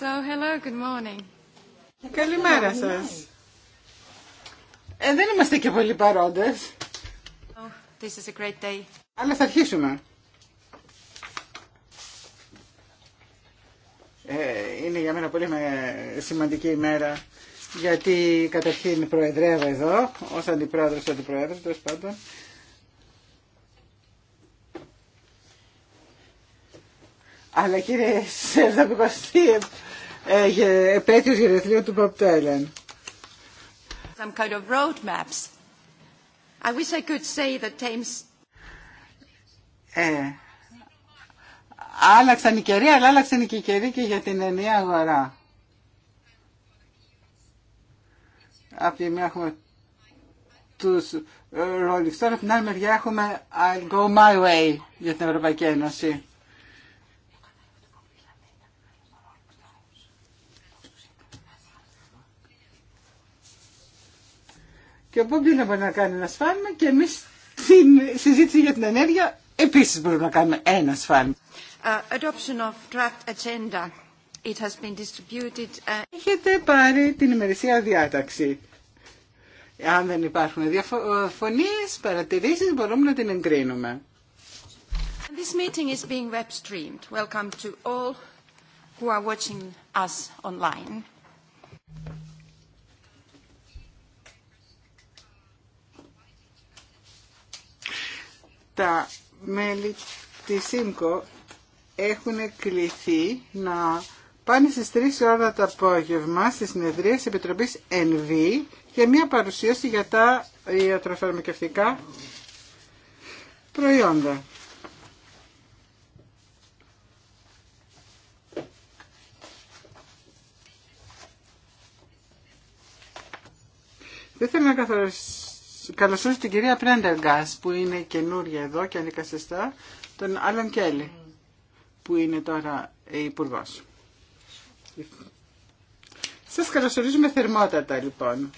So, hello, good morning. Καλημέρα σας. Ε, δεν είμαστε και πολύ παρόντε. Oh, this is a great day. Αλλά θα αρχίσουμε. Ε, είναι για μένα πολύ σημαντική ημέρα, γιατί καταρχήν προεδρεύω εδώ, ως αντιπρόεδρος του αντιπρόεδρου, τόσο πάντων. Αλλά κύριε Σερδαπικοστή, ε, επέτειος γενεθλίου του Bob Dylan. Some kind of I wish I could say that Thames... Ε, άλλαξαν οι καιροί, αλλά άλλαξαν και οι καιροί και για την ενιαία αγορά. Από τη μία έχουμε τους ε, Rolling Stones, από την άλλη μεριά έχουμε I'll go my way για την Ευρωπαϊκή Ένωση. Και ο Μπομπ να μπορεί να κάνει ένα σφάλμα και εμείς στην συζήτηση για την ενέργεια επίσης μπορούμε να κάνουμε ένα σφάλμα. Uh, adoption of draft agenda. It has been distributed. Uh, Έχετε πάρει την ημερησία διάταξη. Αν δεν υπάρχουν διαφωνίες, παρατηρήσεις, μπορούμε να την εγκρίνουμε. This meeting is being web streamed. Welcome to all who are watching us online. τα μέλη της ΣΥΜΚΟ έχουν κληθεί να πάνε στις 3 ώρα το απόγευμα στη συνεδρία της Επιτροπής ΕΝΒ για μια παρουσίαση για τα ιατροφαρμακευτικά προϊόντα. Δεν θέλω να καθορίσω καλωσορίζω την κυρία Πρέντεργκάς που είναι καινούρια εδώ και ανικασιστά, τον άλλον Κέλλη που είναι τώρα ε, υπουργό. Σας καλωσορίζουμε θερμότατα λοιπόν.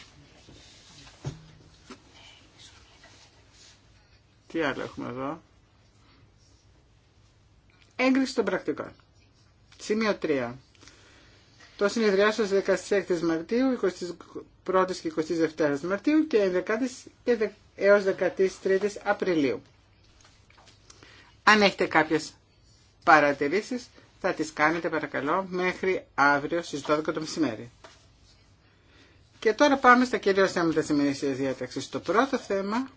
Τι άλλο έχουμε εδώ. Έγκριση των πρακτικών. Σημείο 3. Το συνεδριάσιο στις 16 Μαρτίου, 1 η και 22 Μαρτίου Μαρτίου και 11ης έως 13 η Απριλίου. Αν έχετε κάποιες παρατηρήσεις θα τις κάνετε παρακαλώ μέχρι αύριο στις 12 το μεσημέρι. Και τώρα πάμε στα κυρίω θέματα της ημερήσιας διάταξης. Το πρώτο θέμα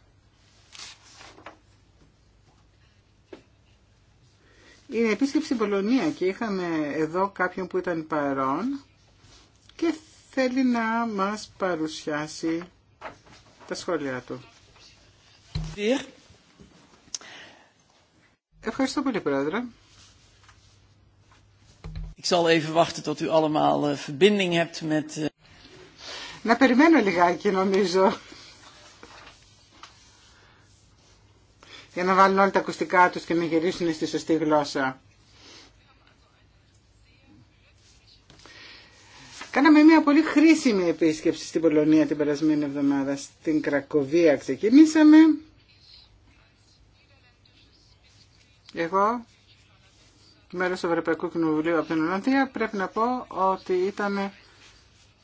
είναι η επίσκεψη στην Πολωνία και είχαμε εδώ κάποιον που ήταν παρόν και θέλει να μας παρουσιάσει τα σχόλιά του. Ευχαριστώ πολύ, Πρόεδρε. Να περιμένω λιγάκι, νομίζω. Για να βάλουν όλα τα ακουστικά τους και να γυρίσουν στη σωστή γλώσσα. Κάναμε μια πολύ χρήσιμη επίσκεψη στην Πολωνία την περασμένη εβδομάδα. Στην Κρακοβία ξεκινήσαμε. Εγώ, μέρος του Ευρωπαϊκού Κοινοβουλίου από την Ολλανδία, πρέπει να πω ότι ήταν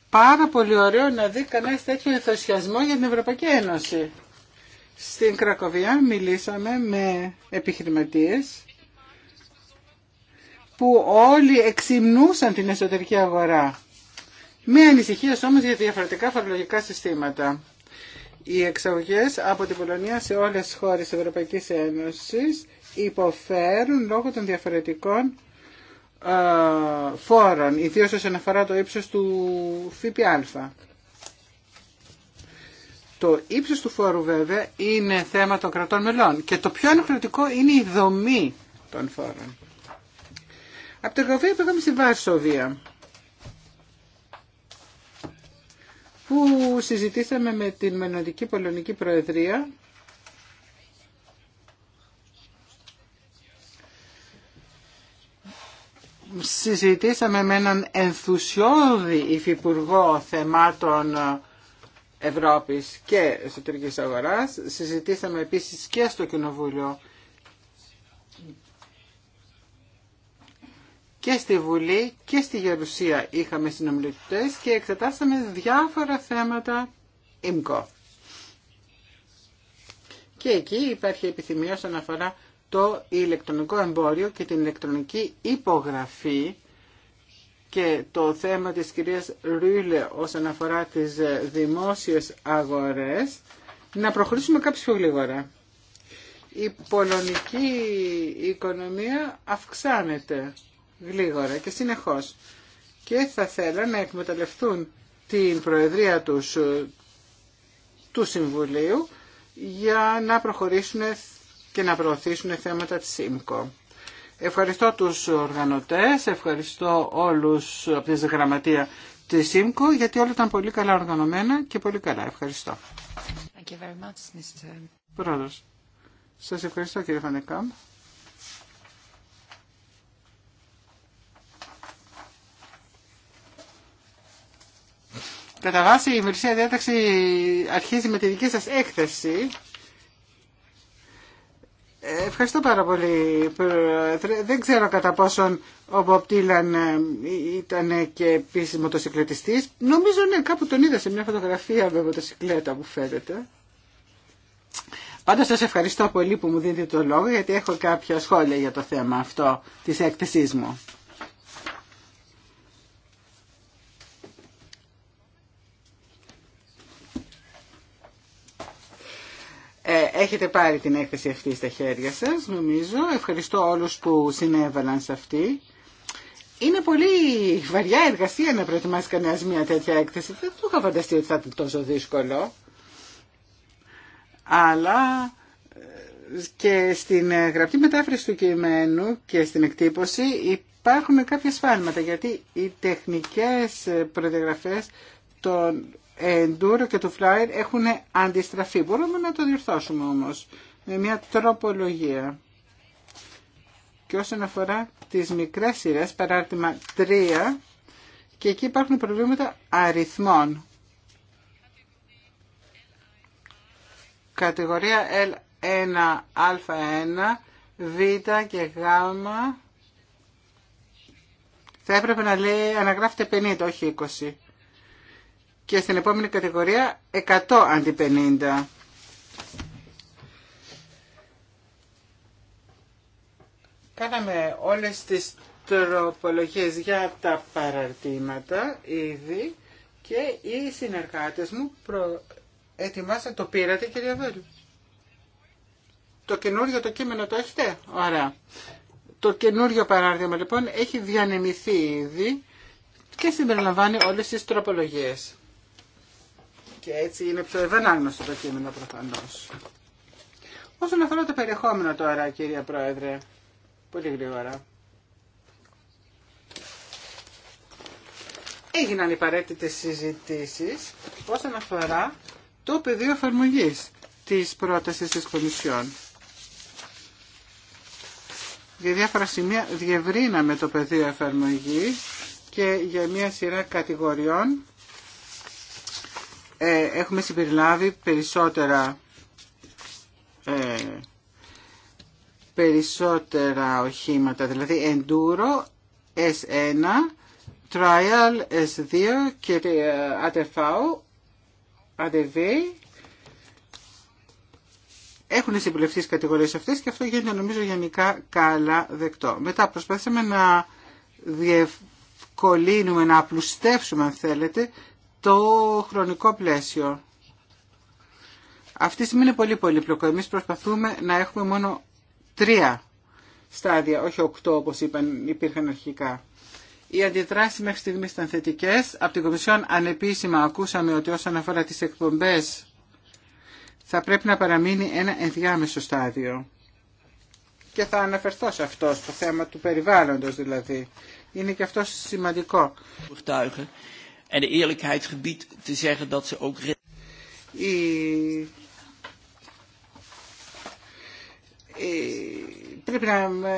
πάρα πολύ ωραίο να δει κανένα τέτοιο ενθουσιασμό για την Ευρωπαϊκή Ένωση. Στην Κρακοβία μιλήσαμε με επιχειρηματίες που όλοι εξυμνούσαν την εσωτερική αγορά μία ανησυχία, όμως για διαφορετικά φορολογικά συστήματα. Οι εξαγωγές από την Πολωνία σε όλες τις χώρες της Ευρωπαϊκής Ένωσης υποφέρουν λόγω των διαφορετικών φόρων, ιδίως όσον αφορά το ύψος του ΦΠΑ. Το ύψος του φόρου βέβαια είναι θέμα των κρατών μελών και το πιο αναχρονικό είναι η δομή των φόρων. Από την που πήγαμε στη Βαρσοβία που συζητήσαμε με την Μενοντική Πολωνική Προεδρία συζητήσαμε με έναν ενθουσιώδη υφυπουργό θεμάτων Ευρώπης και εσωτερικής αγοράς. Συζητήσαμε επίσης και στο Κοινοβούλιο και στη Βουλή και στη Γερουσία είχαμε συνομιλητές και εξετάσαμε διάφορα θέματα ΙΜΚΟ. Και εκεί υπάρχει επιθυμία όσον αφορά το ηλεκτρονικό εμπόριο και την ηλεκτρονική υπογραφή και το θέμα της κυρίας Ρούλε όσον αφορά τις ε, δημόσιες αγορές να προχωρήσουμε κάποιο πιο γλίγορα. Η πολωνική οικονομία αυξάνεται γλίγορα και συνεχώς. Και θα θέλα να εκμεταλλευτούν την Προεδρία τους ε, του Συμβουλίου για να προχωρήσουν και να προωθήσουν θέματα της ΣΥΜΚΟ. Ευχαριστώ τους οργανωτές, ευχαριστώ όλους από τη γραμματεία της ΣΥΜΚΟ γιατί όλα ήταν πολύ καλά οργανωμένα και πολύ καλά. Ευχαριστώ. Thank you very much, Mr. Πρόεδρος, σας ευχαριστώ κύριε Φανεκάμ. Κατά βάση η ημερησία διάταξη αρχίζει με τη δική σας έκθεση. Ε, ευχαριστώ πάρα πολύ. Δεν ξέρω κατά πόσον ο Μποπτήλαν ε, ήταν και επίση μοτοσυκλετιστής. Νομίζω ναι, κάπου τον είδα σε μια φωτογραφία με μοτοσυκλέτα που φαίνεται. Πάντως σας ευχαριστώ πολύ που μου δίνετε το λόγο γιατί έχω κάποια σχόλια για το θέμα αυτό της έκθεσής μου. Ε, έχετε πάρει την έκθεση αυτή στα χέρια σας, νομίζω. Ευχαριστώ όλους που συνέβαλαν σε αυτή. Είναι πολύ βαριά εργασία να προετοιμάσει κανένα μια τέτοια έκθεση. Δεν το είχα φανταστεί ότι θα ήταν τόσο δύσκολο. Αλλά ε, και στην ε, γραπτή μετάφραση του κειμένου και στην εκτύπωση υπάρχουν κάποια σφάλματα γιατί οι τεχνικές προδιαγραφές των Enduro και του Flyer έχουν αντιστραφεί. Μπορούμε να το διορθώσουμε όμως με μια τροπολογία. Και όσον αφορά τις μικρές σειρές, παράρτημα 3, και εκεί υπάρχουν προβλήματα αριθμών. Κατηγορία L1, Α1, Β και Γ θα έπρεπε να λέει αναγράφεται 50, όχι 20 και στην επόμενη κατηγορία 100 αντί 50. Κάναμε όλες τις τροπολογίες για τα παραρτήματα ήδη και οι συνεργάτες μου προέτοιμασαν. το πήρατε κυρία Βέλου. Το καινούριο το κείμενο το έχετε. Ωραία. Το καινούριο παράρτημα λοιπόν έχει διανεμηθεί ήδη και συμπεριλαμβάνει όλες τις τροπολογίες και έτσι είναι πιο ευανάγνωστο το κείμενο προφανώ. Όσον αφορά το περιεχόμενο τώρα, κύρια Πρόεδρε, πολύ γρήγορα. Έγιναν οι απαραίτητε συζητήσεις όσον αφορά το πεδίο εφαρμογή της πρόταση τη Κομισιόν. Για διάφορα σημεία διευρύναμε το πεδίο εφαρμογή και για μια σειρά κατηγοριών ε, έχουμε συμπεριλάβει περισσότερα ε, περισσότερα οχήματα, δηλαδή Enduro S1, Trial S2 και ATV, ε, ATV έχουν συμπληρωθεί τις κατηγορίες αυτές και αυτό γίνεται νομίζω γενικά καλά δεκτό. Μετά προσπαθήσαμε να διευκολύνουμε, να απλουστεύσουμε αν θέλετε το χρονικό πλαίσιο. Αυτή τη στιγμή είναι πολύ πολύπλοκο. Εμείς προσπαθούμε να έχουμε μόνο τρία στάδια, όχι οκτώ όπως είπαν, υπήρχαν αρχικά. Οι αντιδράσεις μέχρι στιγμή ήταν θετικέ. Από την Κομισιόν ανεπίσημα ακούσαμε ότι όσον αφορά τις εκπομπέ θα πρέπει να παραμείνει ένα ενδιάμεσο στάδιο. Και θα αναφερθώ σε αυτό, στο θέμα του περιβάλλοντος δηλαδή. Είναι και αυτό σημαντικό en Πρέπει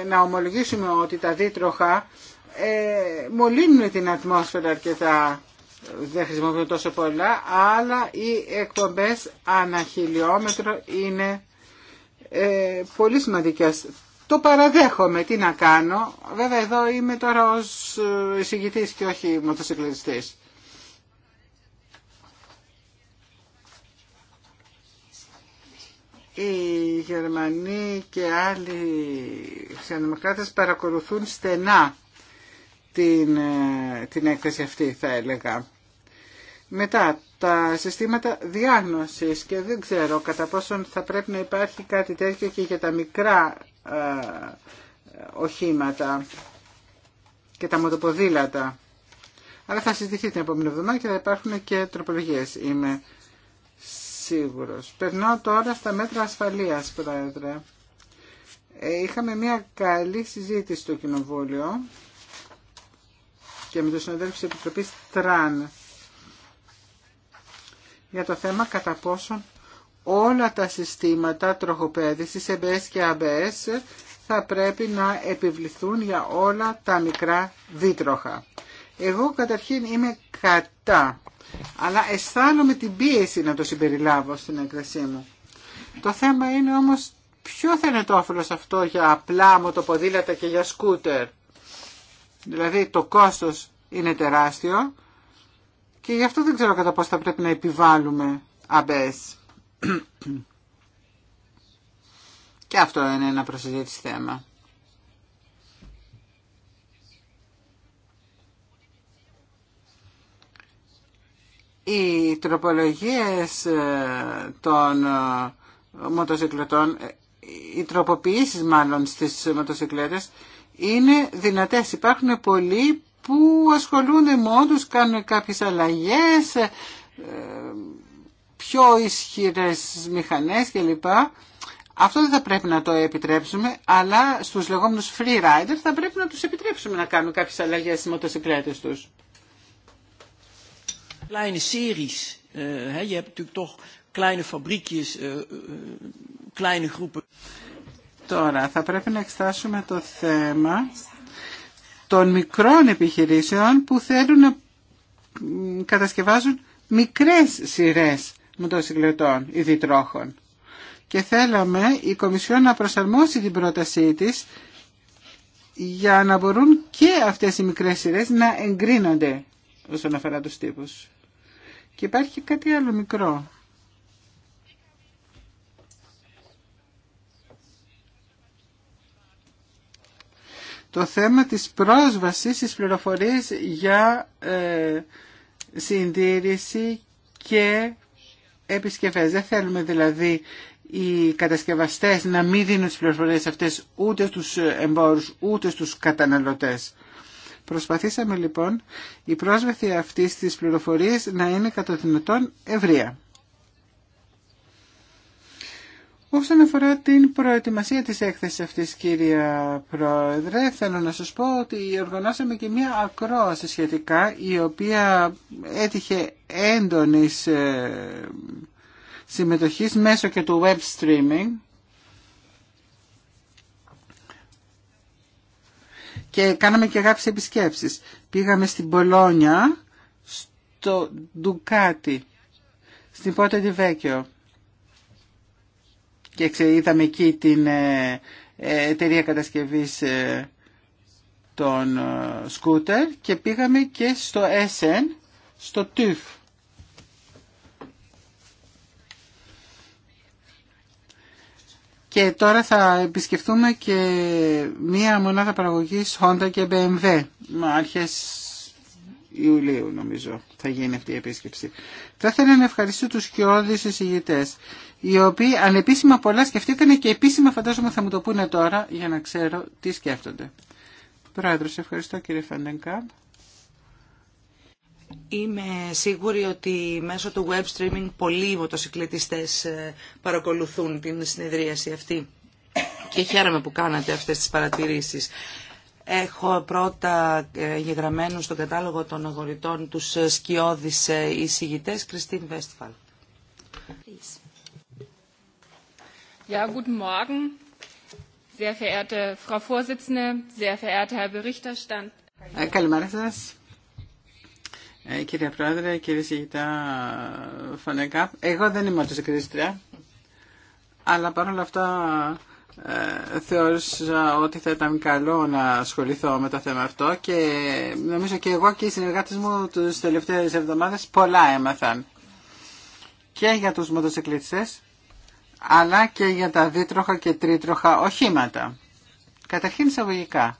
να ομολογήσουμε ότι τα δίτροχα ε, μολύνουν την ατμόσφαιρα αρκετά. Δεν χρησιμοποιούν τόσο πολλά, αλλά οι εκπομπές ανά χιλιόμετρο είναι ε, πολύ σημαντικές. Το παραδέχομαι, τι να κάνω. Βέβαια εδώ είμαι τώρα ως ε, εισηγητής και όχι μοτοσυκλετιστής. οι Γερμανοί και άλλοι χριστιανοδημοκράτες παρακολουθούν στενά την, ε, την έκθεση αυτή θα έλεγα. Μετά τα συστήματα διάγνωσης και δεν ξέρω κατά πόσον θα πρέπει να υπάρχει κάτι τέτοιο και για τα μικρά ε, οχήματα και τα μοτοποδήλατα. Αλλά θα συζητηθεί την επόμενη εβδομάδα και θα υπάρχουν και τροπολογίες. Είμαι σίγουρος. Περνάω τώρα στα μέτρα ασφαλείας, Πρόεδρε. Ε, είχαμε μια καλή συζήτηση στο Κοινοβούλιο και με το συναδέλφους της Επιτροπής Τραν για το θέμα κατά πόσον όλα τα συστήματα τροχοπέδησης, ΕΜΠΕΣ και ABS, θα πρέπει να επιβληθούν για όλα τα μικρά δίτροχα. Εγώ καταρχήν είμαι κατά, αλλά αισθάνομαι την πίεση να το συμπεριλάβω στην έκθεσή μου. Το θέμα είναι όμως ποιο θα είναι το όφελο αυτό για απλά μοτοποδήλατα και για σκούτερ. Δηλαδή το κόστος είναι τεράστιο και γι' αυτό δεν ξέρω κατά πώς θα πρέπει να επιβάλλουμε αμπές. και αυτό είναι ένα προσυζήτηση θέμα. Οι τροπολογίες ε, των ε, μοτοσυκλετών, ε, οι τροποποιήσεις μάλλον στις μοτοσυκλέτες είναι δυνατές. Υπάρχουν πολλοί που ασχολούνται μόνο κάνουν κάποιες αλλαγές, πιο ισχυρές μηχανές κλπ. Αυτό δεν θα πρέπει να το επιτρέψουμε, αλλά στους λεγόμενους free riders θα πρέπει να τους επιτρέψουμε να κάνουν κάποιες αλλαγές στις μοτοσυκλέτες τους. Τώρα θα πρέπει να εξτάσουμε το θέμα των μικρών επιχειρήσεων που θέλουν να κατασκευάζουν μικρές σειρές μοτοσυκλετών ή διτρόχων. Και θέλαμε η Κομισιόν να προσαρμόσει την πρότασή της για να μπορούν και αυτές οι μικρές σειρές να εγκρίνονται όσον αφορά τους τύπους. Και υπάρχει κάτι άλλο μικρό. Το θέμα της πρόσβασης στις πληροφορίες για ε, συντήρηση και επισκευές. Δεν θέλουμε δηλαδή οι κατασκευαστές να μην δίνουν τις πληροφορίες αυτές ούτε στους εμπόρους ούτε στους καταναλωτές. Προσπαθήσαμε λοιπόν η πρόσβαση αυτή της πληροφορίας να είναι κατά δυνατόν ευρεία. Όσον αφορά την προετοιμασία της έκθεσης αυτής, κυρία Πρόεδρε, θέλω να σας πω ότι οργανώσαμε και μία ακρόαση σχετικά, η οποία έτυχε έντονης ε, συμμετοχής μέσω και του web streaming και κάναμε και κάποιε επισκέψεις. Πήγαμε στην Πολόνια, στο Ντουκάτι, στην τη Βέκιο, και είδαμε εκεί την ε, ε, εταιρεία κατασκευής ε, των σκούτερ και πήγαμε και στο Έσεν, στο ΤΥΦ Και τώρα θα επισκεφτούμε και μία μονάδα παραγωγής Honda και BMW. Αρχές Ιουλίου νομίζω θα γίνει αυτή η επίσκεψη. Θα ήθελα να ευχαριστήσω τους κοιόδης εισηγητές, οι οποίοι ανεπίσημα πολλά σκεφτήκανε και επίσημα φαντάζομαι θα μου το πούνε τώρα για να ξέρω τι σκέφτονται. Πρόεδρος, ευχαριστώ κύριε Φαντενκάμπ. Είμαι σίγουρη ότι μέσω του web streaming πολλοί μοτοσυκλετιστές ε, παρακολουθούν την συνεδρίαση αυτή και χαίρομαι που κάνατε αυτές τις παρατηρήσεις. Έχω πρώτα ε, γεγραμμένου στο κατάλογο των αγοριτών τους ε, σκιώδεις εισηγητές, Κριστίν Βέστφαλ. Ja, guten Morgen, sehr verehrte Frau Vorsitzende, sehr verehrter Herr Berichterstand. Καλημέρα σας. Ε, κύριε Πρόεδρε, κύριε Σιγητά φωνεκά εγώ δεν είμαι αυτοσυγκρίστρια, αλλά παρόλα αυτά ε, θεώρησα ότι θα ήταν καλό να ασχοληθώ με το θέμα αυτό και νομίζω και εγώ και οι συνεργάτες μου τις τελευταίες εβδομάδες πολλά έμαθαν και για τους μοτοσυκλίτσες, αλλά και για τα δίτροχα και τρίτροχα οχήματα. Καταρχήν εισαγωγικά.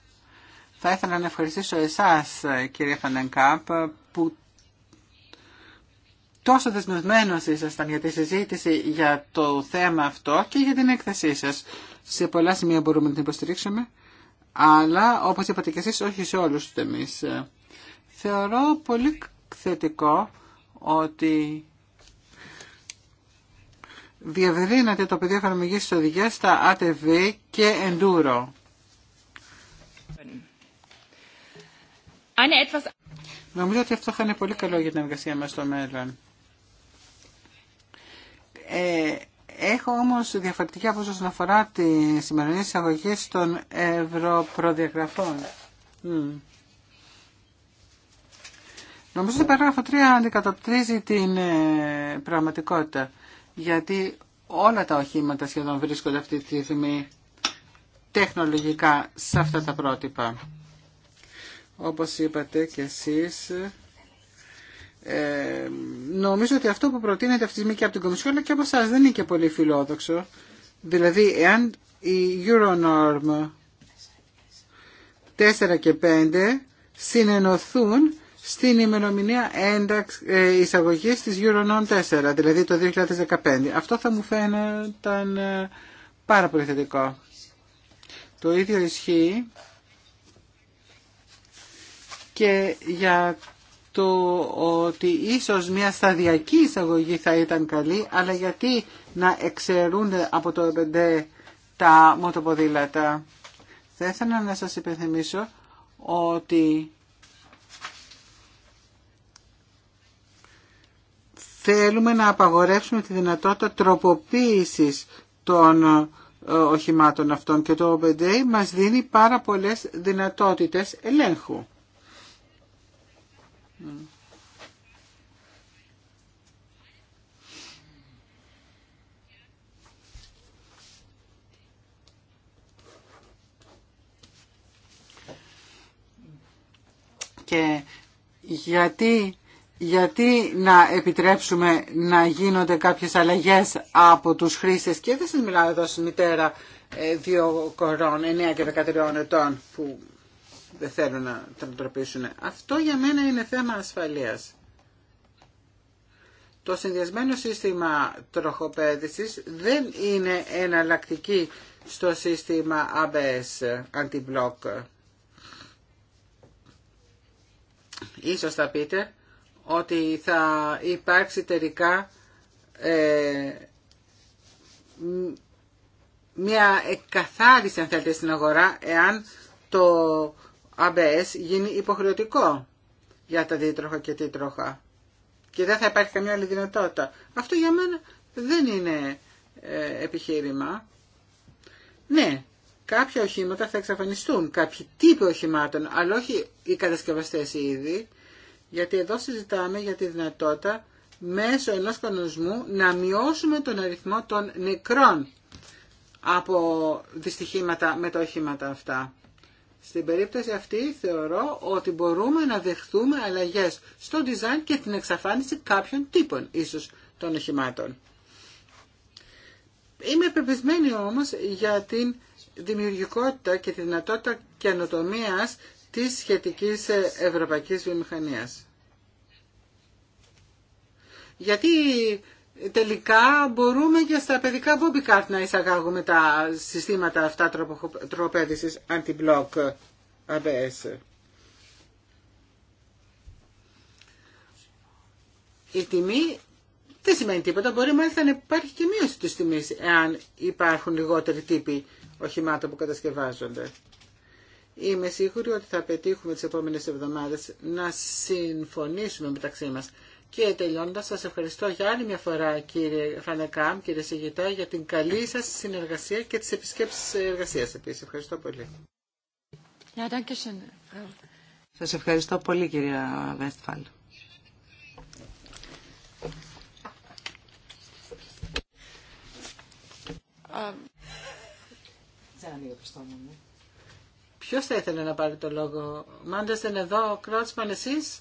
Θα ήθελα να ευχαριστήσω εσάς ε, κύριε Φανενκάπ τόσο δεσμευμένος ήσασταν για τη συζήτηση για το θέμα αυτό και για την έκθεσή σας. Σε πολλά σημεία μπορούμε να την υποστηρίξουμε, αλλά όπως είπατε και εσείς, όχι σε όλους εμείς. Θεωρώ πολύ θετικό ότι διαβρύνατε το πεδίο εφαρμογή τη οδηγία στα ATV και Enduro. Νομίζω ότι αυτό θα είναι πολύ καλό για την εργασία μας στο μέλλον. Ε, έχω όμως διαφορετική άποψη όσον αφορά τη σημερινή εισαγωγή των ευρωπροδιαγραφών. Mm. Νομίζω ότι η παράγραφο 3 αντικατοπτρίζει την ε, πραγματικότητα. Γιατί όλα τα οχήματα σχεδόν βρίσκονται αυτή τη στιγμή τεχνολογικά σε αυτά τα πρότυπα. Όπως είπατε και εσείς, ε, νομίζω ότι αυτό που προτείνεται αυτή τη στιγμή και από την Κομισιόν αλλά και από εσά δεν είναι και πολύ φιλόδοξο. Δηλαδή, εάν η Euronorm 4 και 5 συνενωθούν στην ημερομηνία εισαγωγή ε, της Euronorm 4, δηλαδή το 2015. Αυτό θα μου φαίνεται ε, πάρα πολύ θετικό. Το ίδιο ισχύει και για το ότι ίσως μια σταδιακή εισαγωγή θα ήταν καλή, αλλά γιατί να εξαιρούν από το ΕΠΕΝΤΕ τα μοτοποδήλατα. Θα ήθελα να σας υπενθυμίσω ότι θέλουμε να απαγορεύσουμε τη δυνατότητα τροποποίησης των ε, οχημάτων αυτών και το ΟΠΕΝΤΕΙ μας δίνει πάρα πολλές δυνατότητες ελέγχου. Mm. Και γιατί, γιατί να επιτρέψουμε να γίνονται κάποιες αλλαγές από τους χρήστες και δεν σας μιλάω εδώ στην μητέρα ε, δύο κορών, 9 και 13 ετών που δεν θέλουν να τα Αυτό για μένα είναι θέμα ασφαλείας. Το συνδυασμένο σύστημα τροχοπέδησης δεν είναι εναλλακτική στο σύστημα ABS, anti-block. Ίσως θα πείτε ότι θα υπάρξει τελικά ε, μια εκαθάριση αν θέλετε στην αγορά εάν το ABS γίνει υποχρεωτικό για τα δίτροχα και τίτροχα και δεν θα υπάρχει καμιά άλλη δυνατότητα. Αυτό για μένα δεν είναι ε, επιχείρημα. Ναι, κάποια οχήματα θα εξαφανιστούν, κάποιοι τύποι οχημάτων, αλλά όχι οι κατασκευαστές ήδη, γιατί εδώ συζητάμε για τη δυνατότητα μέσω ενός κανονισμού να μειώσουμε τον αριθμό των νεκρών από δυστυχήματα με τα οχήματα αυτά. Στην περίπτωση αυτή θεωρώ ότι μπορούμε να δεχθούμε αλλαγές στο design και την εξαφάνιση κάποιων τύπων ίσως των οχημάτων. Είμαι πεπισμένη όμως για την δημιουργικότητα και τη δυνατότητα καινοτομίας της σχετικής ευρωπαϊκής βιομηχανίας. Γιατί τελικά μπορούμε και στα παιδικά κάρτ να εισαγάγουμε τα συστήματα αυτά τροποπέδησης anti-block ABS. Η τιμή δεν σημαίνει τίποτα. Μπορεί μάλιστα να υπάρχει και μείωση της τιμής εάν υπάρχουν λιγότεροι τύποι οχημάτων που κατασκευάζονται. Είμαι σίγουρη ότι θα πετύχουμε τις επόμενες εβδομάδες να συμφωνήσουμε μεταξύ μας και τελειώνοντας, σας ευχαριστώ για άλλη μια φορά κύριε Φανακάμ, κύριε Σιγητά, για την καλή σας συνεργασία και τις επισκέψεις εργασίας επίσης. Ευχαριστώ πολύ. Σας ευχαριστώ πολύ κυρία Βέστφαλ. Ποιος θα ήθελε να πάρει το λόγο, Μάντες δεν εδώ, Κρότσμαν εσείς.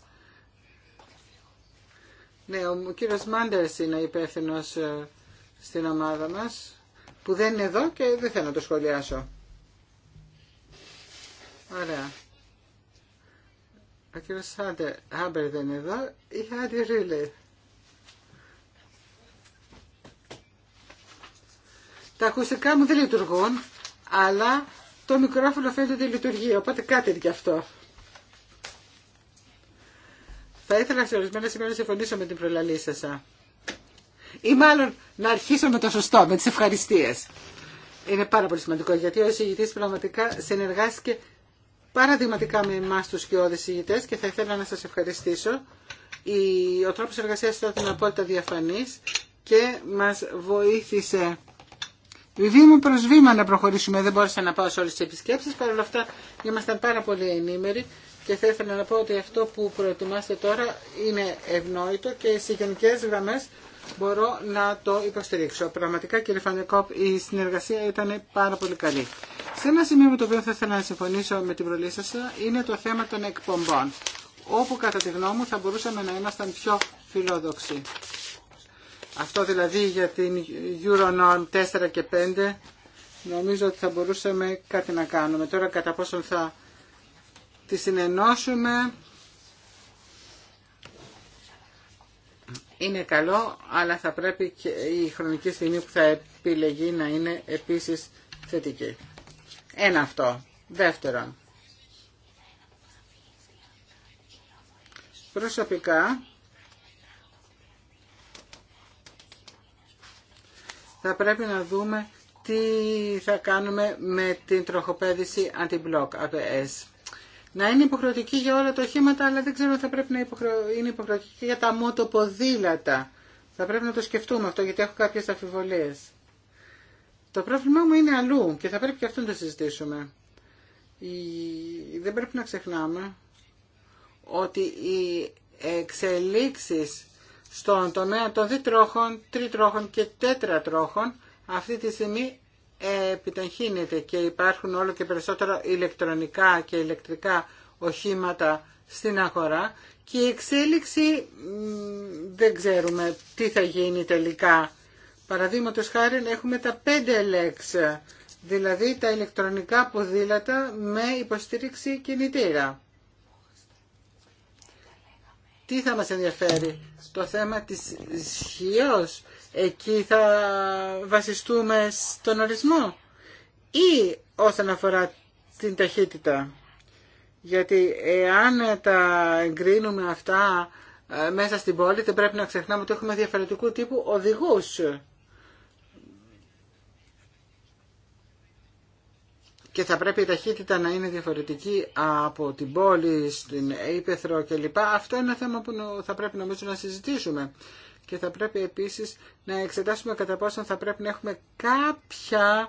Ναι, ο κύριο Μάντερ είναι υπεύθυνο ε, στην ομάδα μα, που δεν είναι εδώ και δεν θέλω να το σχολιάσω. Ωραία. Ο κύριο Άμπερ δεν είναι εδώ, η Χάρη Ρίλε. Τα ακουστικά μου δεν λειτουργούν, αλλά το μικρόφωνο φαίνεται ότι λειτουργεί, οπότε κάτι είναι αυτό. Θα ήθελα σε ορισμένα σημεία να συμφωνήσω με την προλαλή σα. Ή μάλλον να αρχίσω με το σωστό, με τι ευχαριστίε. Είναι πάρα πολύ σημαντικό γιατί ο εισηγητή πραγματικά συνεργάστηκε παραδειγματικά με εμά του σκιώδες εισηγητέ και θα ήθελα να σα ευχαριστήσω. Ο τρόπος εργασίας ήταν απόλυτα διαφανή και μα βοήθησε βήμα προ βήμα να προχωρήσουμε. Δεν μπόρεσα να πάω σε όλε τι επισκέψει. Παρ' όλα αυτά ήμασταν πάρα πολύ ενήμεροι και θα ήθελα να πω ότι αυτό που προετοιμάστε τώρα είναι ευνόητο και σε γενικέ γραμμέ μπορώ να το υποστηρίξω. Πραγματικά κύριε Φανεκόπ η συνεργασία ήταν πάρα πολύ καλή. Σε ένα σημείο με το οποίο θα ήθελα να συμφωνήσω με την προλή σα είναι το θέμα των εκπομπών όπου κατά τη γνώμη μου θα μπορούσαμε να ήμασταν πιο φιλόδοξοι. Αυτό δηλαδή για την Euronorm 4 και 5 νομίζω ότι θα μπορούσαμε κάτι να κάνουμε. Τώρα κατά πόσον θα τη συνενώσουμε. Είναι καλό, αλλά θα πρέπει και η χρονική στιγμή που θα επιλεγεί να είναι επίσης θετική. Ένα αυτό. Δεύτερον, προσωπικά θα πρέπει να δούμε τι θα κάνουμε με την τροχοπέδηση αντιμπλοκ ABS να είναι υποχρεωτική για όλα τα οχήματα, αλλά δεν ξέρω αν θα πρέπει να είναι υποχρεωτική για τα μοτοποδήλατα. Θα πρέπει να το σκεφτούμε αυτό, γιατί έχω κάποιες αφιβολίες. Το πρόβλημά μου είναι αλλού και θα πρέπει και αυτό να το συζητήσουμε. Δεν πρέπει να ξεχνάμε ότι οι εξελίξεις στον τομέα των διτρόχων, τριτρόχων και τέτρατρόχων αυτή τη στιγμή επιταχύνεται και υπάρχουν όλο και περισσότερο ηλεκτρονικά και ηλεκτρικά οχήματα στην αγορά και η εξέλιξη δεν ξέρουμε τι θα γίνει τελικά. Παραδείγματος χάρη έχουμε τα 5LX, δηλαδή τα ηλεκτρονικά ποδήλατα με υποστήριξη κινητήρα. Τι θα μας ενδιαφέρει, το θέμα της ισχύω εκεί θα βασιστούμε στον ορισμό ή όσον αφορά την ταχύτητα. Γιατί εάν τα εγκρίνουμε αυτά ε, μέσα στην πόλη, δεν πρέπει να ξεχνάμε ότι έχουμε διαφορετικού τύπου οδηγούς. και θα πρέπει η ταχύτητα να είναι διαφορετική από την πόλη, στην Ήπεθρο κλπ. Αυτό είναι ένα θέμα που θα πρέπει νομίζω να συζητήσουμε. Και θα πρέπει επίσης να εξετάσουμε κατά πόσο θα πρέπει να έχουμε κάποια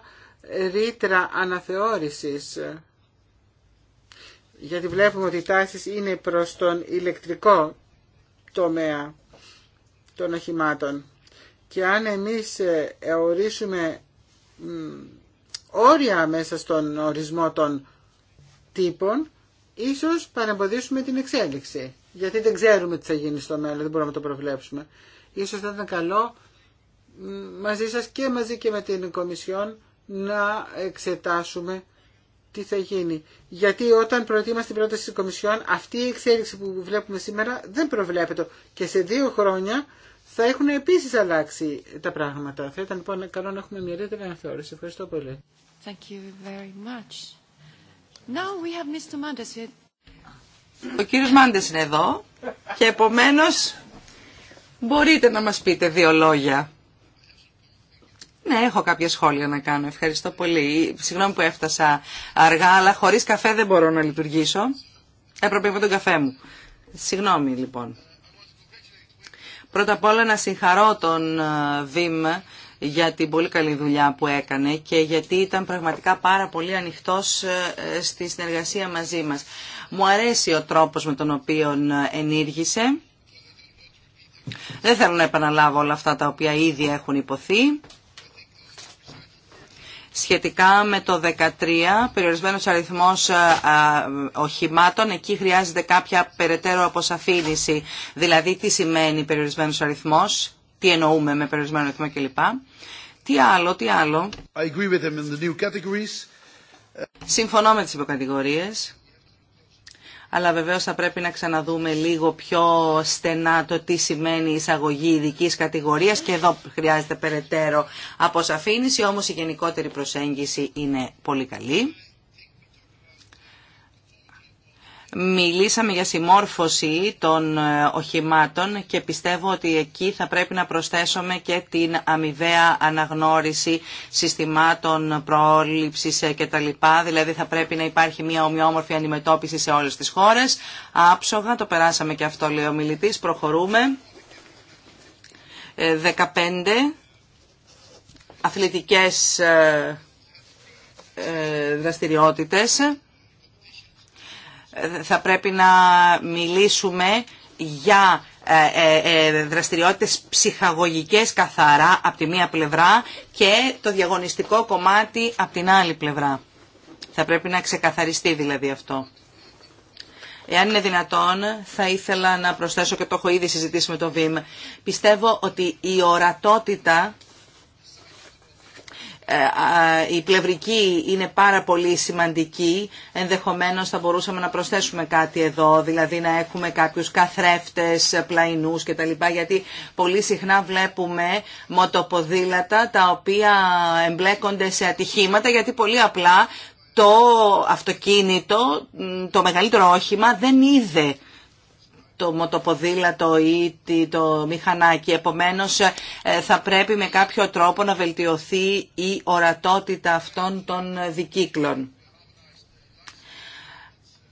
ρήτρα αναθεώρησης. Γιατί βλέπουμε ότι οι τάσεις είναι προς τον ηλεκτρικό τομέα των οχημάτων. Και αν εμείς ε, ορίσουμε όρια μέσα στον ορισμό των τύπων, ίσως παρεμποδίσουμε την εξέλιξη. Γιατί δεν ξέρουμε τι θα γίνει στο μέλλον, δεν μπορούμε να το προβλέψουμε. Ίσως θα ήταν καλό μαζί σας και μαζί και με την Κομισιόν να εξετάσουμε τι θα γίνει. Γιατί όταν προετοίμαστε την πρόταση της Κομισιόν, αυτή η εξέλιξη που βλέπουμε σήμερα δεν προβλέπεται. Και σε δύο χρόνια θα έχουν επίσης αλλάξει τα πράγματα. Θα ήταν λοιπόν καλό να έχουμε μια ρίτερη αναθεώρηση. Ευχαριστώ πολύ. Ο κύριος Μάντες είναι εδώ και επομένως Μπορείτε να μας πείτε δύο λόγια. Ναι, έχω κάποια σχόλια να κάνω. Ευχαριστώ πολύ. Συγγνώμη που έφτασα αργά, αλλά χωρίς καφέ δεν μπορώ να λειτουργήσω. Έπρεπε να τον καφέ μου. Συγγνώμη, λοιπόν. Πρώτα απ' όλα να συγχαρώ τον ε, Βιμ για την πολύ καλή δουλειά που έκανε και γιατί ήταν πραγματικά πάρα πολύ ανοιχτός ε, ε, στη συνεργασία μαζί μας. Μου αρέσει ο τρόπος με τον οποίο ενήργησε δεν θέλω να επαναλάβω όλα αυτά τα οποία ήδη έχουν υποθεί. Σχετικά με το 13, περιορισμένος αριθμός ε, ε, οχημάτων, εκεί χρειάζεται κάποια περαιτέρω αποσαφήνιση. Δηλαδή τι σημαίνει περιορισμένος αριθμός, τι εννοούμε με περιορισμένο αριθμό κλπ. Τι άλλο, τι άλλο. Συμφωνώ με τις υποκατηγορίες αλλά βεβαίω θα πρέπει να ξαναδούμε λίγο πιο στενά το τι σημαίνει η εισαγωγή ειδική κατηγορίας και εδώ χρειάζεται περαιτέρω αποσαφήνιση, όμω η γενικότερη προσέγγιση είναι πολύ καλή. Μιλήσαμε για συμμόρφωση των ε, οχημάτων και πιστεύω ότι εκεί θα πρέπει να προσθέσουμε και την αμοιβαία αναγνώριση συστημάτων ε, τα κτλ. Δηλαδή θα πρέπει να υπάρχει μια ομοιόμορφη αντιμετώπιση σε όλες τις χώρες. Άψογα, το περάσαμε και αυτό λέει ο μιλητής. Προχωρούμε. 15 ε, αθλητικές δραστηριότητες θα πρέπει να μιλήσουμε για ε, ε, ε, δραστηριότητες ψυχαγωγικές καθαρά από τη μία πλευρά και το διαγωνιστικό κομμάτι από την άλλη πλευρά. Θα πρέπει να ξεκαθαριστεί δηλαδή αυτό. Εάν είναι δυνατόν, θα ήθελα να προσθέσω και το έχω ήδη συζητήσει με το Βίμ. Πιστεύω ότι η ορατότητα ε, η πλευρική είναι πάρα πολύ σημαντική. Ενδεχομένως θα μπορούσαμε να προσθέσουμε κάτι εδώ, δηλαδή να έχουμε κάποιους καθρέφτες, πλαϊνούς κτλ. Γιατί πολύ συχνά βλέπουμε μοτοποδήλατα τα οποία εμπλέκονται σε ατυχήματα γιατί πολύ απλά το αυτοκίνητο, το μεγαλύτερο όχημα δεν είδε το μοτοποδήλατο ή το μηχανάκι. Επομένως ε, θα πρέπει με κάποιο τρόπο να βελτιωθεί η ορατότητα αυτών των δικύκλων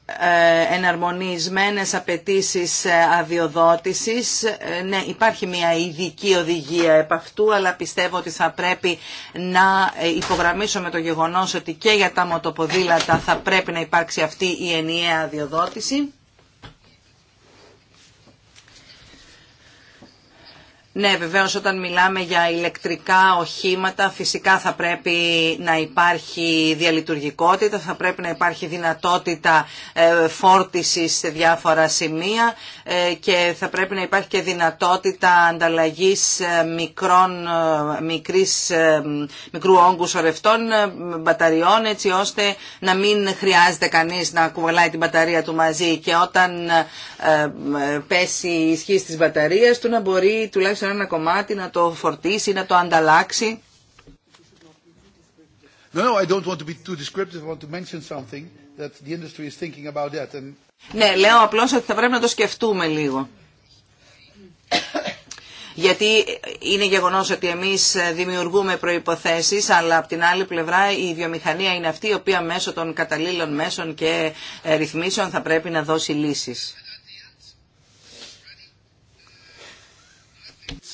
ε, εναρμονισμένες απαιτήσει ε, αδειοδότησης. Ναι, υπάρχει μια ειδική οδηγία επ' αυτού, αλλά πιστεύω ότι θα πρέπει να υπογραμμίσουμε το γεγονός ότι και για τα μοτοποδήλατα θα πρέπει να υπάρξει αυτή η ενιαία αδειοδότηση. Ναι, βεβαίω, όταν μιλάμε για ηλεκτρικά οχήματα φυσικά θα πρέπει να υπάρχει διαλειτουργικότητα, θα πρέπει να υπάρχει δυνατότητα ε, φόρτιση σε διάφορα σημεία ε, και θα πρέπει να υπάρχει και δυνατότητα ανταλλαγής ε, μικρών, μικρού όγκου ορευτών μπαταριών έτσι ώστε να μην χρειάζεται κανεί να κουβαλάει την μπαταρία του μαζί και όταν πέσει η ισχύ της του να μπορεί τουλάχιστον ένα κομμάτι, να το φορτίσει, να το ανταλλάξει. Ναι, λέω απλώς ότι θα πρέπει να το σκεφτούμε λίγο. Γιατί είναι γεγονός ότι εμείς δημιουργούμε προϋποθέσεις, αλλά από την άλλη πλευρά η βιομηχανία είναι αυτή η οποία μέσω των καταλήλων μέσων και ε, ρυθμίσεων θα πρέπει να δώσει λύσεις.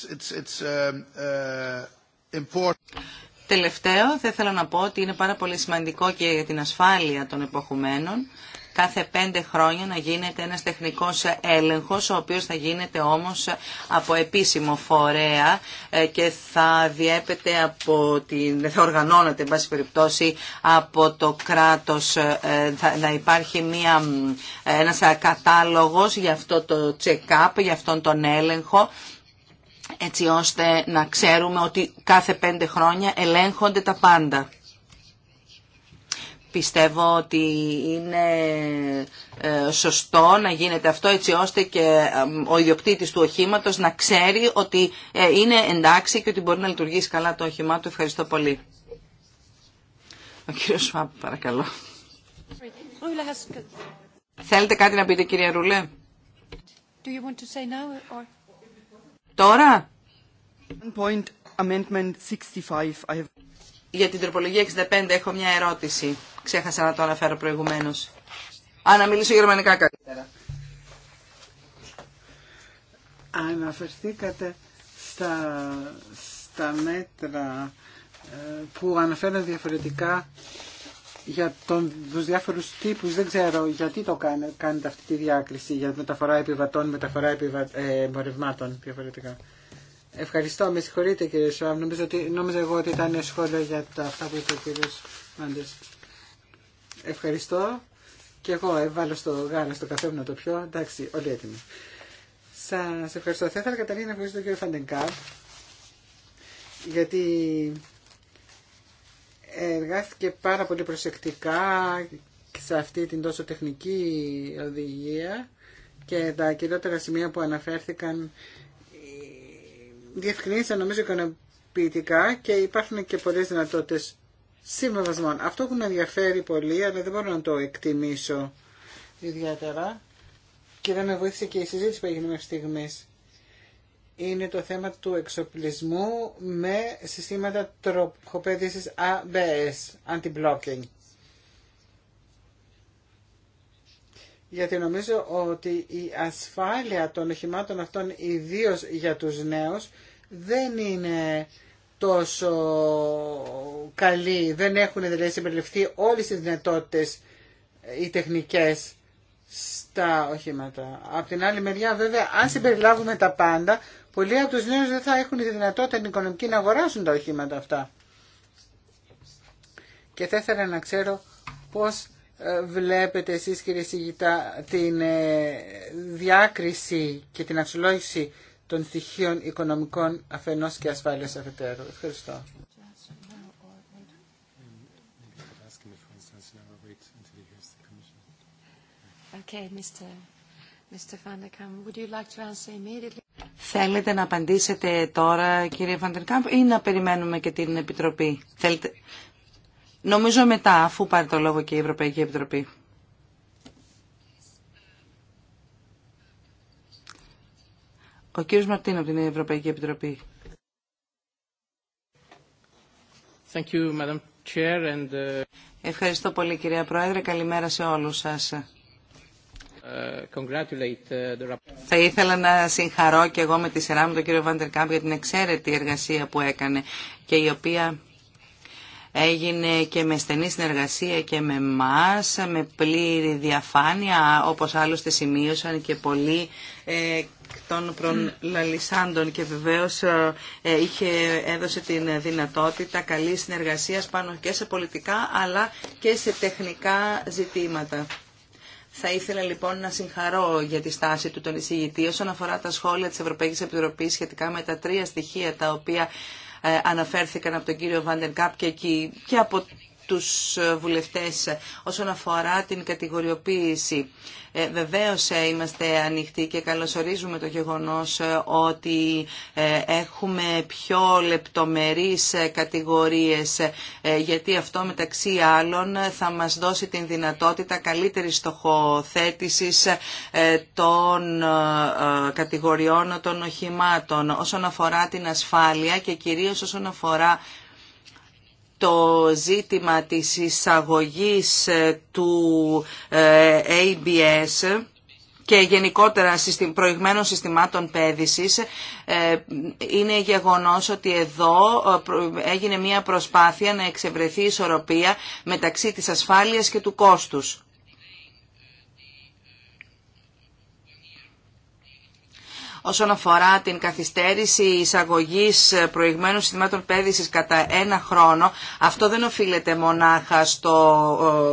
Um, uh, Τελευταίο, θα ήθελα να πω ότι είναι πάρα πολύ σημαντικό και για την ασφάλεια των εποχουμένων κάθε πέντε χρόνια να γίνεται ένας τεχνικός έλεγχος, ο οποίος θα γίνεται όμως από επίσημο φορέα ε, και θα διέπεται από την, θα οργανώνεται, εν πάση περιπτώσει, από το κράτος, ε, θα, να υπάρχει μια, ένας κατάλογος για αυτό το check-up, για αυτόν τον έλεγχο, έτσι ώστε να ξέρουμε ότι κάθε πέντε χρόνια ελέγχονται τα πάντα. Πιστεύω ότι είναι ε, σωστό να γίνεται αυτό έτσι ώστε και ο ιδιοκτήτης του οχήματος να ξέρει ότι ε, είναι εντάξει και ότι μπορεί να λειτουργήσει καλά το όχημά του. Ευχαριστώ πολύ. Ο κύριος Σουάπ, παρακαλώ. Θέλετε κάτι να πείτε, κυρία Ρούλε? Do you want to say Τώρα. Point amendment 65. Για την τροπολογία 65 έχω μια ερώτηση. Ξέχασα να το αναφέρω προηγουμένως. Α, να μιλήσω γερμανικά καλύτερα. Αναφερθήκατε στα, στα μέτρα ε, που αναφέρουν διαφορετικά για τον, τους διάφορους τύπους δεν ξέρω γιατί το κάνε, κάνετε αυτή τη διάκριση για μεταφορά επιβατών, μεταφορά επιβα, ε, εμπορευμάτων διαφορετικά. Ευχαριστώ, με συγχωρείτε κύριε Σουάμ. Νομίζω ότι, νόμιζα εγώ ότι ήταν σχόλιο για τα αυτά που είπε ο κύριος Μάντες. Ευχαριστώ. Και εγώ έβαλα στο γάλα στο καφέ μου να το πιω. Εντάξει, όλοι έτοιμοι. Σα ευχαριστώ. Θα ήθελα καταρχήν να ευχαριστήσω τον κύριο Φαντεγκάρ γιατί εργάστηκε πάρα πολύ προσεκτικά σε αυτή την τόσο τεχνική οδηγία και τα κυριότερα σημεία που αναφέρθηκαν ε, διευκρινίσαν νομίζω ικανοποιητικά και υπάρχουν και πολλές δυνατότητες συμβασμών. Αυτό που με ενδιαφέρει πολύ, αλλά δεν μπορώ να το εκτιμήσω ιδιαίτερα και δεν με βοήθησε και η συζήτηση που έγινε μέχρι στιγμής είναι το θέμα του εξοπλισμού με συστήματα τροχοπέδησης ABS, anti-blocking. Γιατί νομίζω ότι η ασφάλεια των οχημάτων αυτών, ιδίω για τους νέους, δεν είναι τόσο καλή, δεν έχουν δηλαδή συμπεριληφθεί όλες τις δυνατότητες ε, οι τεχνικές στα οχήματα. Απ' την άλλη μεριά βέβαια αν συμπεριλάβουμε τα πάντα Πολλοί από τους νέους δεν θα έχουν τη δυνατότητα την οικονομική να αγοράσουν τα οχήματα αυτά. Και θα ήθελα να ξέρω πώς βλέπετε εσείς κύριε Σιγητά την διάκριση και την αξιολόγηση των στοιχείων οικονομικών αφενός και ασφάλειας αφετέρου. Ευχαριστώ. Okay, Mr. Θέλετε να απαντήσετε τώρα, κύριε Φαντερκάμπ, ή να περιμένουμε και την Επιτροπή. Θέλετε... Νομίζω μετά, αφού πάρει το λόγο και η Ευρωπαϊκή Επιτροπή. Ο κύριος Μαρτίνο από την Ευρωπαϊκή Επιτροπή. Thank you, Madam Chair, and... Uh, Ευχαριστώ πολύ, κυρία Πρόεδρε. Καλημέρα σε όλους σας. Uh, Θα ήθελα να συγχαρώ και εγώ με τη σειρά μου τον κύριο Βάντερ για την εξαίρετη εργασία που έκανε και η οποία έγινε και με στενή συνεργασία και με μας, με πλήρη διαφάνεια, όπως άλλωστε σημείωσαν και πολλοί ε, των προλαλισάντων και βεβαίως ε, ε, είχε, έδωσε την δυνατότητα καλή συνεργασίας πάνω και σε πολιτικά αλλά και σε τεχνικά ζητήματα. Θα ήθελα λοιπόν να συγχαρώ για τη στάση του τον εισηγητή όσον αφορά τα σχόλια της Ευρωπαϊκής Επιτροπής σχετικά με τα τρία στοιχεία τα οποία ε, αναφέρθηκαν από τον κύριο Βάντεν Κάπ και, και από τους βουλευτές όσον αφορά την κατηγοριοποίηση. Ε, βεβαίως ε, είμαστε ανοιχτοί και καλωσορίζουμε το γεγονός ε, ότι ε, έχουμε πιο λεπτομερείς κατηγορίες γιατί αυτό μεταξύ άλλων θα μας δώσει την δυνατότητα καλύτερης στοχοθέτησης των κατηγοριών των οχημάτων όσον αφορά την ασφάλεια και κυρίως όσον αφορά το ζήτημα της εισαγωγής ε, του ε, ABS και γενικότερα προηγμένων συστημάτων πέδησης ε, είναι γεγονός ότι εδώ έγινε μια προσπάθεια να εξευρεθεί ισορροπία μεταξύ της ασφάλειας και του κόστους. όσον αφορά την καθυστέρηση εισαγωγή προηγμένων συστημάτων πέδησης κατά ένα χρόνο, αυτό δεν οφείλεται μονάχα στο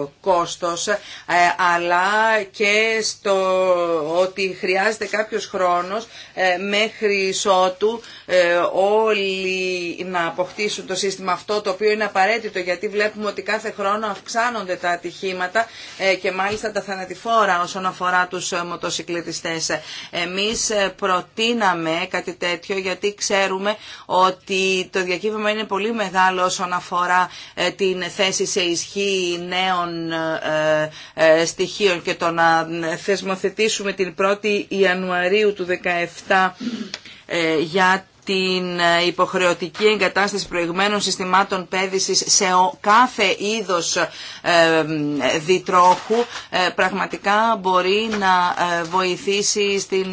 ε, κόστος, ε, αλλά και στο ότι χρειάζεται κάποιο χρόνο ε, μέχρι ότου όλοι να αποκτήσουν το σύστημα αυτό, το οποίο είναι απαραίτητο γιατί βλέπουμε ότι κάθε χρόνο αυξάνονται τα ατυχήματα και μάλιστα τα θανατηφόρα όσον αφορά του μοτοσυκλετιστέ. Εμείς προ προτείναμε κάτι τέτοιο γιατί ξέρουμε ότι το διακύβευμα είναι πολύ μεγάλο όσον αφορά ε, την θέση σε ισχύ νέων ε, ε, στοιχείων και το να θεσμοθετήσουμε την 1η Ιανουαρίου του 2017 για την ε, υποχρεωτική εγκατάσταση προηγμένων συστημάτων πέδησης σε κάθε είδος ε, διτρόχου ε, πραγματικά μπορεί να βοηθήσει στην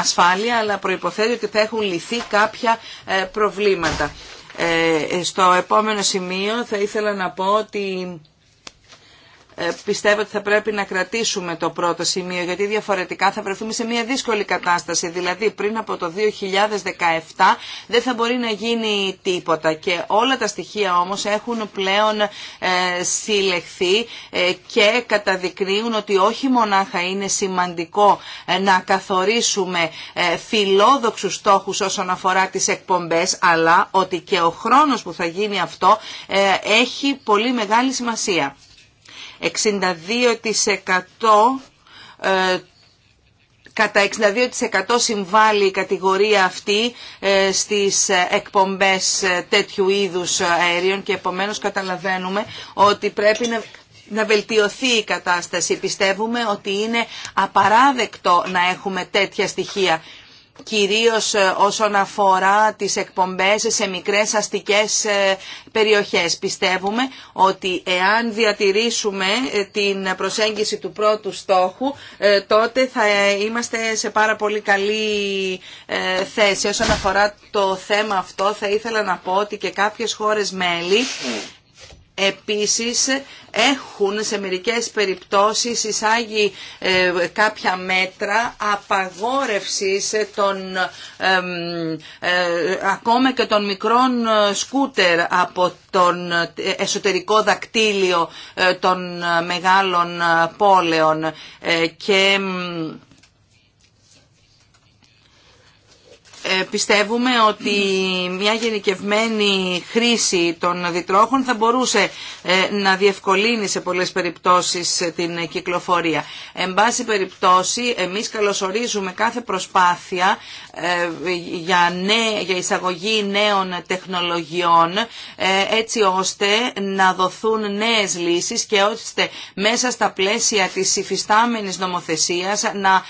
ασφάλεια αλλά προϋποθέτει ότι θα έχουν λυθεί κάποια προβλήματα. Στο επόμενο σημείο θα ήθελα να πω ότι ε, πιστεύω ότι θα πρέπει να κρατήσουμε το πρώτο σημείο γιατί διαφορετικά θα βρεθούμε σε μια δύσκολη κατάσταση. Δηλαδή πριν από το 2017 δεν θα μπορεί να γίνει τίποτα και όλα τα στοιχεία όμως έχουν πλέον ε, συλλεχθεί ε, και καταδεικνύουν ότι όχι μονάχα είναι σημαντικό να καθορίσουμε φιλόδοξους στόχους όσον αφορά τις εκπομπές αλλά ότι και ο χρόνος που θα γίνει αυτό έχει πολύ μεγάλη σημασία. Ε, κατά 62% συμβάλλει η κατηγορία αυτή ε, στις ε, εκπομπές τέτοιου είδους αέριων και επομένως καταλαβαίνουμε ότι πρέπει να να βελτιωθεί η κατάσταση. Πιστεύουμε ότι είναι απαράδεκτο να έχουμε τέτοια στοιχεία κυρίως ε, όσον αφορά τις εκπομπές σε μικρές αστικές ε, περιοχές. Πιστεύουμε ότι εάν διατηρήσουμε ε, την προσέγγιση του πρώτου στόχου, τότε θα είμαστε σε πάρα πολύ καλή θέση. Όσον αφορά το θέμα αυτό, θα ήθελα να πω ότι και κάποιες χώρες μέλη Επίσης έχουν σε μερικές περιπτώσεις εισάγει ε, κάποια μέτρα απαγόρευσης των ε, ακόμα και των μικρών ε, σκούτερ από τον εσωτερικό δακτύλιο των μεγάλων πόλεων και Ε, πιστεύουμε ότι μια γενικευμένη χρήση των διτρόχων θα μπορούσε ε, να διευκολύνει σε πολλές περιπτώσεις ε, την κυκλοφορία. Εν πάση περιπτώσει, εμείς καλωσορίζουμε κάθε προσπάθεια για, νέ, για εισαγωγή νέων τεχνολογιών έτσι ώστε να δοθούν νέες λύσεις και ώστε μέσα στα πλαίσια της υφιστάμενης νομοθεσίας να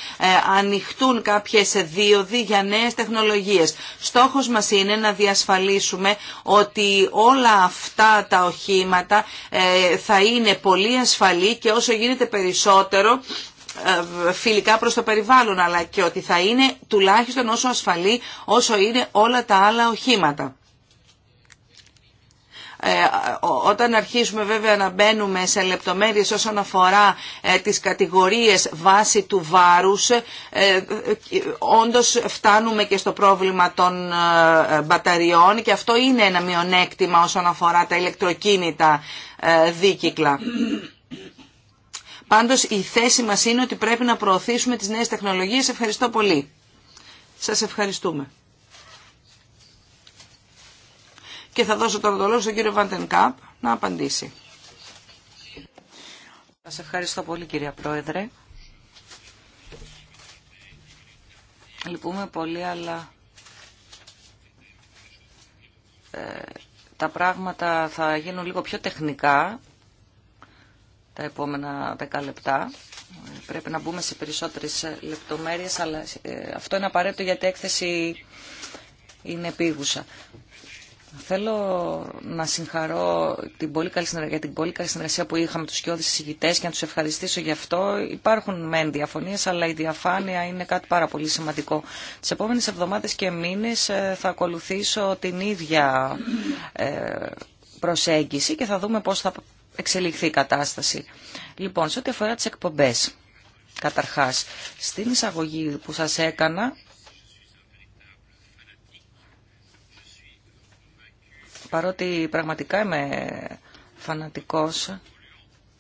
ανοιχτούν κάποιες δίωδοι για νέες τεχνολογίες τεχνολογίες. Στόχος μας είναι να διασφαλίσουμε ότι όλα αυτά τα οχήματα ε, θα είναι πολύ ασφαλή και όσο γίνεται περισσότερο ε, φιλικά προς το περιβάλλον αλλά και ότι θα είναι τουλάχιστον όσο ασφαλή όσο είναι όλα τα άλλα οχήματα. Ε, όταν αρχίσουμε βέβαια να μπαίνουμε σε λεπτομέρειες όσον αφορά ε, τις κατηγορίες βάση του βάρους, ε, όντως φτάνουμε και στο πρόβλημα των μπαταριών και αυτό είναι ένα μειονέκτημα όσον αφορά τα ηλεκτροκίνητα δίκυκλα. Πάντως η θέση μας είναι ότι πρέπει να προωθήσουμε τις νέες τεχνολογίες. Ευχαριστώ πολύ. Σας ευχαριστούμε. Και θα δώσω τώρα το λόγο στον κύριο Βαντενκάπ να απαντήσει. Σας ευχαριστώ πολύ κυρία Πρόεδρε. Λυπούμε πολύ, αλλά ε, τα πράγματα θα γίνουν λίγο πιο τεχνικά τα επόμενα 10 λεπτά. Πρέπει να μπούμε σε περισσότερες λεπτομέρειες, αλλά ε, αυτό είναι απαραίτητο γιατί η έκθεση είναι επίγουσα. Θέλω να συγχαρώ την πολύ καλή συνεργασία, την πολύ καλή συνεργασία που είχαμε τους σκιώδεις συζητητές και να τους ευχαριστήσω γι' αυτό. Υπάρχουν μεν διαφωνίες, αλλά η διαφάνεια είναι κάτι πάρα πολύ σημαντικό. Τις επόμενες εβδομάδες και μήνες ε, θα ακολουθήσω την ίδια ε, προσέγγιση και θα δούμε πώς θα εξελιχθεί η κατάσταση. Λοιπόν, σε ό,τι αφορά τις εκπομπές, καταρχάς, στην εισαγωγή που σας έκανα, παρότι πραγματικά είμαι φανατικός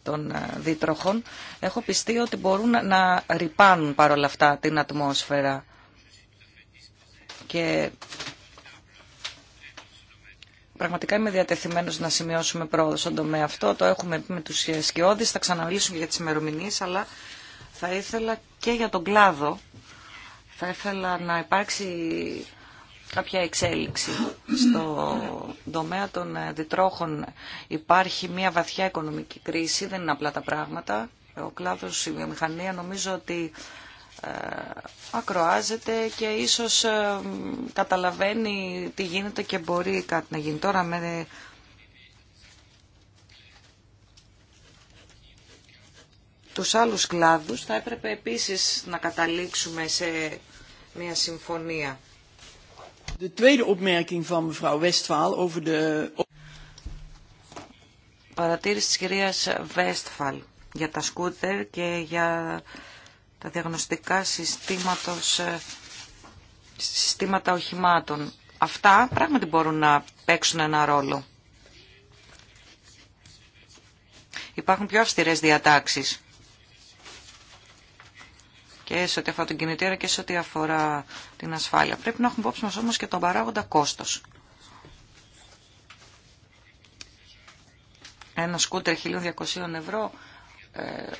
των ε, δίτροχων, έχω πιστεί ότι μπορούν να ρυπάνουν παρόλα αυτά την ατμόσφαιρα. Και πραγματικά είμαι διατεθειμένος να σημειώσουμε πρόοδο στον τομέα αυτό. Το έχουμε πει με τους σκιώδεις, θα ξαναμιλήσουμε για τις ημερομηνίε, αλλά θα ήθελα και για τον κλάδο. Θα ήθελα να υπάρξει κάποια εξέλιξη στο τομέα των αντιτρόχων. Υπάρχει μια βαθιά οικονομική κρίση, δεν είναι απλά τα πράγματα. Ο κλάδος, η βιομηχανία νομίζω ότι ε, ακροάζεται και ίσως ε, καταλαβαίνει τι γίνεται και μπορεί κάτι να γίνει. Τώρα με τους άλλους κλάδους θα έπρεπε επίσης να καταλήξουμε σε μια συμφωνία. De tweede opmerking van mevrouw Westphal over de... Παρατήρηση της κυρίας Βέστφαλ για τα σκούτερ και για τα διαγνωστικά συστήματος, ε, συστήματα οχημάτων. Αυτά πράγματι μπορούν να παίξουν ένα ρόλο. Υπάρχουν πιο αυστηρές διατάξεις και σε ό,τι αφορά τον κινητήρα και σε ό,τι αφορά την ασφάλεια. Πρέπει να έχουμε υπόψη μας όμως και τον παράγοντα κόστος. Ένα σκούτερ 1.200 ευρώ ε,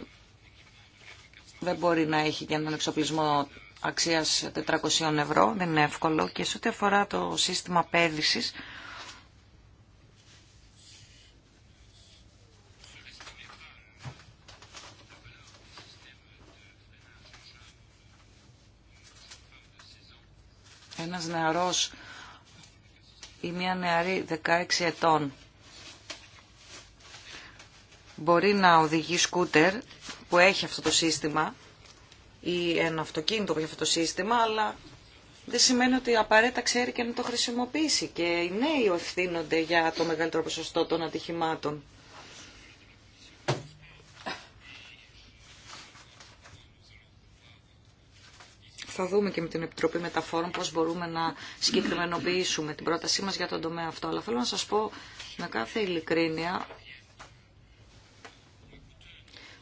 δεν μπορεί να έχει και έναν εξοπλισμό αξίας 400 ευρώ, δεν είναι εύκολο. Και σε ό,τι αφορά το σύστημα πέδησης, ένας νεαρός ή μια νεαρή 16 ετών μπορεί να οδηγεί σκούτερ που έχει αυτό το σύστημα ή ένα αυτοκίνητο που έχει αυτό το σύστημα, αλλά δεν σημαίνει ότι απαραίτητα ξέρει και να το χρησιμοποιήσει. Και οι νέοι ευθύνονται για το μεγαλύτερο ποσοστό των ατυχημάτων. θα δούμε και με την Επιτροπή Μεταφόρων πώς μπορούμε να συγκεκριμενοποιήσουμε την πρότασή μας για τον τομέα αυτό. Αλλά θέλω να σας πω με κάθε ειλικρίνεια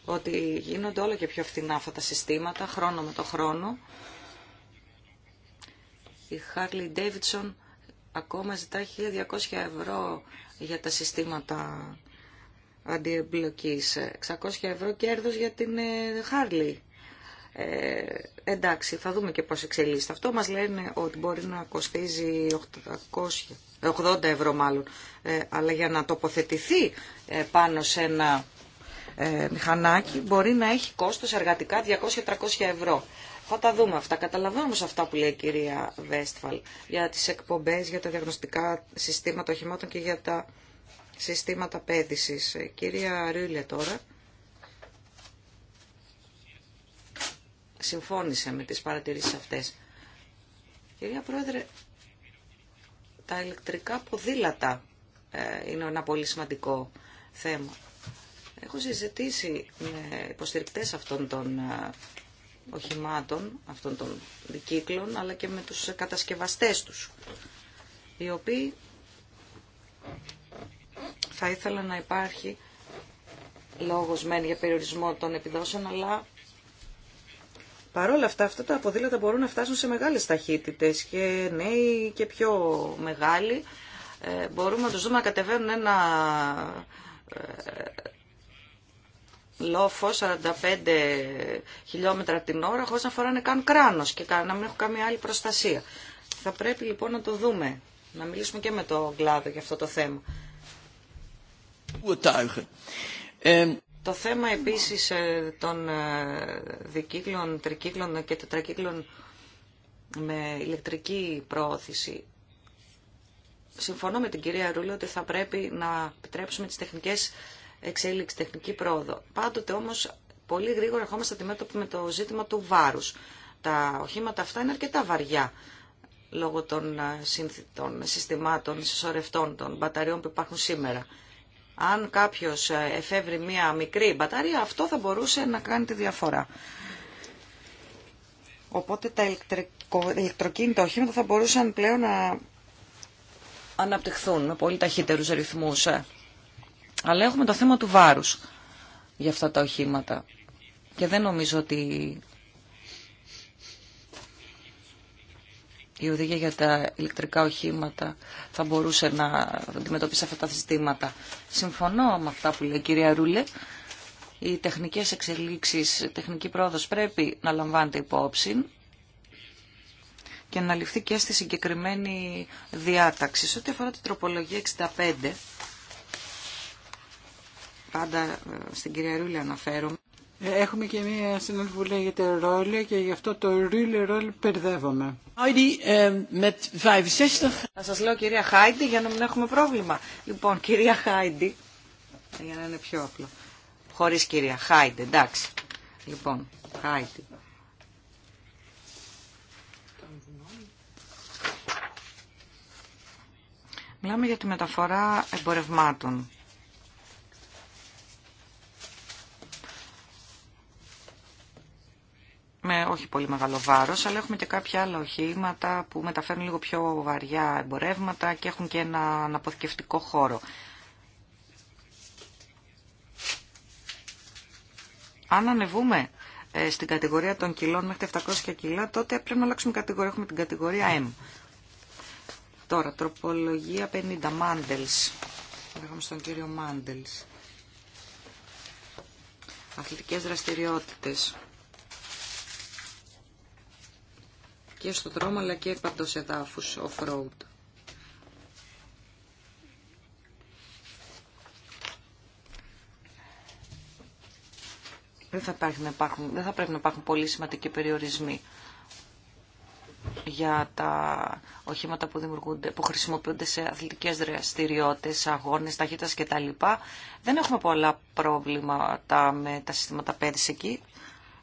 ότι γίνονται όλο και πιο φθηνά αυτά τα συστήματα, χρόνο με το χρόνο. Η Harley Davidson ακόμα ζητά 1.200 ευρώ για τα συστήματα αντιεμπλοκής. 600 ευρώ κέρδος για την ε, Harley. Ε, εντάξει, θα δούμε και πώς εξελίσσεται. Αυτό μας λένε ότι μπορεί να κοστίζει 800, 80 ε, ευρώ μάλλον, ε, αλλά για να τοποθετηθεί ε, πάνω σε ένα ε, μηχανάκι μπορεί να έχει κόστος εργατικά 200-300 ευρώ. Θα τα δούμε αυτά. Καταλαβαίνω όμως αυτά που λέει η κυρία Βέστφαλ για τις εκπομπές, για τα διαγνωστικά συστήματα οχημάτων και για τα συστήματα πέδησης. Ε, κυρία Ρούλια τώρα. συμφώνησε με τις παρατηρήσεις αυτές. Κυρία Πρόεδρε, τα ηλεκτρικά ποδήλατα ε, είναι ένα πολύ σημαντικό θέμα. Έχω συζητήσει με υποστηρικτές αυτών των ε, οχημάτων, αυτών των δικύκλων, αλλά και με τους κατασκευαστές τους, οι οποίοι θα ήθελα να υπάρχει λόγος μεν για περιορισμό των επιδόσεων, αλλά Παρ' όλα αυτά, αυτά τα ποδήλατα μπορούν να φτάσουν σε μεγάλες ταχύτητες και νέοι και πιο μεγάλοι. Ε, μπορούμε να τους δούμε να κατεβαίνουν ένα ε, λόφο 45 χιλιόμετρα την ώρα χωρίς να φοράνε καν κράνος και να μην έχουν καμία άλλη προστασία. Θα πρέπει λοιπόν να το δούμε, να μιλήσουμε και με τον κλάδο για αυτό το θέμα. Το θέμα επίσης ε, των ε, δικύκλων, τρικύκλων και τετρακύκλων με ηλεκτρική προώθηση. Συμφωνώ με την κυρία Ρούλη ότι θα πρέπει να επιτρέψουμε τις τεχνικές εξέλιξη, τεχνική πρόοδο. Πάντοτε όμως πολύ γρήγορα ερχόμαστε αντιμέτωποι με το ζήτημα του βάρους. Τα οχήματα αυτά είναι αρκετά βαριά λόγω των, ε, συστημάτων συσσωρευτών των μπαταριών που υπάρχουν σήμερα αν κάποιος ε, εφεύρει μία μικρή μπαταρία, αυτό θα μπορούσε να κάνει τη διαφορά. Οπότε τα ηλεκτροκίνητα οχήματα θα μπορούσαν πλέον να αναπτυχθούν με πολύ ταχύτερους ρυθμούς. Ε. Αλλά έχουμε το θέμα του βάρους για αυτά τα οχήματα. Και δεν νομίζω ότι η οδηγία για τα ηλεκτρικά οχήματα θα μπορούσε να αντιμετωπίσει αυτά τα συστήματα. Συμφωνώ με αυτά που λέει η κυρία Ρούλε. Οι τεχνικές εξελίξεις, η τεχνική πρόοδος πρέπει να λαμβάνεται υπόψη και να ληφθεί και στη συγκεκριμένη διάταξη. Σε ό,τι αφορά την τροπολογία 65, πάντα ε, στην κυρία Ρούλη αναφέρομαι, Έχουμε και μία συνέντευξη που λέγεται ρόλια και γι' αυτό το ρίλε ρόλ περδεύομαι. Χάιντι, ε, με 65. Θα σας λέω κυρία Χάιντι για να μην έχουμε πρόβλημα. Λοιπόν, κυρία Χάιντι, για να είναι πιο απλό. Χωρίς κυρία Χάιντι, εντάξει. Λοιπόν, Χάιντι. Μιλάμε για τη μεταφορά εμπορευμάτων. με όχι πολύ μεγάλο βάρος, αλλά έχουμε και κάποια άλλα οχήματα που μεταφέρουν λίγο πιο βαριά εμπορεύματα και έχουν και ένα αποθηκευτικό χώρο. Αν ανεβούμε ε, στην κατηγορία των κιλών μέχρι 700 κιλά, τότε πρέπει να αλλάξουμε κατηγορία. Έχουμε την κατηγορία M. Τώρα, τροπολογία 50, Μάντελς. Λέγαμε στον κύριο Μάντελς. Αθλητικές δραστηριότητες. και στο δρόμο αλλά και παντός εδάφους off-road. Δεν θα, να υπάρχουν, δεν θα πρέπει να υπάρχουν πολύ σημαντικοί περιορισμοί για τα οχήματα που, δημιουργούνται, που χρησιμοποιούνται σε αθλητικές δραστηριότητες, αγώνες, ταχύτητας κτλ. Δεν έχουμε πολλά πρόβληματα με τα συστήματα πέρυσι εκεί.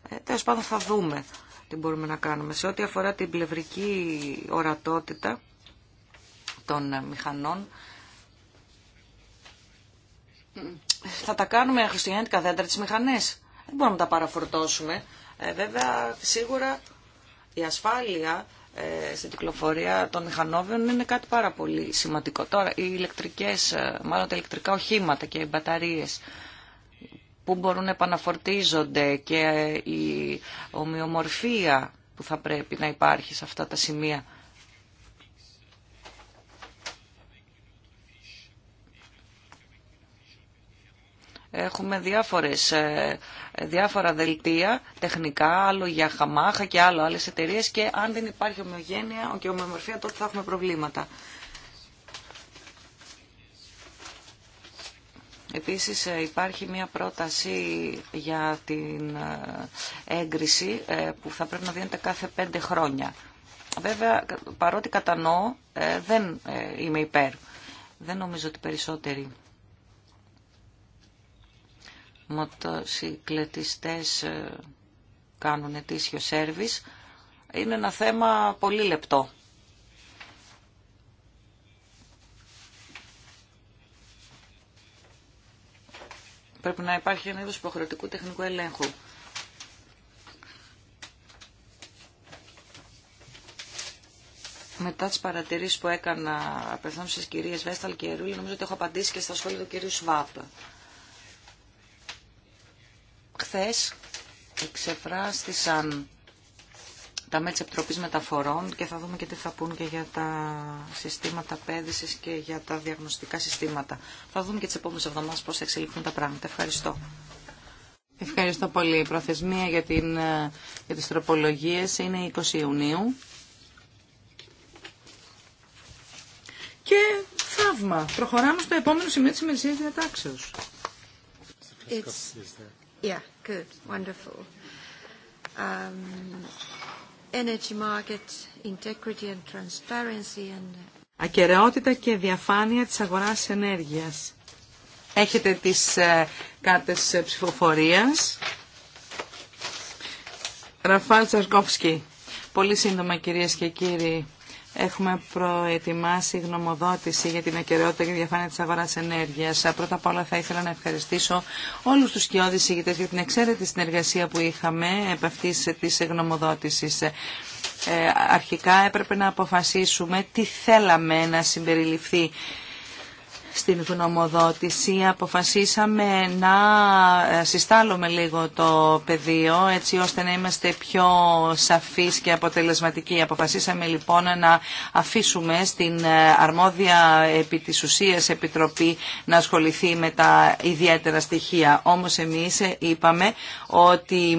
Ε, Τέλο πάντων θα δούμε τι μπορούμε να κάνουμε. Σε ό,τι αφορά την πλευρική ορατότητα των μηχανών, θα τα κάνουμε χριστουγεννιάτικα δέντρα τις μηχανές. Δεν μπορούμε να τα παραφορτώσουμε. Ε, βέβαια, σίγουρα η ασφάλεια ε, στην κυκλοφορία των μηχανόβιων είναι κάτι πάρα πολύ σημαντικό. Τώρα, οι ηλεκτρικές, ε, μάλλον τα ηλεκτρικά οχήματα και οι μπαταρίες που μπορούν να επαναφορτίζονται και η ομοιομορφία που θα πρέπει να υπάρχει σε αυτά τα σημεία. Έχουμε διάφορες, ε, διάφορα δελτία τεχνικά, άλλο για χαμάχα και άλλο άλλες εταιρείες και αν δεν υπάρχει ομοιογένεια και ομοιομορφία τότε θα έχουμε προβλήματα. Επίσης ε, υπάρχει μια πρόταση για την ε, έγκριση ε, που θα πρέπει να δίνεται κάθε πέντε χρόνια. Βέβαια, παρότι κατανοώ, δεν είμαι υπέρ. Δεν νομίζω ότι περισσότεροι μοτοσυκλετιστές κάνουν αιτήσιο σέρβις. Είναι ένα θέμα πολύ λεπτό Πρέπει να υπάρχει ένα είδος υποχρεωτικού τεχνικού ελέγχου. Μετά τις παρατηρήσεις που έκανα απευθύνω στις κυρίες Βέσταλ και Ρούλη, νομίζω ότι έχω απαντήσει και στα σχόλια του κυρίου Σβάπ. Χθες εξεφράστησαν τα μέλη της Επιτροπής Μεταφορών και θα δούμε και τι θα πούν και για τα συστήματα πέδησης και για τα διαγνωστικά συστήματα. Θα δούμε και τις επόμενες εβδομάδες πώς θα εξελιχθούν τα πράγματα. Ευχαριστώ. Ευχαριστώ πολύ. Η προθεσμία για, την, ε, για τις τροπολογίες είναι 20 Ιουνίου. Και θαύμα. Προχωράμε στο επόμενο σημείο της ημερησίας διατάξεως. Yeah, good. Wonderful. Um... Uh, Ακεραιότητα και διαφάνεια της αγοράς ενέργειας. Έχετε τις ε, κάρτες ε, ψηφοφορίας. Ραφάλ Τσαρκόφσκι. Πολύ σύντομα κυρίες και κύριοι. Έχουμε προετοιμάσει γνωμοδότηση για την ακαιρεότητα και διαφάνεια της αγοράς ενέργειας. Πρώτα απ' όλα θα ήθελα να ευχαριστήσω όλους τους κοιόδης ηγητές για την εξαίρετη συνεργασία που είχαμε επ' αυτής της γνωμοδότησης. Ε, αρχικά έπρεπε να αποφασίσουμε τι θέλαμε να συμπεριληφθεί στην γνωμοδότηση αποφασίσαμε να συστάλλουμε λίγο το πεδίο έτσι ώστε να είμαστε πιο σαφείς και αποτελεσματικοί. Αποφασίσαμε λοιπόν να αφήσουμε στην αρμόδια επί της ουσίας επιτροπή να ασχοληθεί με τα ιδιαίτερα στοιχεία. Όμως εμείς είπαμε ότι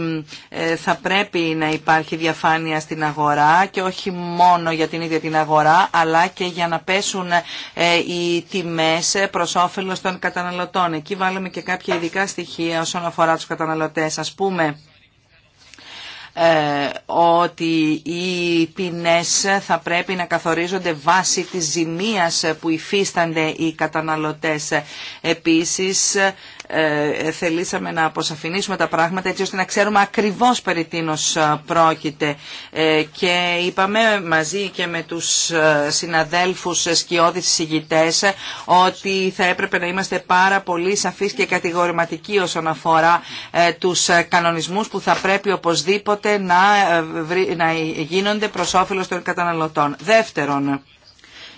ε, θα πρέπει να υπάρχει διαφάνεια στην αγορά και όχι μόνο για την ίδια την αγορά αλλά και για να πέσουν ε, οι τιμές τιμές προ όφελο των καταναλωτών. Εκεί βάλαμε και κάποια ειδικά στοιχεία όσον αφορά τους καταναλωτές. Ας πούμε, ε, ότι οι ποινές θα πρέπει να καθορίζονται βάσει της ζημίας που υφίστανται οι καταναλωτές. Επίσης ε, θελήσαμε να αποσαφηνίσουμε τα πράγματα έτσι ώστε να ξέρουμε ακριβώς περί τίνος ε, πρόκειται ε, και είπαμε μαζί και με τους συναδέλφους σκιώδης συγητές ότι θα έπρεπε να είμαστε πάρα πολύ σαφείς και κατηγορηματικοί όσον αφορά τους κανονισμούς που θα πρέπει οπωσδήποτε να γίνονται προς όφελος των καταναλωτών. Δεύτερον,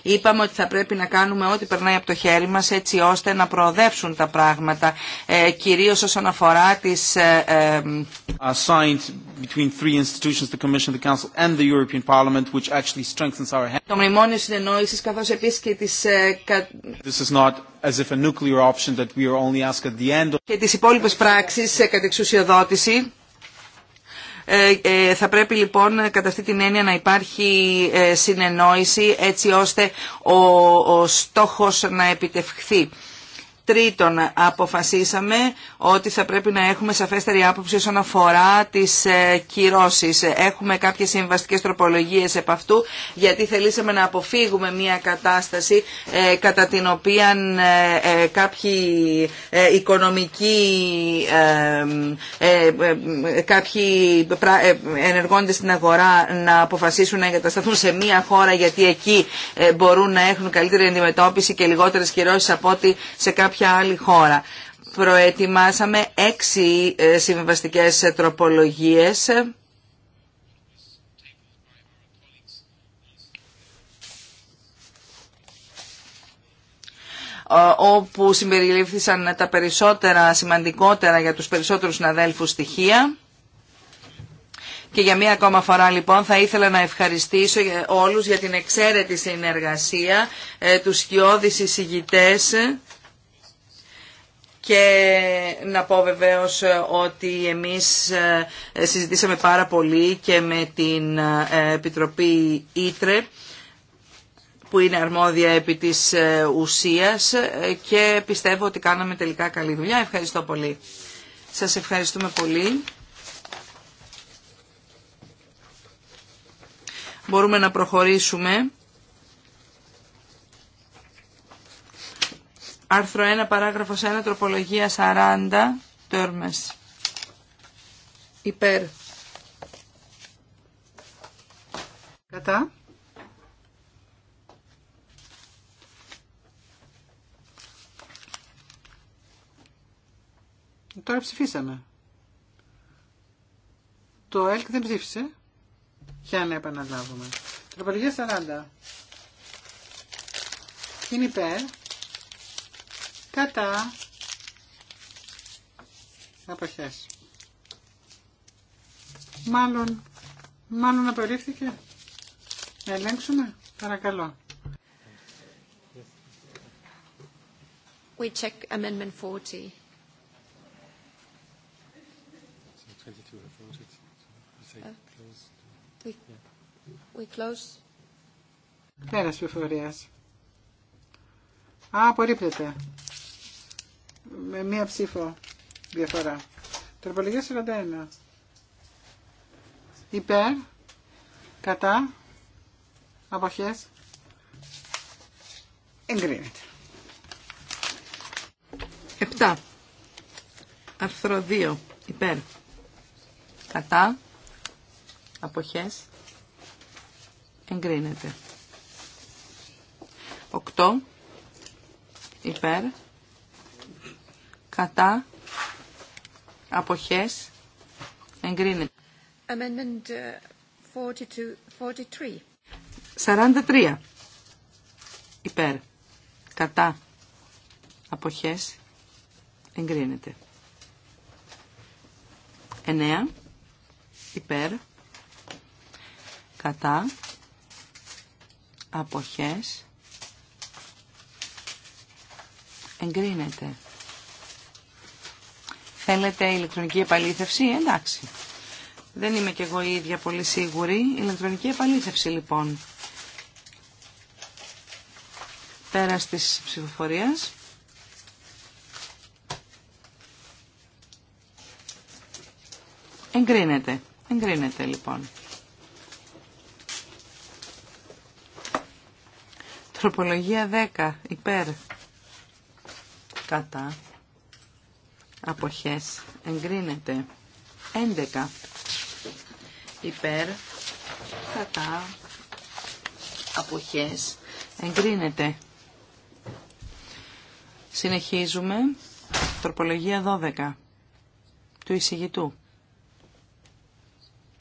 Είπαμε ότι θα πρέπει να κάνουμε ό,τι περνάει από το χέρι μας έτσι ώστε να προοδεύσουν τα πράγματα, ε, κυρίως όσον αφορά τις... Ε, ε, assigned uh, between three institutions, the Commission, the Council and the European Parliament, which actually strengthens our hand. Το μνημόνιο συνεννόησης, καθώς επίσης και τις... Ε, κα... This is not as if a nuclear option that we are only asked at the end of... Και τις υπόλοιπες πράξεις ε, κατεξουσιοδότηση. Ε, ε, θα πρέπει λοιπόν κατά αυτή την έννοια να υπάρχει ε, συνεννόηση έτσι ώστε ο, ο στόχος να επιτευχθεί. Τρίτον, αποφασίσαμε ότι θα πρέπει να έχουμε σαφέστερη άποψη όσον αφορά τις ε, κυρώσεις. Έχουμε κάποιες συμβαστικές τροπολογίες επ' αυτού, γιατί θελήσαμε να αποφύγουμε μια κατάσταση ε, κατά την οποία ε, κάποιοι οικονομικοί, κάποιοι ενεργόντες στην αγορά να αποφασίσουν να εγκατασταθούν σε μια χώρα, γιατί εκεί μπορούν να έχουν καλύτερη αντιμετώπιση και λιγότερες κυρώσεις από ότι σε κάποια κάποια άλλη χώρα. Προετοιμάσαμε έξι ε, συμβαστικές τροπολογίες. όπου συμπεριλήφθησαν τα περισσότερα σημαντικότερα για τους περισσότερους συναδέλφους στοιχεία. Και για μία ακόμα φορά λοιπόν θα ήθελα να ευχαριστήσω όλους για την εξαίρετη συνεργασία, ε, τους σκιώδεις εισηγητές και να πω βεβαίως ότι εμείς ε, συζητήσαμε πάρα πολύ και με την ε, Επιτροπή Ήτρε που είναι αρμόδια επί της ε, ουσίας και πιστεύω ότι κάναμε τελικά καλή δουλειά. Ευχαριστώ πολύ. Σας ευχαριστούμε πολύ. Μπορούμε να προχωρήσουμε. Άρθρο 1, παράγραφος 1, τροπολογία 40, τέρμες. Υπέρ. Κατά. Τώρα ψηφίσαμε. Το ΕΛΚ δεν ψήφισε. Για να επαναλάβουμε. Τροπολογία 40. Είναι υπέρ κατά αποχές. Μάλλον, μάλλον απορρίφθηκε. Να ελέγξουμε, παρακαλώ. We check amendment 40. We, we close. Α, απορρίπτεται με μία ψήφο διαφορά. Τροπολογία 41. Υπέρ, κατά, αποχές, εγκρίνεται. 7. Αρθρο 2. Υπέρ. Κατά. Αποχές. Εγκρίνεται. 8. Υπέρ κατά, αποχές, εγκρίνεται. Amendment 42, 43. 43. Υπέρ. Κατά. Αποχές. Εγκρίνεται. 9. Υπέρ. Κατά. Αποχές. Εγκρίνεται. Θέλετε ηλεκτρονική επαλήθευση, εντάξει. Δεν είμαι κι εγώ η ίδια πολύ σίγουρη. Ηλεκτρονική επαλήθευση λοιπόν. Πέρα της ψηφοφορίας. Εγκρίνεται. Εγκρίνεται λοιπόν. Τροπολογία 10. Υπέρ. Κατά αποχές εγκρίνεται 11 υπέρ κατά αποχές εγκρίνεται συνεχίζουμε τροπολογία 12 του εισηγητού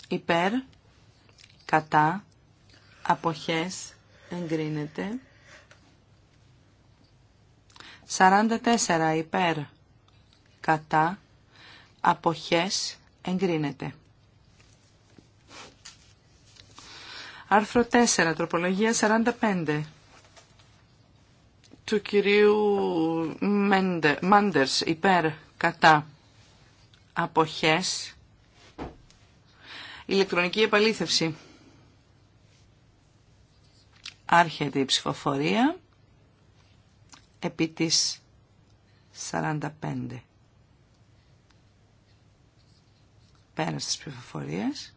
υπέρ κατά αποχές εγκρίνεται 44 υπέρ κατά, αποχές, εγκρίνεται. Άρθρο 4, τροπολογία 45 του κυρίου Μάντερς, υπέρ, κατά, αποχές, ηλεκτρονική επαλήθευση. Άρχεται η ψηφοφορία επί της 45. πέρα στις ψηφοφορίας.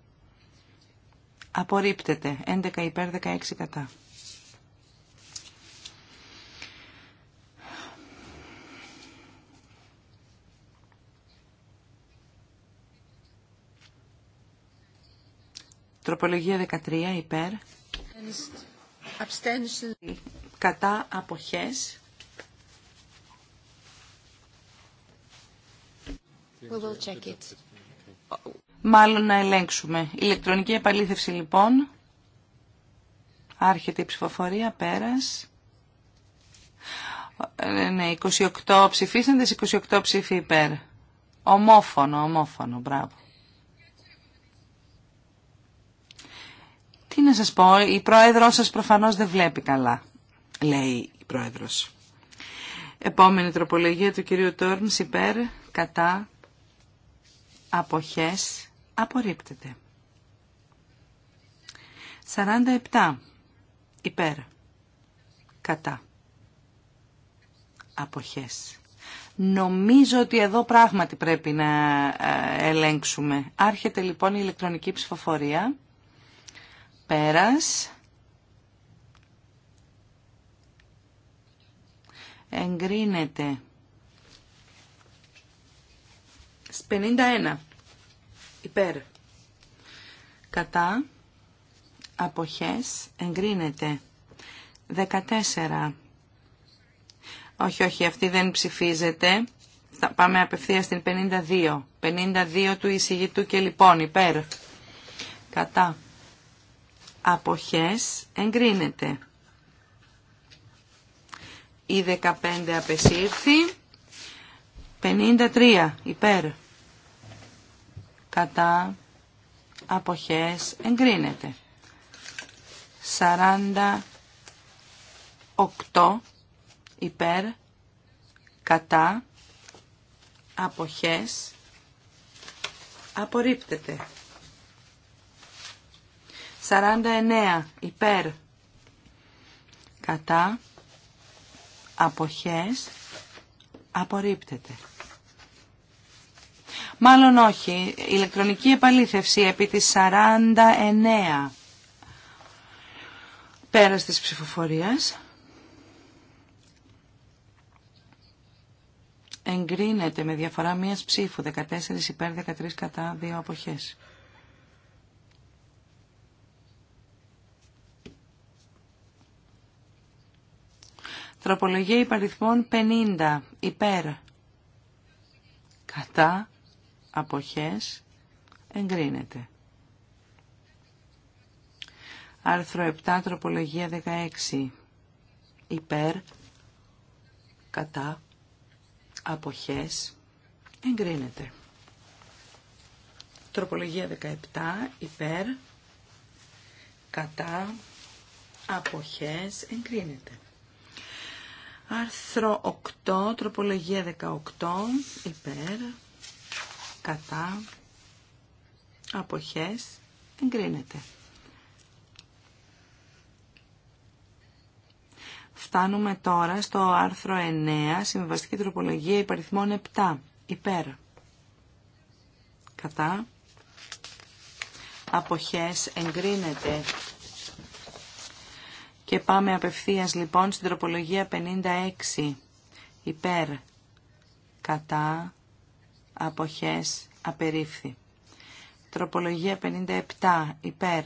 Απορρίπτεται. 11 υπέρ 16 κατά. Τροπολογία 13 υπέρ. Κατά αποχές. We will check it μάλλον να ελέγξουμε. Ηλεκτρονική επαλήθευση λοιπόν. Άρχεται η ψηφοφορία, πέρας. Ε, ναι, 28 ψηφίσαντες, 28 ψήφοι υπέρ. Ομόφωνο, ομόφωνο, μπράβο. Τι να σας πω, η πρόεδρος σας προφανώς δεν βλέπει καλά, λέει η πρόεδρος. Επόμενη τροπολογία του κυρίου Τόρνς υπέρ, κατά, αποχές απορρίπτεται. 47 υπέρ κατά αποχές. Νομίζω ότι εδώ πράγματι πρέπει να ε, ελέγξουμε. Άρχεται λοιπόν η ηλεκτρονική ψηφοφορία. Πέρας. Εγκρίνεται 51. Υπέρ. Κατά. Αποχές. Εγκρίνεται. 14. Όχι, όχι, αυτή δεν ψηφίζεται. Θα πάμε απευθεία στην 52. 52 του εισηγητού και λοιπόν υπέρ. Κατά. Αποχές εγκρίνεται. Η 15 απεσύρθη. 53 υπέρ κατά αποχές εγκρίνεται. 48 υπέρ κατά αποχές απορρίπτεται. 49 υπέρ κατά αποχές απορρίπτεται. Μάλλον όχι. Ηλεκτρονική επαλήθευση επί της 49. Πέρας της ψηφοφορίας. Εγκρίνεται με διαφορά μίας ψήφου. 14 υπέρ 13 κατά δύο αποχές. Τροπολογία υπαριθμών 50 υπέρ κατά αποχές εγκρίνεται. Άρθρο 7, τροπολογία 16. Υπέρ, κατά, αποχές, εγκρίνεται. Τροπολογία 17, υπέρ, κατά, αποχές, εγκρίνεται. Άρθρο 8, τροπολογία 18, υπέρ, κατά, αποχές, εγκρίνεται. Φτάνουμε τώρα στο άρθρο 9, συμβαστική τροπολογία υπαριθμών 7, υπέρ. Κατά. Αποχές εγκρίνεται. Και πάμε απευθείας λοιπόν στην τροπολογία 56, υπέρ. Κατά αποχές απερίφθη. Τροπολογία 57 υπέρ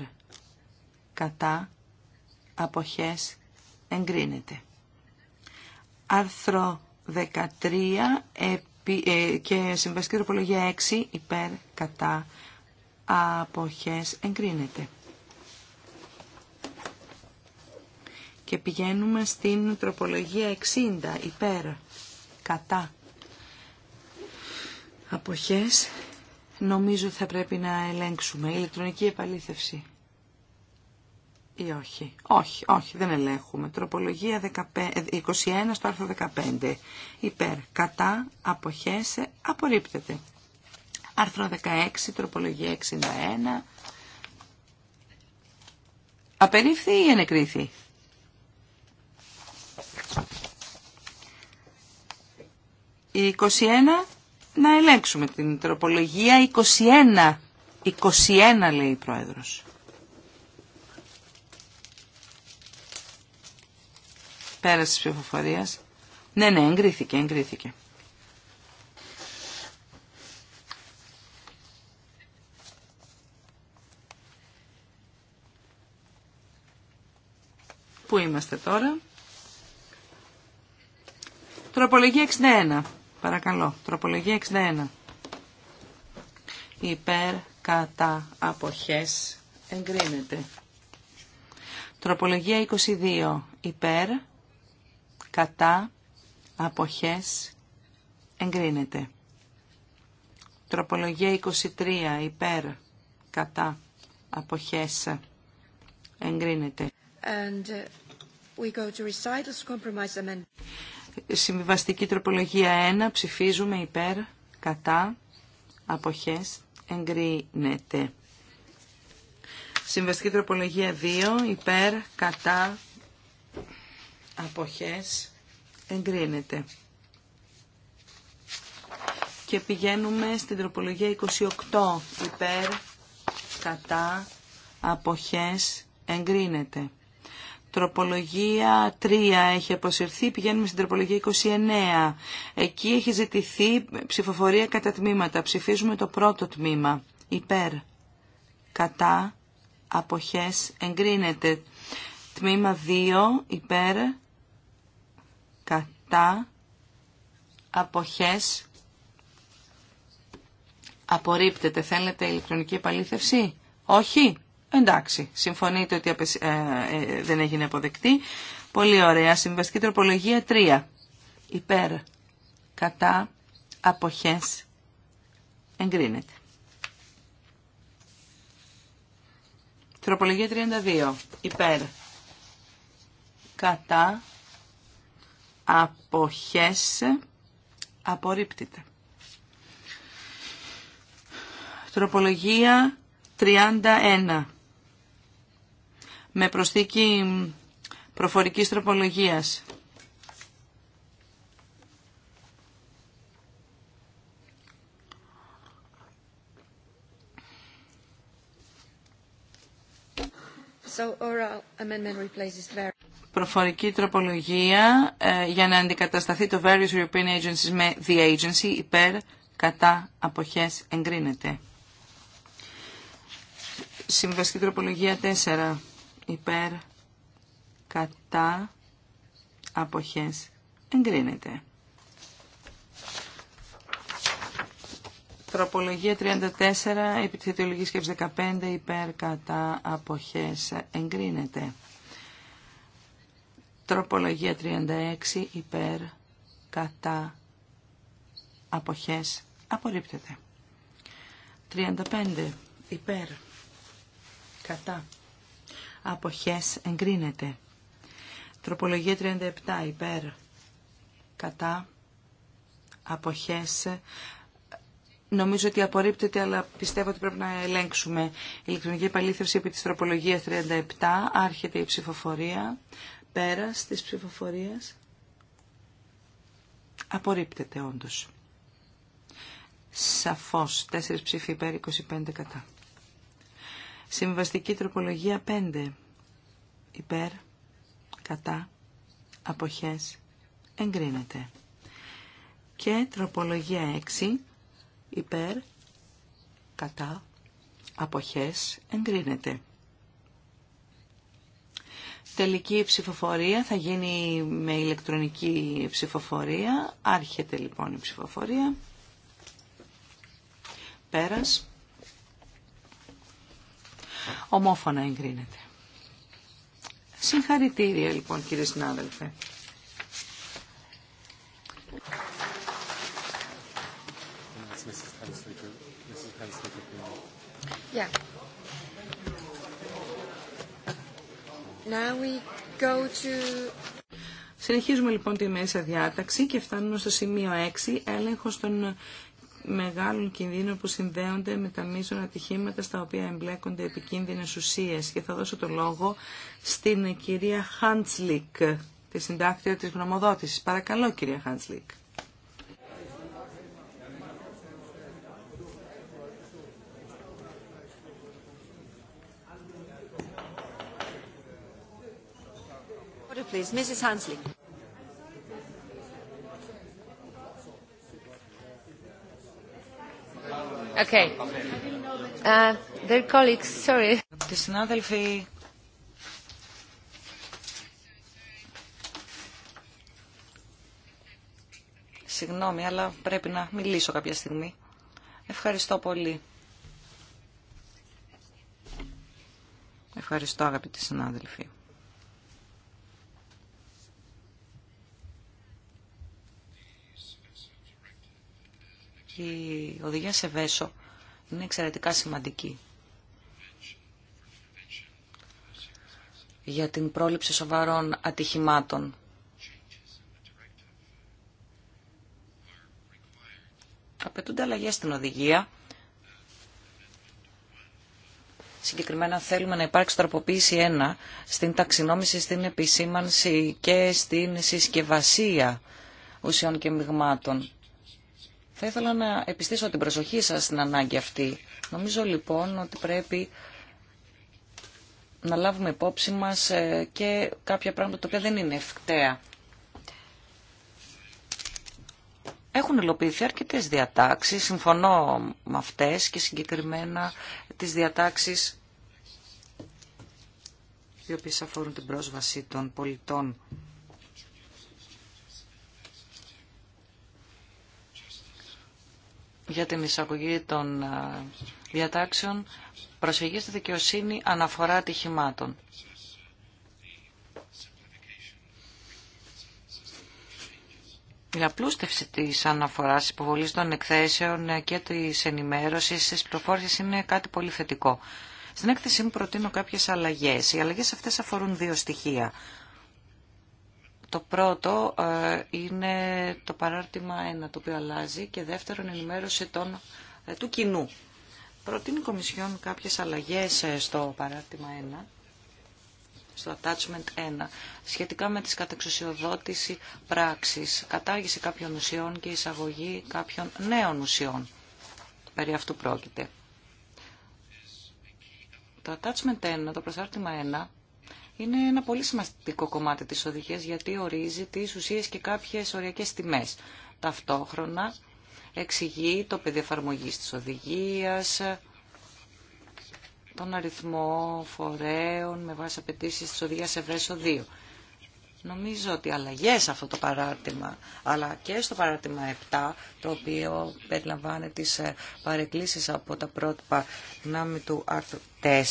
κατά αποχές εγκρίνεται. Άρθρο 13 ε, και συμβασική τροπολογία 6 υπέρ κατά αποχές εγκρίνεται. Και πηγαίνουμε στην τροπολογία 60 υπέρ κατά αποχές νομίζω θα πρέπει να ελέγξουμε ηλεκτρονική επαλήθευση ή όχι. Όχι, όχι, δεν ελέγχουμε. Τροπολογία 15, 21 ε, στο άρθρο 15. Υπέρ, κατά, αποχές, ε, απορρίπτεται. Άρθρο 16, τροπολογία 61. Απερίφθη ή ενεκρίθη. Η 21 να ελέγξουμε την τροπολογία 21. 21 λέει η Πρόεδρος. Πέρασε της ψηφοφορίας. Ναι, ναι, εγκρίθηκε, εγκρίθηκε. Πού είμαστε τώρα. Τροπολογία 61. Παρακαλώ. Τροπολογία 61. Υπέρ κατά αποχές εγκρίνεται. Τροπολογία 22. Υπέρ κατά αποχές εγκρίνεται. Τροπολογία 23. Υπέρ κατά αποχές εγκρίνεται. And uh, we go to recitals Συμβιβαστική τροπολογία 1. Ψηφίζουμε υπέρ, κατά, αποχές, εγκρίνεται. Συμβαστική τροπολογία 2. Υπέρ, κατά, αποχές, εγκρίνεται. Και πηγαίνουμε στην τροπολογία 28. Υπέρ, κατά, αποχές, εγκρίνεται. Τροπολογία 3 έχει αποσυρθεί, πηγαίνουμε στην τροπολογία 29. Εκεί έχει ζητηθεί ψηφοφορία κατά τμήματα. Ψηφίζουμε το πρώτο τμήμα. Υπέρ. Κατά. Αποχές. Εγκρίνεται. Τμήμα 2. Υπέρ. Κατά. Αποχές. Απορρίπτεται. Θέλετε ηλεκτρονική επαλήθευση. Όχι. Εντάξει, συμφωνείτε ότι ε, ε, δεν έγινε αποδεκτή. Πολύ ωραία. Συμβαστική τροπολογία 3. Υπέρ, κατά, αποχές, εγκρίνεται. Τροπολογία 32. Υπέρ, κατά, αποχές, απορρίπτεται. Τροπολογία 31 με προσθήκη προφορικής τροπολογίας. So oral amendment replaces Προφορική τροπολογία ε, για να αντικατασταθεί το various European agencies με the agency υπέρ κατά αποχές εγκρίνεται. Συμβαστική τροπολογία 4 υπέρ κατά αποχές εγκρίνεται. Τροπολογία 34, επί σκέψη 15, υπέρ κατά αποχές εγκρίνεται. Τροπολογία 36, υπέρ κατά αποχές απορρίπτεται. 35, υπέρ κατά αποχές εγκρίνεται. Τροπολογία 37 υπέρ κατά αποχές Νομίζω ότι απορρίπτεται, αλλά πιστεύω ότι πρέπει να ελέγξουμε. η Ηλεκτρονική επαλήθευση επί της τροπολογίας 37, άρχεται η ψηφοφορία, πέρας της ψηφοφορίας. Απορρίπτεται όντως. Σαφώς, τέσσερις ψήφοι υπέρ, 25 κατά. Συμβαστική τροπολογία 5. Υπέρ, κατά, αποχές, εγκρίνεται. Και τροπολογία 6. Υπέρ, κατά, αποχές, εγκρίνεται. Τελική ψηφοφορία θα γίνει με ηλεκτρονική ψηφοφορία. Άρχεται λοιπόν η ψηφοφορία. Πέρας. Ομόφωνα εγκρίνεται. Συγχαρητήρια λοιπόν κύριε συνάδελφε. Συνεχίζουμε λοιπόν τη μέσα διάταξη και φτάνουμε στο σημείο 6, έλεγχος των μεγάλων κινδύνων που συνδέονται με τα μείζων ατυχήματα στα οποία εμπλέκονται επικίνδυνε ουσίες. Και θα δώσω το λόγο στην κυρία Χάντσλικ, τη συντάκτρια της γνωμοδότησης. Παρακαλώ κυρία Χάντσλικ. Please, Mrs. Hanslick. Okay. Uh, colleagues, sorry. Συγγνώμη, αλλά πρέπει να μιλήσω κάποια στιγμή. Ευχαριστώ πολύ. Ευχαριστώ αγαπητοί συνάδελφοι. Η οδηγία σε βέσο είναι εξαιρετικά σημαντική για την πρόληψη σοβαρών ατυχημάτων. Απαιτούνται αλλαγές στην οδηγία. Συγκεκριμένα θέλουμε να υπάρξει τροποποίηση 1 στην ταξινόμηση, στην επισήμανση και στην συσκευασία ουσιών και μειγμάτων. Θα ήθελα να επιστήσω την προσοχή σας στην ανάγκη αυτή. Νομίζω λοιπόν ότι πρέπει να λάβουμε υπόψη μας ε, και κάποια πράγματα τα οποία δεν είναι ευκταία. Έχουν υλοποιηθεί αρκετές διατάξεις, συμφωνώ με αυτές και συγκεκριμένα τις διατάξεις οι οποίες αφορούν την πρόσβαση των πολιτών για την εισαγωγή των ε, διατάξεων προσφυγή στη δικαιοσύνη αναφορά ατυχημάτων. Η απλούστευση της αναφοράς, υποβολή των εκθέσεων ε, και τη ενημέρωση τη πληροφόρηση είναι κάτι πολύ θετικό. Στην έκθεση μου προτείνω κάποιε αλλαγέ. Οι αλλαγέ αυτέ αφορούν δύο στοιχεία. Το πρώτο ε, είναι το παράρτημα 1 το οποίο αλλάζει και δεύτερον ενημέρωση των, ε, του κοινού. Προτείνει η Κομισιόν κάποιες αλλαγές ε, στο παράρτημα 1 στο attachment 1, σχετικά με τις κατεξουσιοδότηση πράξης, κατάργηση κάποιων ουσιών και εισαγωγή κάποιων νέων ουσιών. Περί αυτού πρόκειται. Το attachment 1, το προσάρτημα 1, είναι ένα πολύ σημαντικό κομμάτι της οδηγίας γιατί ορίζει τις ουσίες και κάποιες οριακές τιμές. Ταυτόχρονα εξηγεί το πεδίο εφαρμογή της οδηγίας, τον αριθμό φορέων με βάση απαιτήσει της οδηγίας Ευρέσο 2. Νομίζω ότι αλλαγέ σε αυτό το παράρτημα, αλλά και στο παράρτημα 7, το οποίο περιλαμβάνει τις ε, παρεκκλήσεις από τα πρότυπα δυνάμει του άρθρου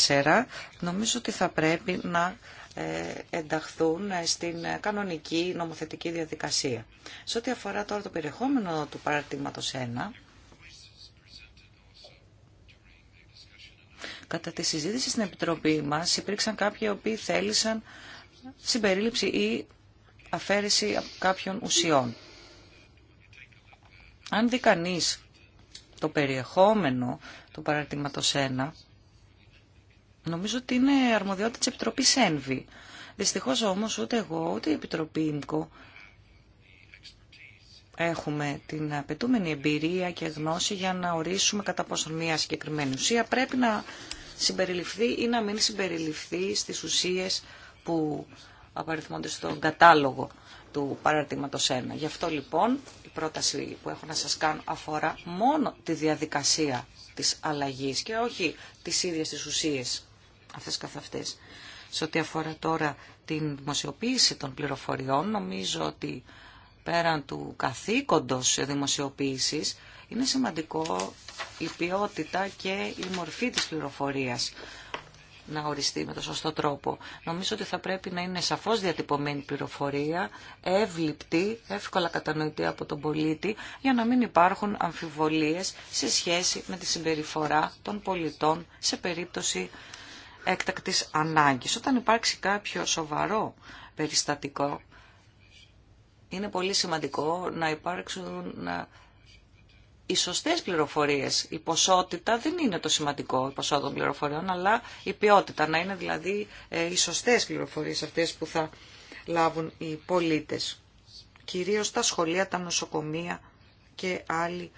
4, νομίζω ότι θα πρέπει να ε, ενταχθούν ε, στην κανονική νομοθετική διαδικασία. Σε ό,τι αφορά τώρα το περιεχόμενο του παραρτήματος 1, κατά τη συζήτηση στην Επιτροπή μας υπήρξαν κάποιοι οι οποίοι θέλησαν συμπερίληψη ή αφαίρεση κάποιων ουσιών. Αν δει κανεί το περιεχόμενο του παραρτήματος 1, Νομίζω ότι είναι αρμοδιότητα της Επιτροπής ΕΝΒΗ. Δυστυχώς όμως ούτε εγώ ούτε η Επιτροπή ΙΜΚΟ έχουμε την απαιτούμενη εμπειρία και γνώση για να ορίσουμε κατά πόσο μια συγκεκριμένη ουσία πρέπει να συμπεριληφθεί ή να μην συμπεριληφθεί στις ουσίες που απαριθμώνται στον κατάλογο του παραρτήματος 1. Γι' αυτό λοιπόν η πρόταση που έχω να σας κάνω αφορά μόνο τη διαδικασία της αλλαγής και όχι τις ίδιες τις ουσίες αυτές καθ' αυτές. Σε ό,τι αφορά τώρα την δημοσιοποίηση των πληροφοριών, νομίζω ότι πέραν του καθήκοντος δημοσιοποίησης, είναι σημαντικό η ποιότητα και η μορφή της πληροφορίας να οριστεί με το σωστό τρόπο. Νομίζω ότι θα πρέπει να είναι σαφώς διατυπωμένη πληροφορία, εύληπτη, εύκολα κατανοητή από τον πολίτη, για να μην υπάρχουν αμφιβολίες σε σχέση με τη συμπεριφορά των πολιτών σε περίπτωση έκτακτης ανάγκης. Όταν υπάρξει κάποιο σοβαρό περιστατικό, είναι πολύ σημαντικό να υπάρξουν οι σωστέ πληροφορίε. Η ποσότητα δεν είναι το σημαντικό, η ποσότητα των πληροφοριών, αλλά η ποιότητα. Να είναι δηλαδή ε, οι σωστέ πληροφορίε αυτέ που θα λάβουν οι πολίτες. Κυρίως τα σχολεία, τα νοσοκομεία και άλλοι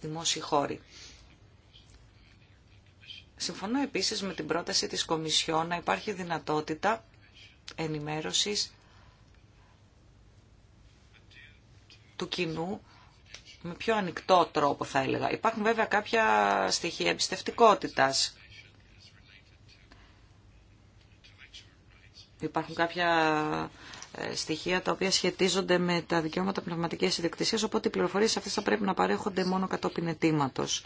δημόσιοι χώροι. Συμφωνώ επίσης με την πρόταση της Κομισιόν να υπάρχει δυνατότητα ενημέρωσης του κοινού με πιο ανοιχτό τρόπο θα έλεγα. Υπάρχουν βέβαια κάποια στοιχεία εμπιστευτικότητας. Υπάρχουν κάποια ε, στοιχεία τα οποία σχετίζονται με τα δικαιώματα πνευματικής ιδιοκτησίας, οπότε οι πληροφορίες αυτές θα πρέπει να παρέχονται μόνο κατόπιν ετήματος.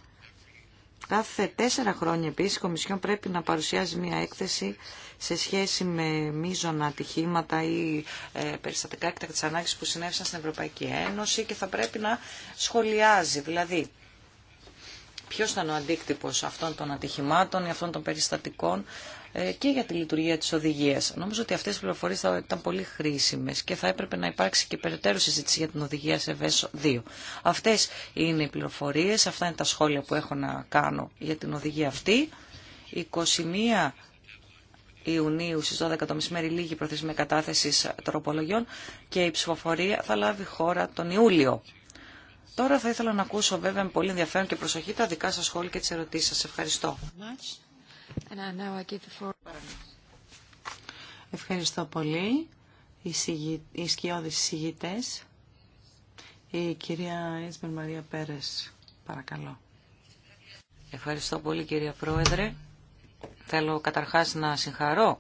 Κάθε τέσσερα χρόνια επίσης η Κομισιόν πρέπει να παρουσιάζει μια έκθεση σε σχέση με μείζωνα ατυχήματα ή ε, περιστατικά έκτακτης ανάγκης που συνέβησαν στην Ευρωπαϊκή Ένωση και θα πρέπει να σχολιάζει, δηλαδή ποιος ήταν ο αντίκτυπος αυτών των ατυχημάτων ή αυτών των περιστατικών ε, και για τη λειτουργία της οδηγίας. Νομίζω ότι αυτές οι πληροφορίες θα ήταν πολύ χρήσιμες και θα έπρεπε να υπάρξει και περαιτέρω συζήτηση για την οδηγία σε ΒΕΣΟ 2. Αυτές είναι οι πληροφορίες, αυτά είναι τα σχόλια που έχω να κάνω για την οδηγία αυτή. 21 Ιουνίου στις 12 το μεσημέρι λίγη προθεσμία κατάθεση τροπολογιών και η ψηφοφορία θα λάβει χώρα τον Ιούλιο. Τώρα θα ήθελα να ακούσω βέβαια με πολύ ενδιαφέρον και προσοχή τα δικά σας σχόλια και τις ερωτήσεις σας. Ευχαριστώ. Ευχαριστώ πολύ. Οι, συγγυ... οι Η κυρία Ίσμερ Μαρία Πέρες, παρακαλώ. Ευχαριστώ πολύ κυρία Πρόεδρε. Θέλω καταρχάς να συγχαρώ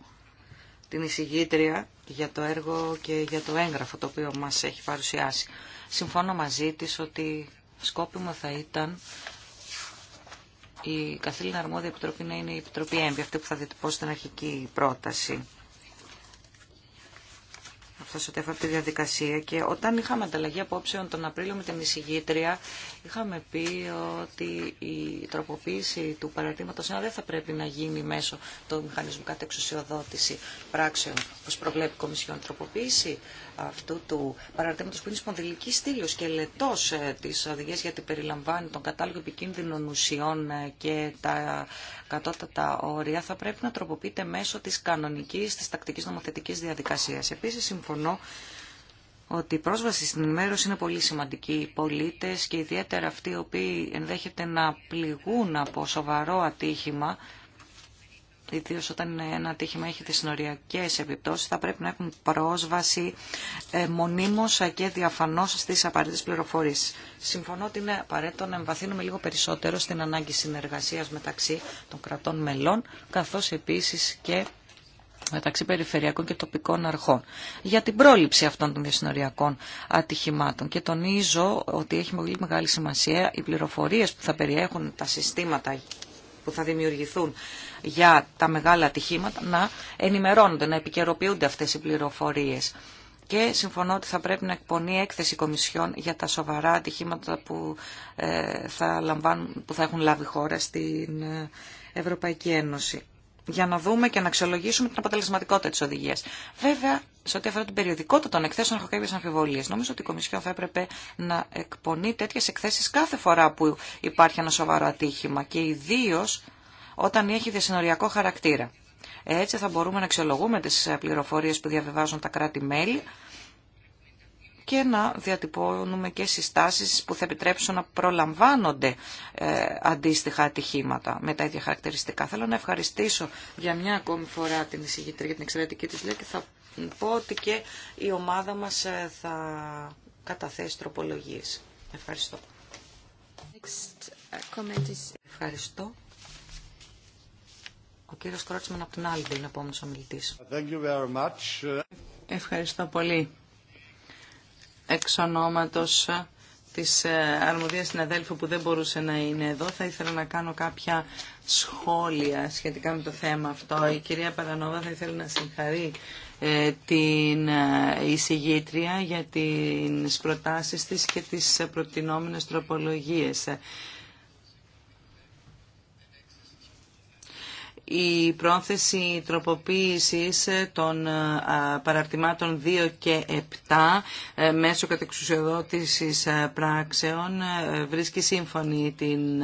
την εισηγήτρια για το έργο και για το έγγραφο το οποίο μας έχει παρουσιάσει. Συμφώνω μαζί της ότι σκόπιμο θα ήταν η καθήλυνα αρμόδια επιτροπή να είναι η Επιτροπή ΕΜΠΗ, αυτή που θα διατυπώσει την αρχική πρόταση. Αυτό σε ό,τι τη διαδικασία. Και όταν είχαμε ανταλλαγή απόψεων τον Απρίλιο με την εισηγήτρια, Είχαμε πει ότι η τροποποίηση του παρατήματο 1 δεν θα πρέπει να γίνει μέσω του μηχανισμού κατά εξουσιοδότηση πράξεων, όπω προβλέπει η Κομισιόν τροποποίηση αυτού του Παρατήματο που είναι σπονδυλική στήλη, σκελετός ε, της οδηγίας γιατί περιλαμβάνει τον κατάλογο επικίνδυνων ουσιών ε, και τα κατώτατα όρια θα πρέπει να τροποποιείται μέσω τη κανονική, τη τακτική νομοθετική διαδικασία. Επίση συμφωνώ ότι η πρόσβαση στην ενημέρωση είναι πολύ σημαντική. Οι πολίτες και ιδιαίτερα αυτοί οι οποίοι ενδέχεται να πληγούν από σοβαρό ατύχημα, ιδίω όταν ένα ατύχημα έχει δυσνοριακές επιπτώσεις, θα πρέπει να έχουν πρόσβαση ε, μονίμως και διαφανώς στις απαραίτητες πληροφορίες. Συμφωνώ ότι είναι απαραίτητο να εμβαθύνουμε λίγο περισσότερο στην ανάγκη συνεργασίας μεταξύ των κρατών μελών, καθώς επίσης και μεταξύ περιφερειακών και τοπικών αρχών για την πρόληψη αυτών των διασυνοριακών ατυχημάτων. Και τονίζω ότι έχει πολύ μεγάλη σημασία οι πληροφορίες που θα περιέχουν τα συστήματα που θα δημιουργηθούν για τα μεγάλα ατυχήματα να ενημερώνονται, να επικαιροποιούνται αυτές οι πληροφορίες. Και συμφωνώ ότι θα πρέπει να εκπονεί έκθεση κομισιών για τα σοβαρά ατυχήματα που, ε, θα, που θα έχουν λάβει χώρα στην ε, Ευρωπαϊκή Ένωση για να δούμε και να αξιολογήσουμε την αποτελεσματικότητα τη οδηγία. Βέβαια, σε ό,τι αφορά την περιοδικότητα των εκθέσεων, έχω κάποιε αμφιβολίε. Νομίζω ότι η Κομισιόν θα έπρεπε να εκπονεί τέτοιε εκθέσει κάθε φορά που υπάρχει ένα σοβαρό ατύχημα και ιδίω όταν έχει διασυνοριακό χαρακτήρα. Έτσι θα μπορούμε να αξιολογούμε τι πληροφορίε που διαβιβάζουν τα κράτη-μέλη και να διατυπώνουμε και συστάσεις που θα επιτρέψουν να προλαμβάνονται ε, αντίστοιχα ατυχήματα με τα ίδια χαρακτηριστικά. Θέλω να ευχαριστήσω για μια ακόμη φορά την εισηγητρία για την εξαιρετική της λέει και θα πω ότι και η ομάδα μας ε, θα καταθέσει τροπολογίες. Ευχαριστώ. Uh, Ευχαριστώ. Ο κύριος Κρότσμαν από την άλλη είναι ο επόμενος ομιλητής. Ευχαριστώ πολύ εξ ονόματος ε, της ε, αρμοδίας συναδέλφου που δεν μπορούσε να είναι εδώ. Θα ήθελα να κάνω κάποια σχόλια σχετικά με το θέμα αυτό. Η κυρία Παρανόβα θα ήθελε να συγχαρεί ε, την εισηγήτρια για τις προτάσεις της και τις προτινόμενες τροπολογίες. η πρόθεση τροποποίησης των ε, παραρτημάτων 2 και 7 ε, μέσω κατεξουσιοδότησης ε, πράξεων βρίσκει σύμφωνη την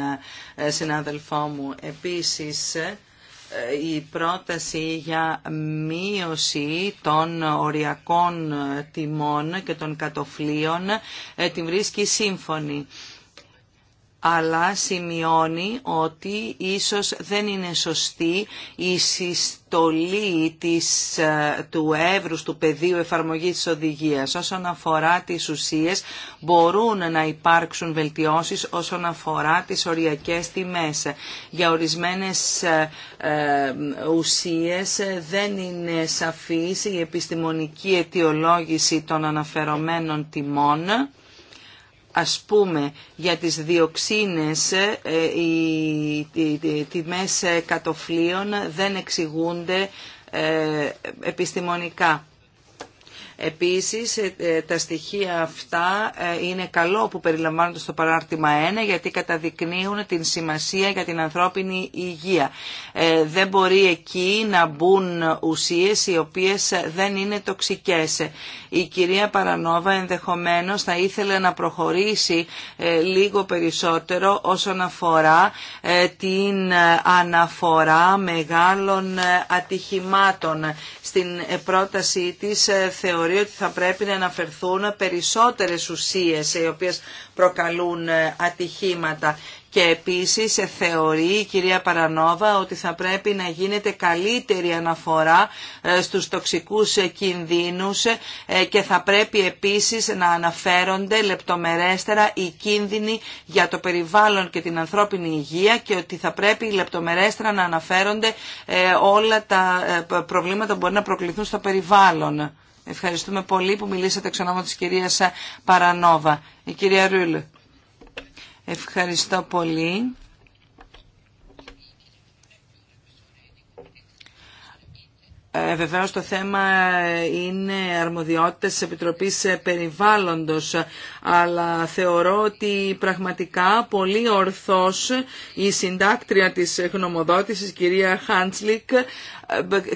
συνάδελφό μου. Επίσης, η πρόταση για μείωση των οριακών τιμών και των κατοφλίων την βρίσκει σύμφωνη αλλά σημειώνει ότι ίσως δεν είναι σωστή η συστολή της, ε, του εύρους του πεδίου εφαρμογής της οδηγίας. Όσον αφορά τις ουσίες μπορούν να υπάρξουν βελτιώσεις όσον αφορά τις οριακές τιμές. Για ορισμένες ε, ε, ουσίες δεν είναι σαφής η επιστημονική αιτιολόγηση των αναφερομένων τιμών Ας πούμε, για τις διοξίνες ε, οι τιμές ε, κατοφλίων δεν εξηγούνται ε, επιστημονικά. Επίσης ε, ε, τα στοιχεία αυτά ε, είναι καλό που περιλαμβάνονται στο παράρτημα 1 γιατί καταδεικνύουν την σημασία για την ανθρώπινη υγεία. Δεν μπορεί εκεί να μπουν ουσίες οι οποίες δεν είναι τοξικές. Η κυρία Παρανόβα ενδεχομένως θα ήθελε να προχωρήσει λίγο περισσότερο όσον αφορά την αναφορά μεγάλων ατυχημάτων. Στην πρότασή της θεωρεί ότι θα πρέπει να αναφερθούν περισσότερες ουσίες οι οποίες προκαλούν ε, ατυχήματα. Και επίσης ε, θεωρεί η κυρία Παρανόβα ότι θα πρέπει να γίνεται καλύτερη αναφορά ε, στους τοξικούς κινδύνους και θα πρέπει επίσης να αναφέρονται λεπτομερέστερα οι κίνδυνοι για το περιβάλλον και την ανθρώπινη υγεία και ότι θα πρέπει λεπτομερέστερα να αναφέρονται όλα τα προβλήματα που μπορεί να προκληθούν στο περιβάλλον. Ευχαριστούμε πολύ που μιλήσατε εξ ονόμα της κυρίας Παρανόβα. Η κυρία Ρούλ. Ευχαριστώ πολύ. Ε, Βεβαίω το θέμα είναι αρμοδιότητες τη Επιτροπής Περιβάλλοντος, αλλά θεωρώ ότι πραγματικά πολύ ορθώς η συντάκτρια της γνωμοδότηση, κυρία Χάντσλικ,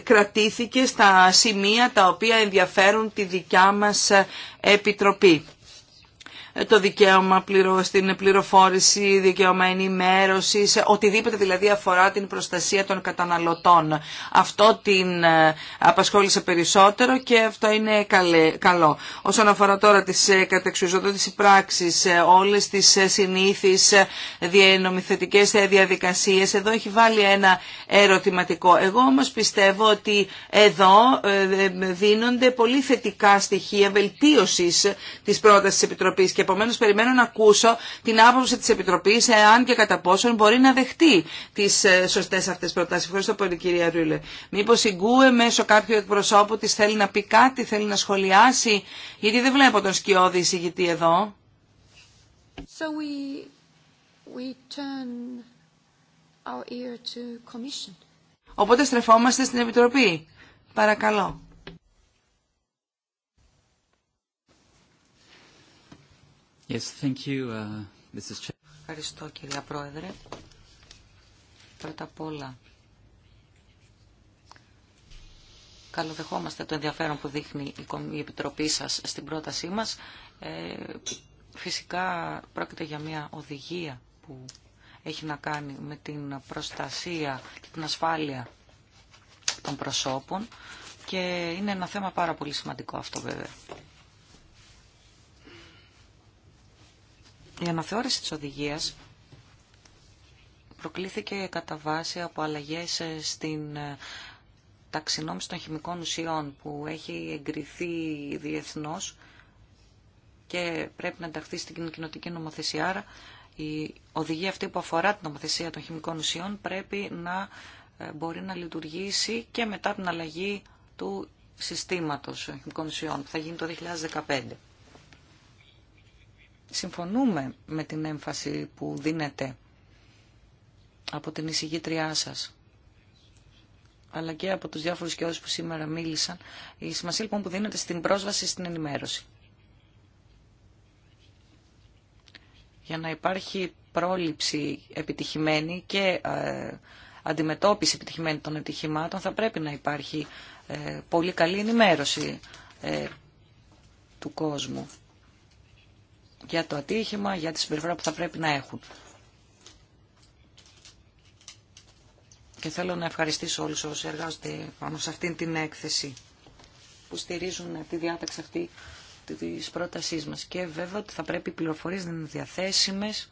κρατήθηκε στα σημεία τα οποία ενδιαφέρουν τη δικιά μας Επιτροπή. Ε, το δικαίωμα στην πληροφόρηση, δικαίωμα ενημέρωση, ε, οτιδήποτε δηλαδή αφορά την προστασία των καταναλωτών. Αυτό την ε, απασχόλησε περισσότερο και αυτό είναι καλό. Όσον αφορά τώρα τις κατεξουσιοδότηση πράξεις, όλες τις συνήθεις νομιθετικές διαδικασίε, εδώ έχει βάλει ένα ερωτηματικό. Εγώ όμω πιστεύω ότι εδώ δίνονται πολύ θετικά στοιχεία βελτίωση της πρόταση τη επιτροπή. Επομένω περιμένω να ακούσω την άποψη τη Επιτροπή εάν και κατά πόσον μπορεί να δεχτεί τις ε, σωστέ αυτέ προτάσει. Ευχαριστώ πολύ κυρία Ρούλε. Μήπω η Γκούε μέσω κάποιου εκπροσώπου τη θέλει να πει κάτι, θέλει να σχολιάσει, γιατί δεν βλέπω τον σκιώδη εισηγητή εδώ. Οπότε στρεφόμαστε στην Επιτροπή. Παρακαλώ. Uh, Ευχαριστώ κυρία Πρόεδρε. Πρώτα απ' όλα, καλοδεχόμαστε το ενδιαφέρον που δείχνει η Επιτροπή σας στην πρότασή μας. Ε, φυσικά πρόκειται για μια οδηγία που έχει να κάνει με την προστασία και την ασφάλεια των προσώπων και είναι ένα θέμα πάρα πολύ σημαντικό αυτό βέβαια. Η αναθεώρηση της οδηγίας προκλήθηκε κατά βάση από αλλαγές ε, στην ε, ταξινόμηση των χημικών ουσιών που έχει εγκριθεί διεθνώς και πρέπει να ενταχθεί στην κοινωτική νομοθεσία. Άρα η οδηγία αυτή που αφορά την νομοθεσία των χημικών ουσιών πρέπει να ε, μπορεί να λειτουργήσει και μετά την αλλαγή του συστήματος χημικών ουσιών που θα γίνει το 2015 συμφωνούμε με την έμφαση που δίνεται από την εισηγήτριά σας αλλά και από τους διάφορους και που σήμερα μίλησαν, η σημασία λοιπόν που δίνεται στην πρόσβαση στην ενημέρωση. Για να υπάρχει πρόληψη επιτυχημένη και ε, αντιμετώπιση επιτυχημένη των ατυχημάτων θα πρέπει να υπάρχει ε, πολύ καλή ενημέρωση ε, του κόσμου για το ατύχημα, για τη συμπεριφορά που θα πρέπει να έχουν. Και θέλω να ευχαριστήσω όλους όσοι εργάζονται πάνω σε αυτήν την έκθεση που στηρίζουν τη διάταξη αυτή της πρότασής μας. Και βέβαια ότι θα πρέπει οι πληροφορίες να είναι διαθέσιμες,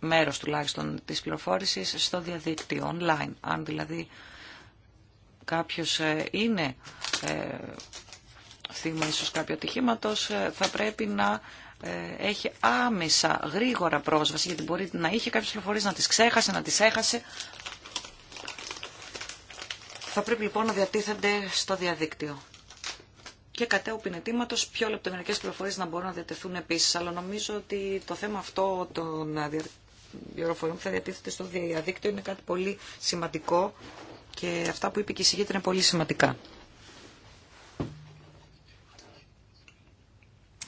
μέρος τουλάχιστον της πληροφόρησης, στο διαδίκτυο, online. Αν δηλαδή κάποιος ε, είναι ε, θύμα ίσως κάποιο ατυχήματος, ε, θα πρέπει να ε, έχει άμεσα, γρήγορα πρόσβαση, γιατί μπορεί να είχε κάποιες πληροφορίες να τις ξέχασε, να τις έχασε. Θα πρέπει λοιπόν να διατίθενται στο διαδίκτυο. Και κατέουπιν πινετήματο πιο λεπτομερικές πληροφορίες να μπορούν να διατεθούν επίσης. Αλλά νομίζω ότι το θέμα αυτό των πληροφοριών που θα διατίθεται στο διαδίκτυο είναι κάτι πολύ σημαντικό και αυτά που είπε και η είναι πολύ σημαντικά.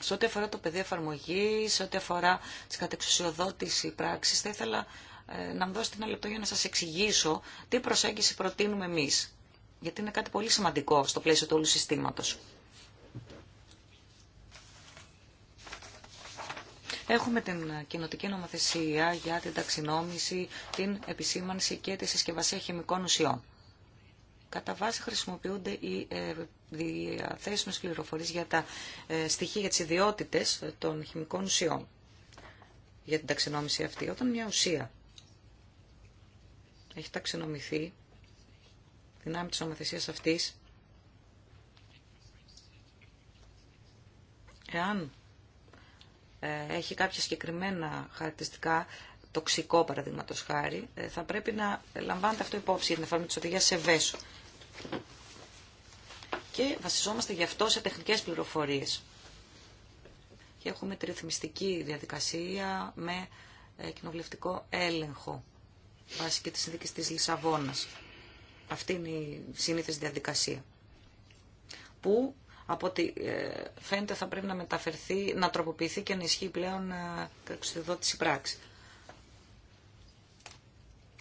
σε ό,τι αφορά το πεδίο εφαρμογή, σε ό,τι αφορά τι κατεξουσιοδότηση πράξης, θα ήθελα ε, να μου δώσετε ένα λεπτό για να σας εξηγήσω τι προσέγγιση προτείνουμε εμεί. Γιατί είναι κάτι πολύ σημαντικό στο πλαίσιο του όλου συστήματος. Έχουμε την κοινοτική νομοθεσία για την ταξινόμηση, την επισήμανση και τη συσκευασία χημικών ουσιών. Κατά βάση χρησιμοποιούνται οι ε, διαθέσιμες πληροφορίε για τα ε, στοιχεία, για τις ιδιότητες των χημικών ουσιών για την ταξινόμηση αυτή. Όταν μια ουσία έχει ταξινομηθεί, δυνάμει της ομοθεσίας αυτής, εάν ε, έχει κάποια συγκεκριμένα χαρακτηριστικά τοξικό παραδείγματο χάρη, ε, θα πρέπει να λαμβάνετε αυτό υπόψη για την εφαρμογή τη οδηγία σε βέσο. Και βασιζόμαστε γι' αυτό σε τεχνικέ πληροφορίε. Και έχουμε τη ρυθμιστική διαδικασία με ε, κοινοβουλευτικό έλεγχο βάσει και τη συνθήκη τη Λισαβόνα. Αυτή είναι η συνήθι διαδικασία. Που από ό,τι ε, φαίνεται θα πρέπει να μεταφερθεί, να τροποποιηθεί και να ισχύει πλέον ε, πράξη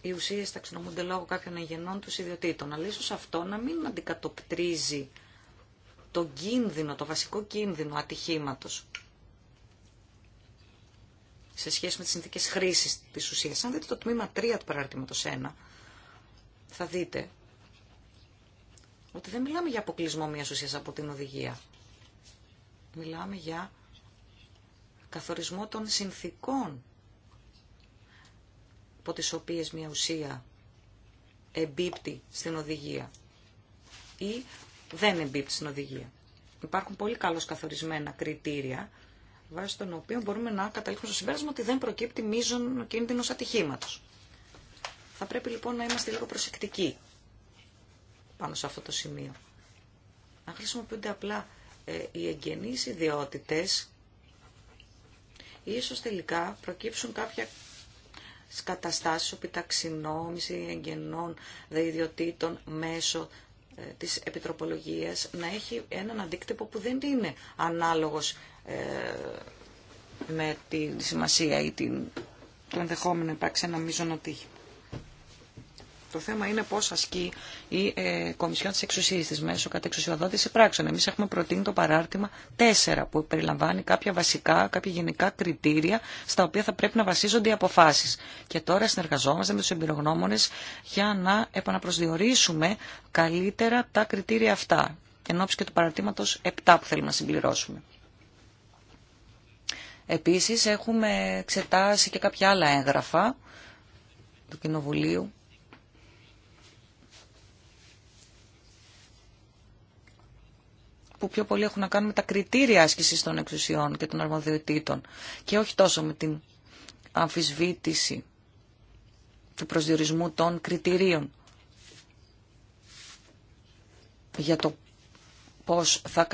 οι ουσίες ταξινομούνται λόγω κάποιων εγγενών τους ιδιωτήτων. Αλλά ίσως αυτό να μην αντικατοπτρίζει το κίνδυνο, το βασικό κίνδυνο ατυχήματο. σε σχέση με τις συνθήκες χρήσης της ουσίας. Αν δείτε το τμήμα 3 του παραρτήματος 1, θα δείτε ότι δεν μιλάμε για αποκλεισμό μιας ουσίας από την οδηγία. Μιλάμε για καθορισμό των συνθήκων από τις οποίες μια ουσία εμπίπτει στην οδηγία ή δεν εμπίπτει στην οδηγία. Υπάρχουν πολύ καλώς καθορισμένα κριτήρια βάσει των οποίων μπορούμε να καταλήξουμε στο συμπέρασμα ότι δεν προκύπτει μείζον κίνδυνο ατυχήματο. Θα πρέπει λοιπόν να είμαστε λίγο προσεκτικοί πάνω σε αυτό το σημείο. Αν χρησιμοποιούνται απλά ε, οι εγγενείς ιδιότητες, ίσως τελικά προκύψουν κάποια καταστάσεις επιταξινόμηση εγγενών ιδιωτήτων μέσω ε, της επιτροπολογίας να έχει έναν αντίκτυπο που δεν είναι ανάλογος ε, με τη σημασία ή την, το ενδεχόμενο υπάρξει ένα μείζον το θέμα είναι πώ ασκεί η ε, Κομισιόν τη εξουσία τη μέσω κατά εξουσιοδότηση πράξεων. Εμεί έχουμε προτείνει το παράρτημα 4 που περιλαμβάνει κάποια βασικά, κάποια γενικά κριτήρια στα οποία θα πρέπει να βασίζονται οι αποφάσει. Και τώρα συνεργαζόμαστε με του εμπειρογνώμονε για να επαναπροσδιορίσουμε καλύτερα τα κριτήρια αυτά. Εν και του παραρτήματο 7 που θέλουμε να συμπληρώσουμε. Επίσης έχουμε εξετάσει και κάποια άλλα έγγραφα του Κοινοβουλίου που πιο πολύ έχουν να κάνουν με τα κριτήρια άσκησης των εξουσιών και των αρμοδιοτήτων και όχι τόσο με την αμφισβήτηση του προσδιορισμού των κριτηρίων για το πώς θα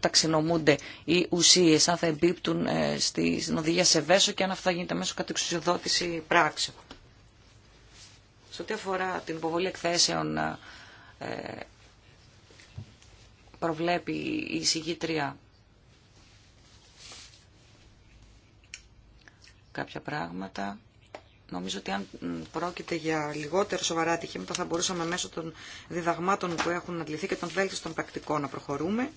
ταξινομούνται οι ουσίες, αν θα εμπίπτουν ε, στην οδηγία σε βέσο και αν αυτά γίνεται μέσω κατεξουσιοδότηση πράξεων. Σε ό,τι αφορά την υποβολή εκθέσεων ε, προβλέπει η εισηγήτρια. κάποια πράγματα. Νομίζω ότι αν πρόκειται για λιγότερο σοβαρά ατυχήματα θα μπορούσαμε μέσω των διδαγμάτων που έχουν αντληθεί και των βέλτιστων πρακτικών να προχωρούμε.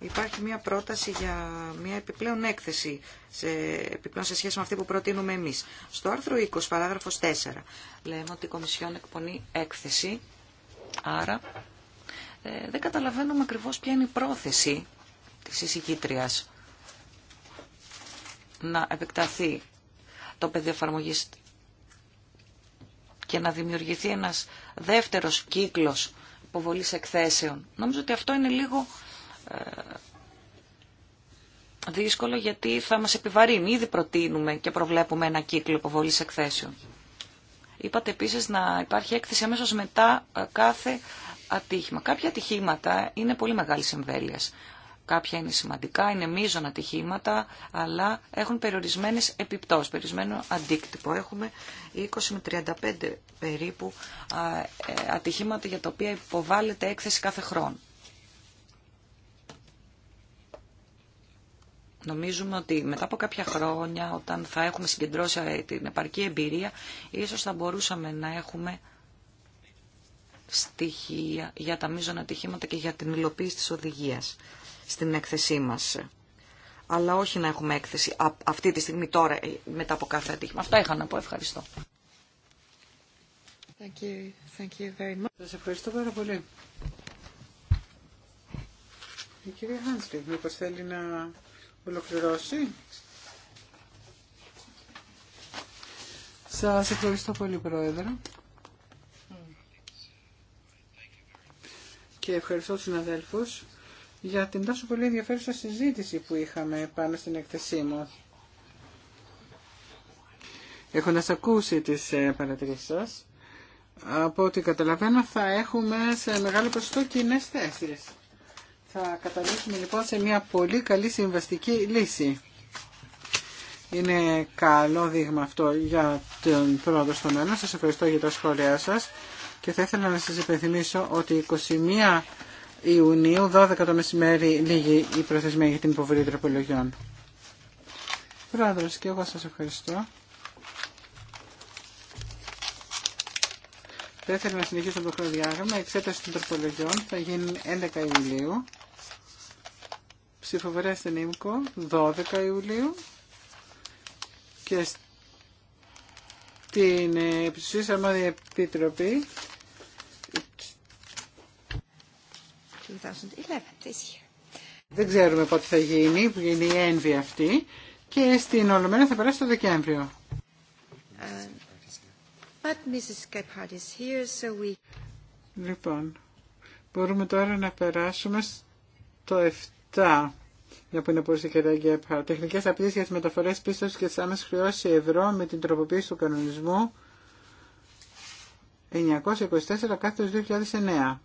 Υπάρχει μια πρόταση για μια επιπλέον έκθεση σε, επιπλέον σε σχέση με αυτή που προτείνουμε εμείς. Στο άρθρο 20, παράγραφο 4, λέμε ότι η Κομισιόν εκπονεί έκθεση, άρα δεν καταλαβαίνουμε ακριβώς ποια είναι η πρόθεση της εισηγήτριας να επεκταθεί το πεδίο εφαρμογή και να δημιουργηθεί ένας δεύτερος κύκλος υποβολής εκθέσεων. Νομίζω ότι αυτό είναι λίγο ε, δύσκολο γιατί θα μας επιβαρύνει. Ήδη προτείνουμε και προβλέπουμε ένα κύκλο υποβολής εκθέσεων. Είπατε επίσης να υπάρχει έκθεση αμέσως μετά ε, κάθε ατύχημα. Κάποια ατυχήματα είναι πολύ μεγάλη εμβέλεια. Κάποια είναι σημαντικά, είναι μείζων ατυχήματα, αλλά έχουν περιορισμένες επιπτώσεις, περιορισμένο αντίκτυπο. Έχουμε 20 με 35 περίπου ε, ατυχήματα για τα οποία υποβάλλεται έκθεση κάθε χρόνο. Νομίζουμε ότι μετά από κάποια χρόνια, όταν θα έχουμε συγκεντρώσει ε, την επαρκή εμπειρία, ίσως θα μπορούσαμε να έχουμε στοιχεία για τα μείζωνα ατυχήματα και για την υλοποίηση της οδηγίας στην έκθεσή μας. Αλλά όχι να έχουμε έκθεση αυτή τη στιγμή τώρα ε, μετά από κάθε ατύχημα. Αυτά είχα να πω. Ευχαριστώ. Thank you. Thank you very much. Σας ευχαριστώ πάρα πολύ. Η κυρία Χάνσλι, μήπως θέλει να ολοκληρώσει. Σας ευχαριστώ πολύ, Πρόεδρε. και ευχαριστώ τους συναδέλφους για την τόσο πολύ ενδιαφέρουσα συζήτηση που είχαμε πάνω στην εκθεσή μου. Έχοντας ακούσει τις ε, παρατηρήσεις σας, από ό,τι καταλαβαίνω θα έχουμε σε μεγάλο ποσοστό κοινέ θέσει. Θα καταλήξουμε λοιπόν σε μια πολύ καλή συμβαστική λύση. Είναι καλό δείγμα αυτό για τον πρόοδο στο μέλλον. Σας ευχαριστώ για τα σχόλιά σας. Και θα ήθελα να σας υπενθυμίσω ότι 21 Ιουνίου, 12 το μεσημέρι, λίγη η προθεσμία για την υποβολή τροπολογιών. Πρόεδρος, και εγώ σας ευχαριστώ. Θα ήθελα να συνεχίσω το χρονοδιάγραμμα. Η εξέταση των τροπολογιών θα γίνει 11 Ιουλίου. Ψηφοφορία στην ΙΜΚΟ 12 Ιουλίου. Και στην Επιστουσία Αρμόδια Επιτροπή Δεν ξέρουμε πότε θα γίνει, που γίνει η ένβη αυτή και στην Ολομένα θα περάσει το Δεκέμβριο. Uh, here, so we... Λοιπόν, μπορούμε τώρα να περάσουμε στο 7. Για που είναι πολύ στην κυρία Γκέπχαρ. Τεχνικέ απαιτήσει για τι μεταφορέ πίσω και τι άμεσε χρεώσει ευρώ με την τροποποίηση του κανονισμού 924 2009.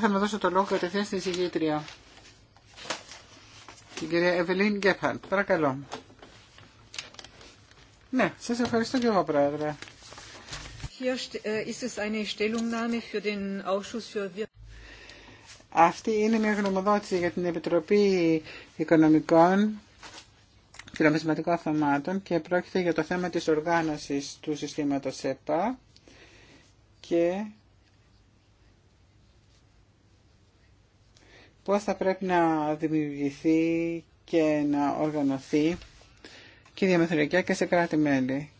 Θα με δώσω το λόγο κατευθείαν στην εισηγήτρια. Την κυρία Ευελίν Γκέφαρντ. Παρακαλώ. Ναι, σας ευχαριστώ και εγώ, Πρόεδρε. Αυτή είναι μια γνωμοδότηση για την Επιτροπή Οικονομικών και Νομισματικών Θεμάτων και πρόκειται για το θέμα της οργάνωσης του συστήματος ΕΠΑ και πώς θα πρέπει να δημιουργηθεί και να οργανωθεί και διαμεθοριακά και σε κράτη-μέλη.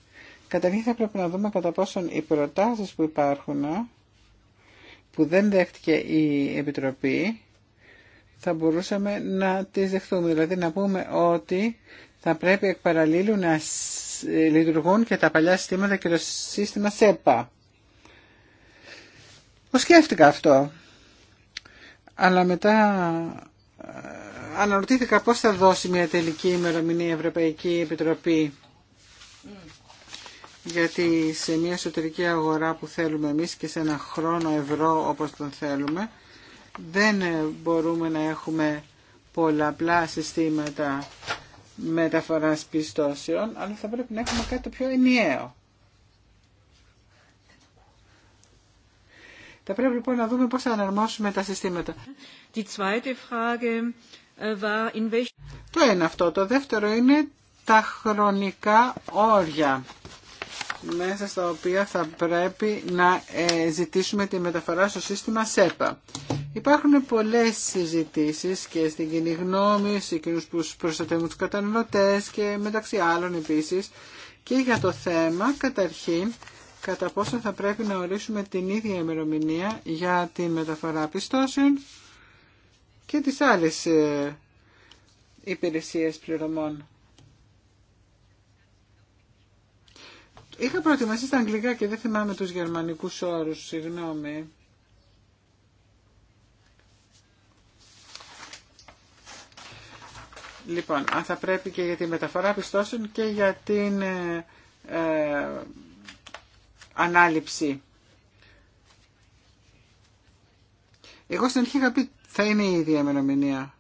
Καταρχήν θα πρέπει να δούμε κατά πόσον οι προτάσεις που υπάρχουν, ε, που δεν δέχτηκε η Επιτροπή, θα μπορούσαμε να τις δεχθούμε. Δηλαδή να πούμε ότι θα πρέπει εκ παραλίλου να ε, λειτουργούν και τα παλιά συστήματα και το σύστημα ΣΕΠΑ. Πώς σκέφτηκα αυτό αλλά μετά ε, αναρωτήθηκα πώς θα δώσει μια τελική ημερομηνία η Ευρωπαϊκή Επιτροπή γιατί σε μια εσωτερική αγορά που θέλουμε εμείς και σε ένα χρόνο ευρώ όπως τον θέλουμε δεν μπορούμε να έχουμε πολλαπλά συστήματα μεταφοράς πιστώσεων αλλά θα πρέπει να έχουμε κάτι πιο ενιαίο. Θα πρέπει λοιπόν να δούμε πώς θα αναρμόσουμε τα συστήματα. Äh, το ένα αυτό. Το δεύτερο είναι τα χρονικά όρια μέσα στα οποία θα πρέπει να ε, ζητήσουμε τη μεταφορά στο σύστημα ΣΕΠΑ. Υπάρχουν πολλές συζητήσεις και στην κοινή γνώμη, σε εκείνους που προστατεύουν τους καταναλωτές και μεταξύ άλλων επίσης και για το θέμα καταρχήν κατά πόσο θα πρέπει να ορίσουμε την ίδια ημερομηνία για τη μεταφορά πιστώσεων και τις άλλες ε, υπηρεσίες πληρωμών. Είχα προετοιμαστεί στα αγγλικά και δεν θυμάμαι τους γερμανικούς όρους, συγγνώμη. Λοιπόν, αν θα πρέπει και για τη μεταφορά πιστώσεων και για την ε, ε, ανάληψη. Εγώ στην αρχή είχα πει θα είναι η ίδια ημερομηνία.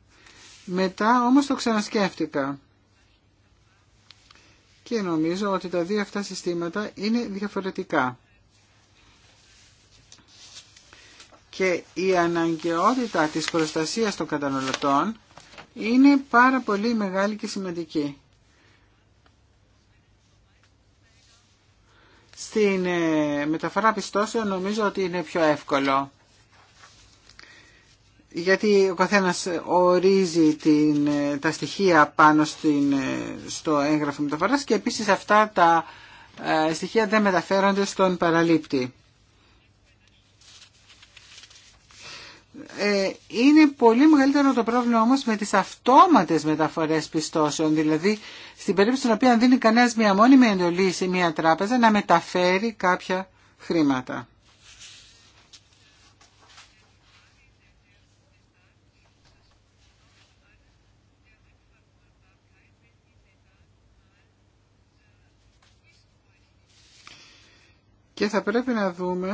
Μετά όμως το ξανασκέφτηκα. Και νομίζω ότι τα δύο αυτά συστήματα είναι διαφορετικά. Και η αναγκαιότητα της προστασίας των καταναλωτών είναι πάρα πολύ μεγάλη και σημαντική. Στην ε, μεταφορά πιστώσεων νομίζω ότι είναι πιο εύκολο. Γιατί ο καθένας ορίζει την, ε, τα στοιχεία πάνω στην, ε, στο έγγραφο μεταφοράς και επίσης αυτά τα στοιχεία δεν μεταφέρονται στον παραλήπτη. Ε, είναι πολύ μεγαλύτερο το πρόβλημα όμως με τις αυτόματες μεταφορές πιστώσεων. Δηλαδή, στην περίπτωση στην οποία δίνει κανένας μία μόνιμη εντολή σε μία τράπεζα να μεταφέρει κάποια χρήματα. Και θα πρέπει να δούμε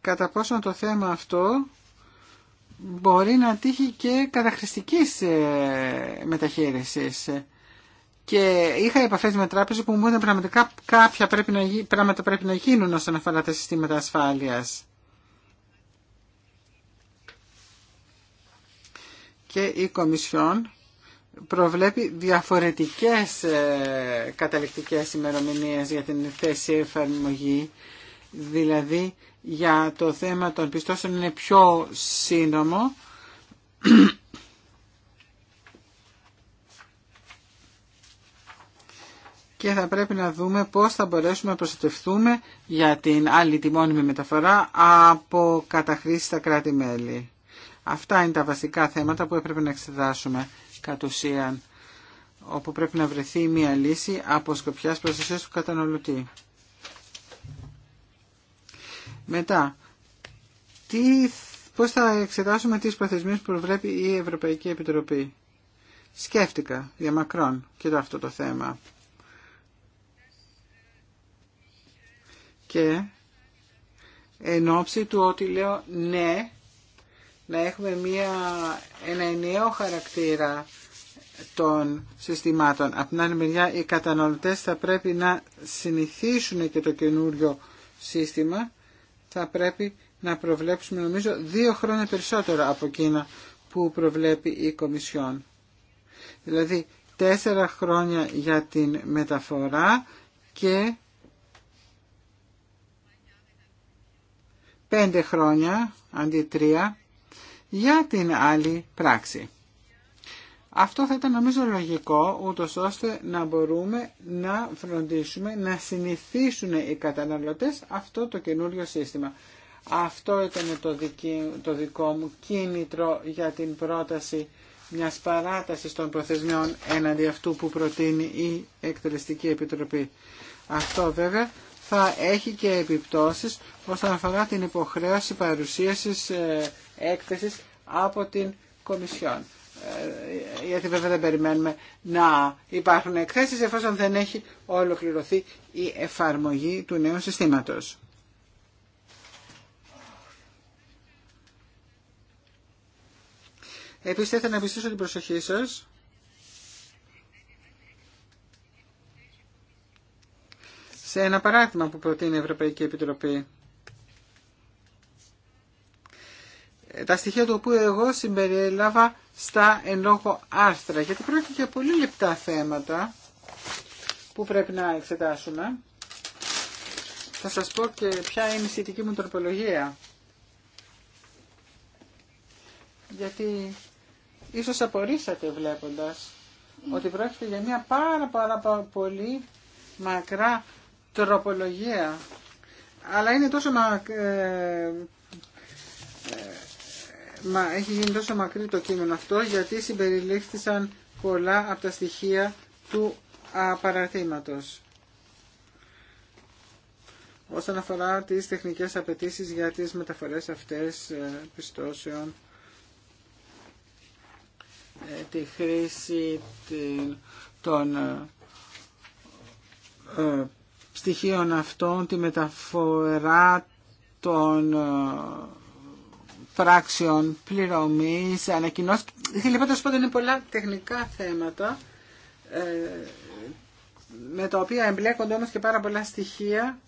κατά πόσο το θέμα αυτό μπορεί να τύχει και καταχρηστικής ε, μεταχείρισης. Και είχα επαφέ με τράπεζε που μου είπαν πραγματικά κάποια πρέπει να, πράγματα πρέπει να γίνουν όσον αφορά τα συστήματα ασφάλειας. Και η Κομισιόν προβλέπει διαφορετικές ε, καταληκτικές ημερομηνίες για την θέση εφαρμογή, δηλαδή για το θέμα των πιστώσεων είναι πιο σύντομο. και θα πρέπει να δούμε πώς θα μπορέσουμε να προστατευτούμε για την άλλη τη μόνιμη μεταφορά από καταχρήσεις στα κράτη-μέλη. Αυτά είναι τα βασικά θέματα που έπρεπε να εξετάσουμε κατ' ουσίαν, όπου πρέπει να βρεθεί μια λύση από σκοπιάς προστασίας του καταναλωτή. Μετά, τι, πώς θα εξετάσουμε τις προθεσμίες που προβλέπει η Ευρωπαϊκή Επιτροπή. Σκέφτηκα για μακρόν και το αυτό το θέμα. Και εν ώψη του ότι λέω ναι, να έχουμε μια, ένα ενιαίο χαρακτήρα των συστημάτων. Από την άλλη μεριά οι καταναλωτές θα πρέπει να συνηθίσουν και το καινούριο σύστημα θα πρέπει να προβλέψουμε νομίζω δύο χρόνια περισσότερα από εκείνα που προβλέπει η Κομισιόν. Δηλαδή τέσσερα χρόνια για την μεταφορά και πέντε χρόνια αντί τρία για την άλλη πράξη. Αυτό θα ήταν νομίζω λογικό, ούτω ώστε να μπορούμε να φροντίσουμε, να συνηθίσουν οι καταναλωτές αυτό το καινούριο σύστημα. Αυτό ήταν το, το δικό μου κίνητρο για την πρόταση μιας παράτασης των προθεσμιών έναντι αυτού που προτείνει η Εκτελεστική Επιτροπή. Αυτό βέβαια θα έχει και επιπτώσεις όσον αφορά την υποχρέωση παρουσίασης ε, έκθεσης από την Κομισιόν. Ε, γιατί βέβαια δεν περιμένουμε να υπάρχουν εκθέσεις εφόσον δεν έχει ολοκληρωθεί η εφαρμογή του νέου συστήματος. Επίσης θέλω να πιστήσω την προσοχή σας σε ένα παράδειγμα που προτείνει η Ευρωπαϊκή Επιτροπή. Ε, τα στοιχεία του οποίου εγώ συμπεριέλαβα στα εν λόγω άρθρα, γιατί πρόκειται για πολύ λεπτά θέματα που πρέπει να εξετάσουμε. Θα σας πω και ποια είναι η σχετική μου τροπολογία. Γιατί ίσως απορρίσατε βλέποντας ότι πρόκειται για μια πάρα πάρα πολύ μακρά τροπολογία. Αλλά είναι τόσο ε, Μα έχει γίνει τόσο μακρύ το κείμενο αυτό γιατί συμπεριλήφθησαν πολλά από τα στοιχεία του παραρτήματος όσον αφορά τις τεχνικές απαιτήσει για τις μεταφορές αυτές ε, πιστώσεων, ε, τη χρήση των ε, στοιχείων αυτών, τη μεταφορά των πράξεων πληρωμής, ανακοινώσεις. Λοιπόν, τόσο πάντων είναι πολλά τεχνικά θέματα ε, με τα οποία εμπλέκονται όμως και πάρα πολλά στοιχεία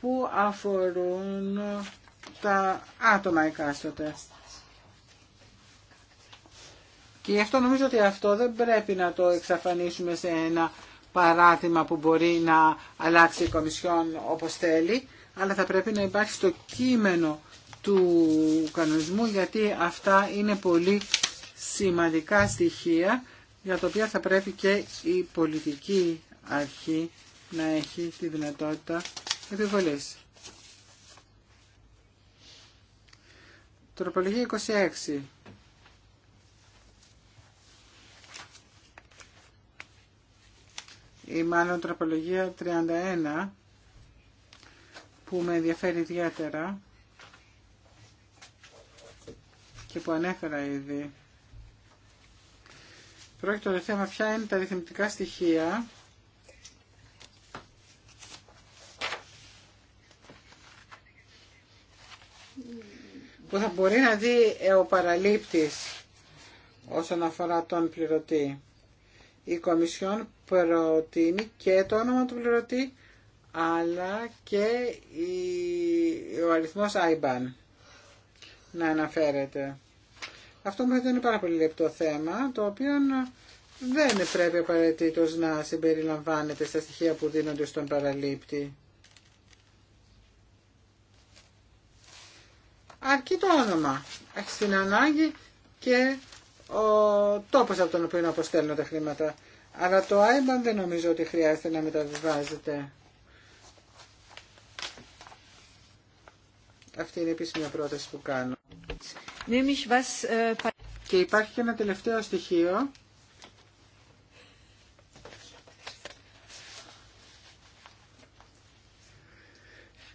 που αφορούν τα άτομα εκάστοτε. Και γι' αυτό νομίζω ότι αυτό δεν πρέπει να το εξαφανίσουμε σε ένα παράδειγμα που μπορεί να αλλάξει η Κομισιόν όπως θέλει, αλλά θα πρέπει να υπάρχει στο κείμενο του κανονισμού γιατί αυτά είναι πολύ σημαντικά στοιχεία για τα οποία θα πρέπει και η πολιτική αρχή να έχει τη δυνατότητα επιβολής. Τροπολογία 26. ή μάλλον τροπολογία 31 που με ενδιαφέρει ιδιαίτερα και που ανέφερα ήδη. Πρόκειται το θέμα ποια είναι τα ρυθμιτικά στοιχεία που θα μπορεί να δει ο παραλήπτης όσον αφορά τον πληρωτή. Η Κομισιόν προτείνει και το όνομα του πληρωτή αλλά και ο αριθμός IBAN να αναφέρεται. Αυτό μου είναι πάρα πολύ λεπτό θέμα, το οποίο δεν πρέπει απαραίτητο να συμπεριλαμβάνεται στα στοιχεία που δίνονται στον παραλήπτη. Αρκεί το όνομα. Έχει την ανάγκη και ο τόπος από τον οποίο αποστέλνω τα χρήματα. Αλλά το IBAN δεν νομίζω ότι χρειάζεται να μεταβιβάζεται. Αυτή είναι επίσης μια πρόταση που κάνω. Ε, και υπάρχει και ένα τελευταίο στοιχείο.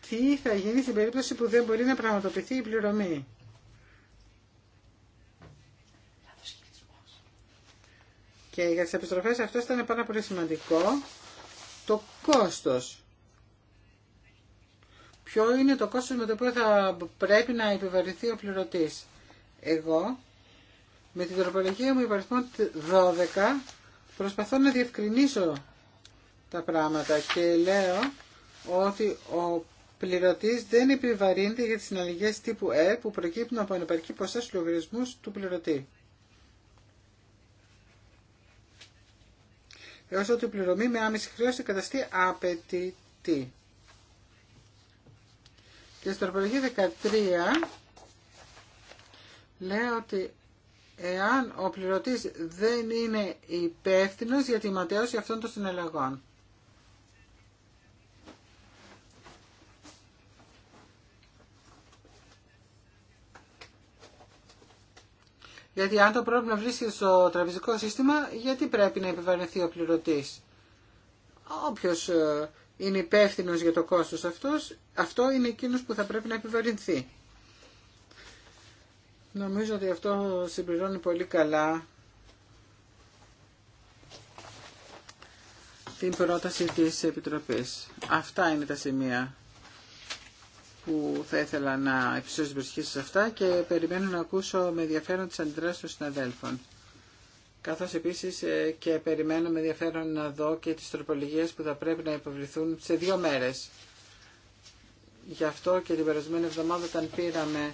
Τι θα γίνει στην περίπτωση που δεν μπορεί να πραγματοποιηθεί η πληρωμή. Και για τις επιστροφές αυτό ήταν πάρα πολύ σημαντικό. Το κόστος ποιο είναι το κόστος με το οποίο θα πρέπει να επιβαρυνθεί ο πληρωτής. Εγώ, με την τροπολογία μου υπαριθμών 12, προσπαθώ να διευκρινίσω τα πράγματα και λέω ότι ο πληρωτής δεν επιβαρύνεται για τις συναλλαγές τύπου Ε που προκύπτουν από ανεπαρκή ποσά στους λογαριασμούς του πληρωτή. Έως ότι η πληρωμή με άμεση χρέωση καταστεί απαιτητή. Και στο τροπολογία 13 λέει ότι εάν ο πληρωτής δεν είναι υπεύθυνο για τη ματέωση αυτών των συναλλαγών. Γιατί αν το πρόβλημα βρίσκεται στο τραπεζικό σύστημα, γιατί πρέπει να επιβαρυνθεί ο πληρωτής. Όποιος ε, είναι υπεύθυνο για το κόστος αυτός, αυτό είναι εκείνος που θα πρέπει να επιβαρυνθεί. Νομίζω ότι αυτό συμπληρώνει πολύ καλά την πρόταση της Επιτροπής. Αυτά είναι τα σημεία που θα ήθελα να επιστρέψω τις σε αυτά και περιμένω να ακούσω με ενδιαφέρον τις αντιδράσεις των συναδέλφων καθώς επίσης ε, και περιμένω με ενδιαφέρον να δω και τις τροπολογίες που θα πρέπει να υποβληθούν σε δύο μέρες. Γι' αυτό και την περασμένη εβδομάδα όταν πήραμε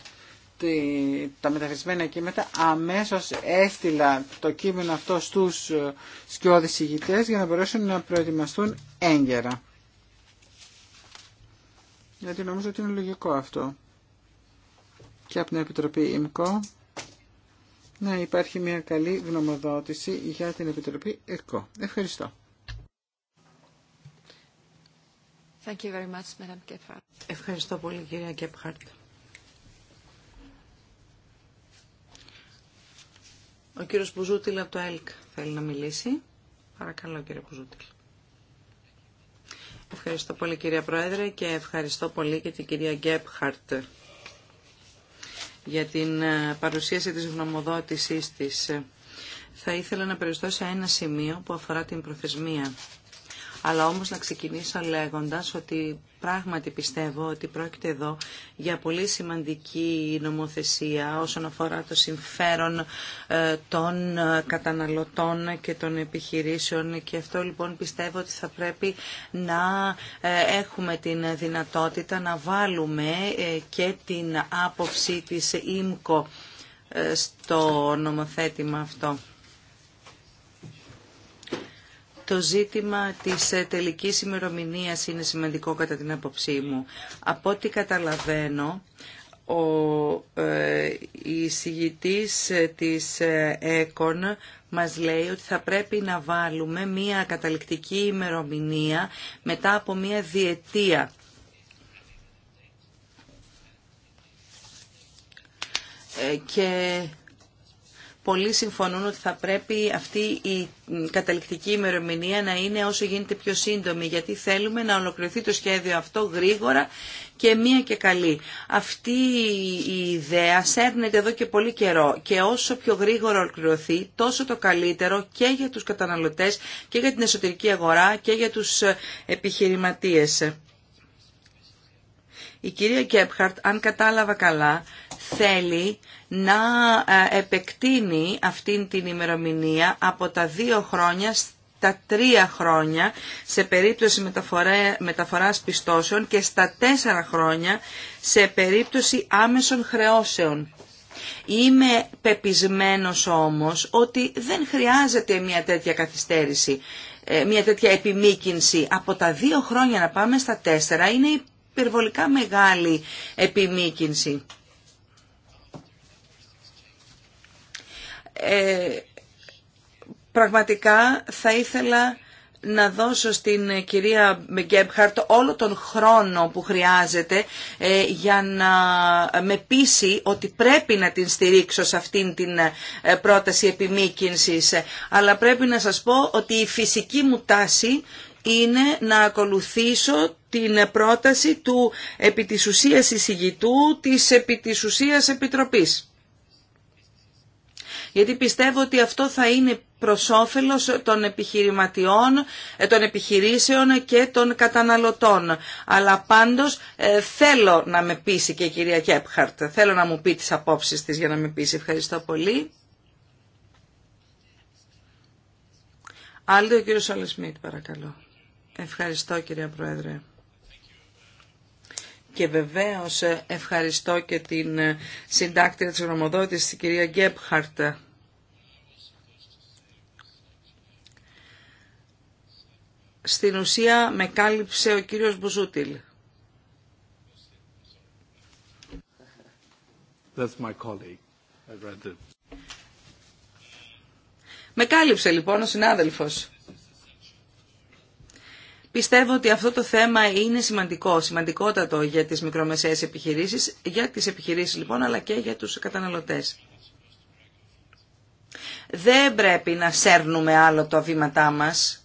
τα μεταφρασμένα κείμενα αμέσως έστειλα το κείμενο αυτό στους ε, σκιώδεις ηγητές για να μπορέσουν να προετοιμαστούν έγκαιρα. Γιατί νομίζω ότι είναι λογικό αυτό. Και από την Επιτροπή ΙΜΚΟ να υπάρχει μια καλή γνωμοδότηση για την Επιτροπή ΕΚΟ. Ευχαριστώ. Thank you very much, Madam Ευχαριστώ πολύ κυρία Κέπχαρτ. Ο κύριος Μπουζούτιλ από το ΕΛΚ θέλει να μιλήσει. Παρακαλώ κύριε Μπουζούτιλ. Ευχαριστώ πολύ κυρία Πρόεδρε και ευχαριστώ πολύ και την κυρία Γκέπχαρτ για την ε, παρουσίαση της γνωμοδότησής της. Ε, θα ήθελα να περιστώ σε ένα σημείο που αφορά την προθεσμία αλλά όμως να ξεκινήσω λέγοντας ότι πράγματι πιστεύω ότι πρόκειται εδώ για πολύ σημαντική νομοθεσία όσον αφορά το συμφέρον ε, των ε, καταναλωτών και των επιχειρήσεων και αυτό λοιπόν πιστεύω ότι θα πρέπει να ε, έχουμε την δυνατότητα να βάλουμε και την άποψη της ΙΜΚΟ στο νομοθέτημα αυτό. Το ζήτημα της ε, τελικής ημερομηνία είναι σημαντικό κατά την άποψή μου. Από ό,τι καταλαβαίνω, ο ε, εισηγητής ε, της ΕΚΟΝ μας λέει ότι θα πρέπει να βάλουμε μία καταληκτική ημερομηνία μετά από μία διετία. Και πολλοί συμφωνούν ότι θα πρέπει αυτή η καταληκτική ημερομηνία να είναι όσο γίνεται πιο σύντομη, γιατί θέλουμε να ολοκληρωθεί το σχέδιο αυτό γρήγορα και μία και καλή. Αυτή η ιδέα σέρνεται εδώ και πολύ καιρό και όσο πιο γρήγορα ολοκληρωθεί, τόσο το καλύτερο και για τους καταναλωτές και για την εσωτερική αγορά και για τους ε, επιχειρηματίες. Η κυρία Κέπχαρτ, αν κατάλαβα καλά, θέλει να ε, επεκτείνει αυτήν την ημερομηνία από τα δύο χρόνια στα τρία χρόνια σε περίπτωση μεταφοράς πιστώσεων και στα τέσσερα χρόνια σε περίπτωση άμεσων χρεώσεων. Είμαι πεπισμένος όμως ότι δεν χρειάζεται μια τέτοια καθυστέρηση, ε, μια τέτοια επιμήκυνση. Από τα δύο χρόνια να πάμε στα τέσσερα είναι υπερβολικά μεγάλη επιμήκυνση. Ε, πραγματικά θα ήθελα να δώσω στην κυρία Γκέμπχαρτ όλο τον χρόνο που χρειάζεται ε, για να με πείσει ότι πρέπει να την στηρίξω σε αυτήν την ε, πρόταση επιμήκυνσης. Αλλά πρέπει να σας πω ότι η φυσική μου τάση είναι να ακολουθήσω την πρόταση του επί της εισηγητού της επί επιτροπής γιατί πιστεύω ότι αυτό θα είναι προς όφελος των επιχειρηματιών, ε, των επιχειρήσεων και των καταναλωτών. Αλλά πάντως ε, θέλω να με πείσει και η κυρία Κέπχαρτ, θέλω να μου πει τις απόψεις της για να με πείσει. Ευχαριστώ πολύ. Άλλο ο κύριος Σολεσμίτ, παρακαλώ. Ευχαριστώ κυρία Πρόεδρε. Και βεβαίως ευχαριστώ και την συντάκτρια της γνωμοδότησης, την κυρία Γκέπχαρτ. στην ουσία με κάλυψε ο κύριος Μπουζούτιλ. That's my Με κάλυψε λοιπόν ο συνάδελφος. Πιστεύω ότι αυτό το θέμα είναι σημαντικό, σημαντικότατο για τις μικρομεσαίες επιχειρήσεις, για τις επιχειρήσεις λοιπόν, αλλά και για τους καταναλωτές. Δεν πρέπει να σέρνουμε άλλο τα βήματά μας,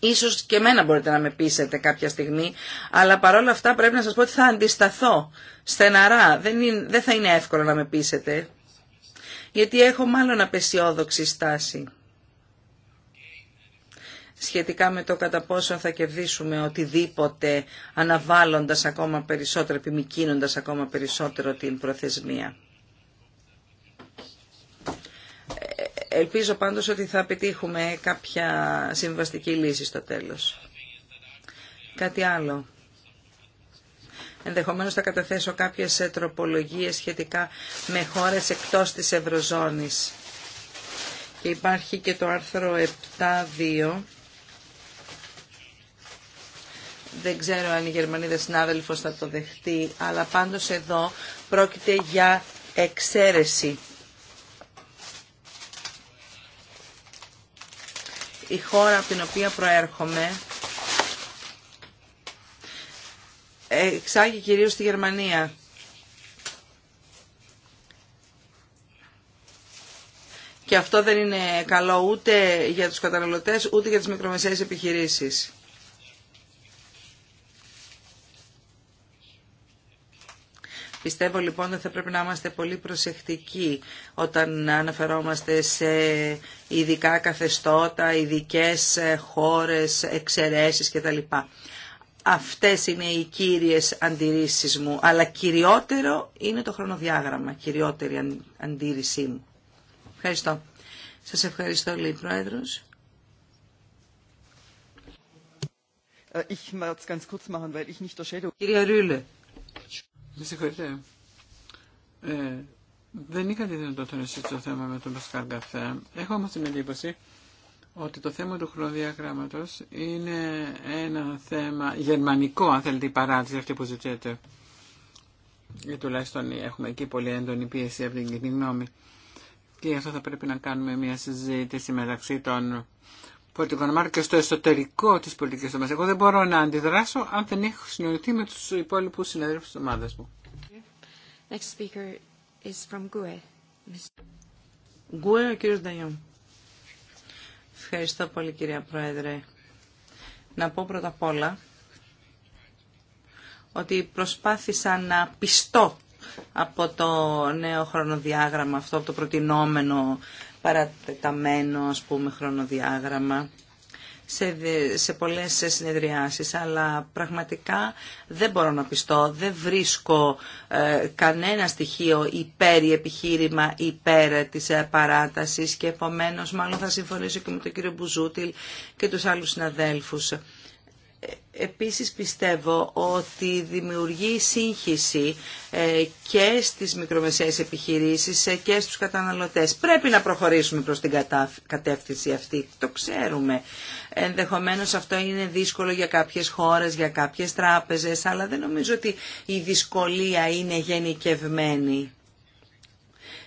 Ίσως και εμένα μπορείτε να με πείσετε κάποια στιγμή, αλλά παρόλα αυτά πρέπει να σας πω ότι θα αντισταθώ στεναρά. Δεν, δεν θα είναι εύκολο να με πείσετε, γιατί έχω μάλλον απεσιόδοξη στάση σχετικά με το κατά πόσο θα κερδίσουμε οτιδήποτε αναβάλλοντας ακόμα περισσότερο, επιμικίνοντας ακόμα περισσότερο την προθεσμία. Ελπίζω πάντως ότι θα πετύχουμε κάποια συμβαστική λύση στο τέλος. Κάτι άλλο. Ενδεχομένως θα καταθέσω κάποιες ε, τροπολογίες σχετικά με χώρες εκτός της Ευρωζώνης. Και υπάρχει και το άρθρο 7.2. Δεν ξέρω αν η Γερμανίδα συνάδελφος θα το δεχτεί, αλλά πάντως εδώ πρόκειται για εξαίρεση η χώρα από την οποία προέρχομαι εξάγει κυρίως στη Γερμανία. Και αυτό δεν είναι καλό ούτε για τους καταναλωτές, ούτε για τις μικρομεσαίες επιχειρήσεις. Πιστεύω λοιπόν ότι θα πρέπει να είμαστε πολύ προσεκτικοί όταν αναφερόμαστε σε ειδικά καθεστώτα, ειδικέ ε, χώρες, εξαιρεσει κτλ. Αυτές είναι οι κύριες αντιρρήσεις μου, αλλά κυριότερο είναι το χρονοδιάγραμμα, κυριότερη αντίρρησή μου. Ευχαριστώ. Σας ευχαριστώ, λέει Πρόεδρος. Äh, Κύριε Ρούλε, με συγχωρείτε. Ε, δεν είχα τη δυνατότητα να συζητήσω το θέμα με τον Πασκάλ Καφέ. Έχω όμω την εντύπωση ότι το θέμα του χρονοδιαγράμματο είναι ένα θέμα γερμανικό, αν θέλετε, η παράτηση αυτή που ζητιέται. Ε, τουλάχιστον έχουμε εκεί πολύ έντονη πίεση από την κοινή γνώμη. Και γι' αυτό θα πρέπει να κάνουμε μια συζήτηση μεταξύ των πολιτικών και στο εσωτερικό της πολιτικής ομάδας. Εγώ δεν μπορώ να αντιδράσω αν δεν έχω συνοηθεί με τους υπόλοιπους συναδέλφους της ομάδας μου. Next speaker is from Γκουέ, ο κύριος Ευχαριστώ πολύ κυρία Πρόεδρε. Να πω πρώτα απ' όλα ότι προσπάθησα να πιστώ από το νέο χρονοδιάγραμμα αυτό, από το προτινόμενο παρατεταμένο ας πούμε χρονοδιάγραμμα σε, σε πολλές συνεδριάσεις, αλλά πραγματικά δεν μπορώ να πιστώ, δεν βρίσκω ε, κανένα στοιχείο υπέρ ή επιχείρημα υπέρ της ε, και επομένως μάλλον θα συμφωνήσω και με τον κύριο Μπουζούτιλ και τους άλλους συναδέλφους. Επίσης πιστεύω ότι δημιουργεί σύγχυση ε, και στις μικρομεσαίες επιχειρήσεις ε, και στους καταναλωτές. Πρέπει να προχωρήσουμε προς την κατεύθυνση αυτή, το ξέρουμε. Ενδεχομένως αυτό είναι δύσκολο για κάποιες χώρες, για κάποιες τράπεζες, αλλά δεν νομίζω ότι η δυσκολία είναι γενικευμένη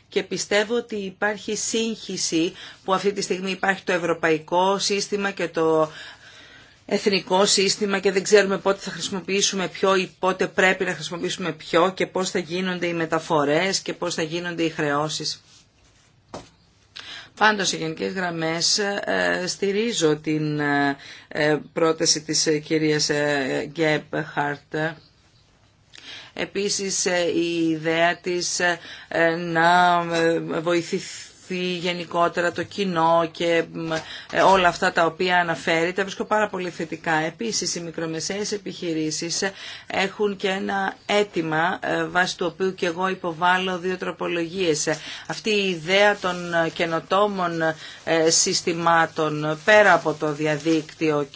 και πιστεύω ότι υπάρχει σύγχυση που αυτή τη στιγμή υπάρχει το ευρωπαϊκό σύστημα και το εθνικό σύστημα και δεν ξέρουμε πότε θα χρησιμοποιήσουμε ποιο ή πότε πρέπει να χρησιμοποιήσουμε ποιο και πώς θα γίνονται οι μεταφορές και πώς θα γίνονται οι χρεώσεις. Πάντως, σε γενικές γραμμές, ε, στηρίζω την ε, ε, πρόταση της κυρίας Χάρτ. Επίσης, η ιδέα της να βοηθηθεί γενικότερα το κοινό και ε, όλα αυτά τα οποία αναφέρει, τα βρίσκω πάρα πολύ θετικά. Επίσης, οι μικρομεσαίες επιχειρήσεις έχουν και ένα αίτημα ε, βάσει του οποίου και εγώ υποβάλλω δύο τροπολογίες. Αυτή η ιδέα των καινοτόμων ε, συστημάτων πέρα από το διαδίκτυο,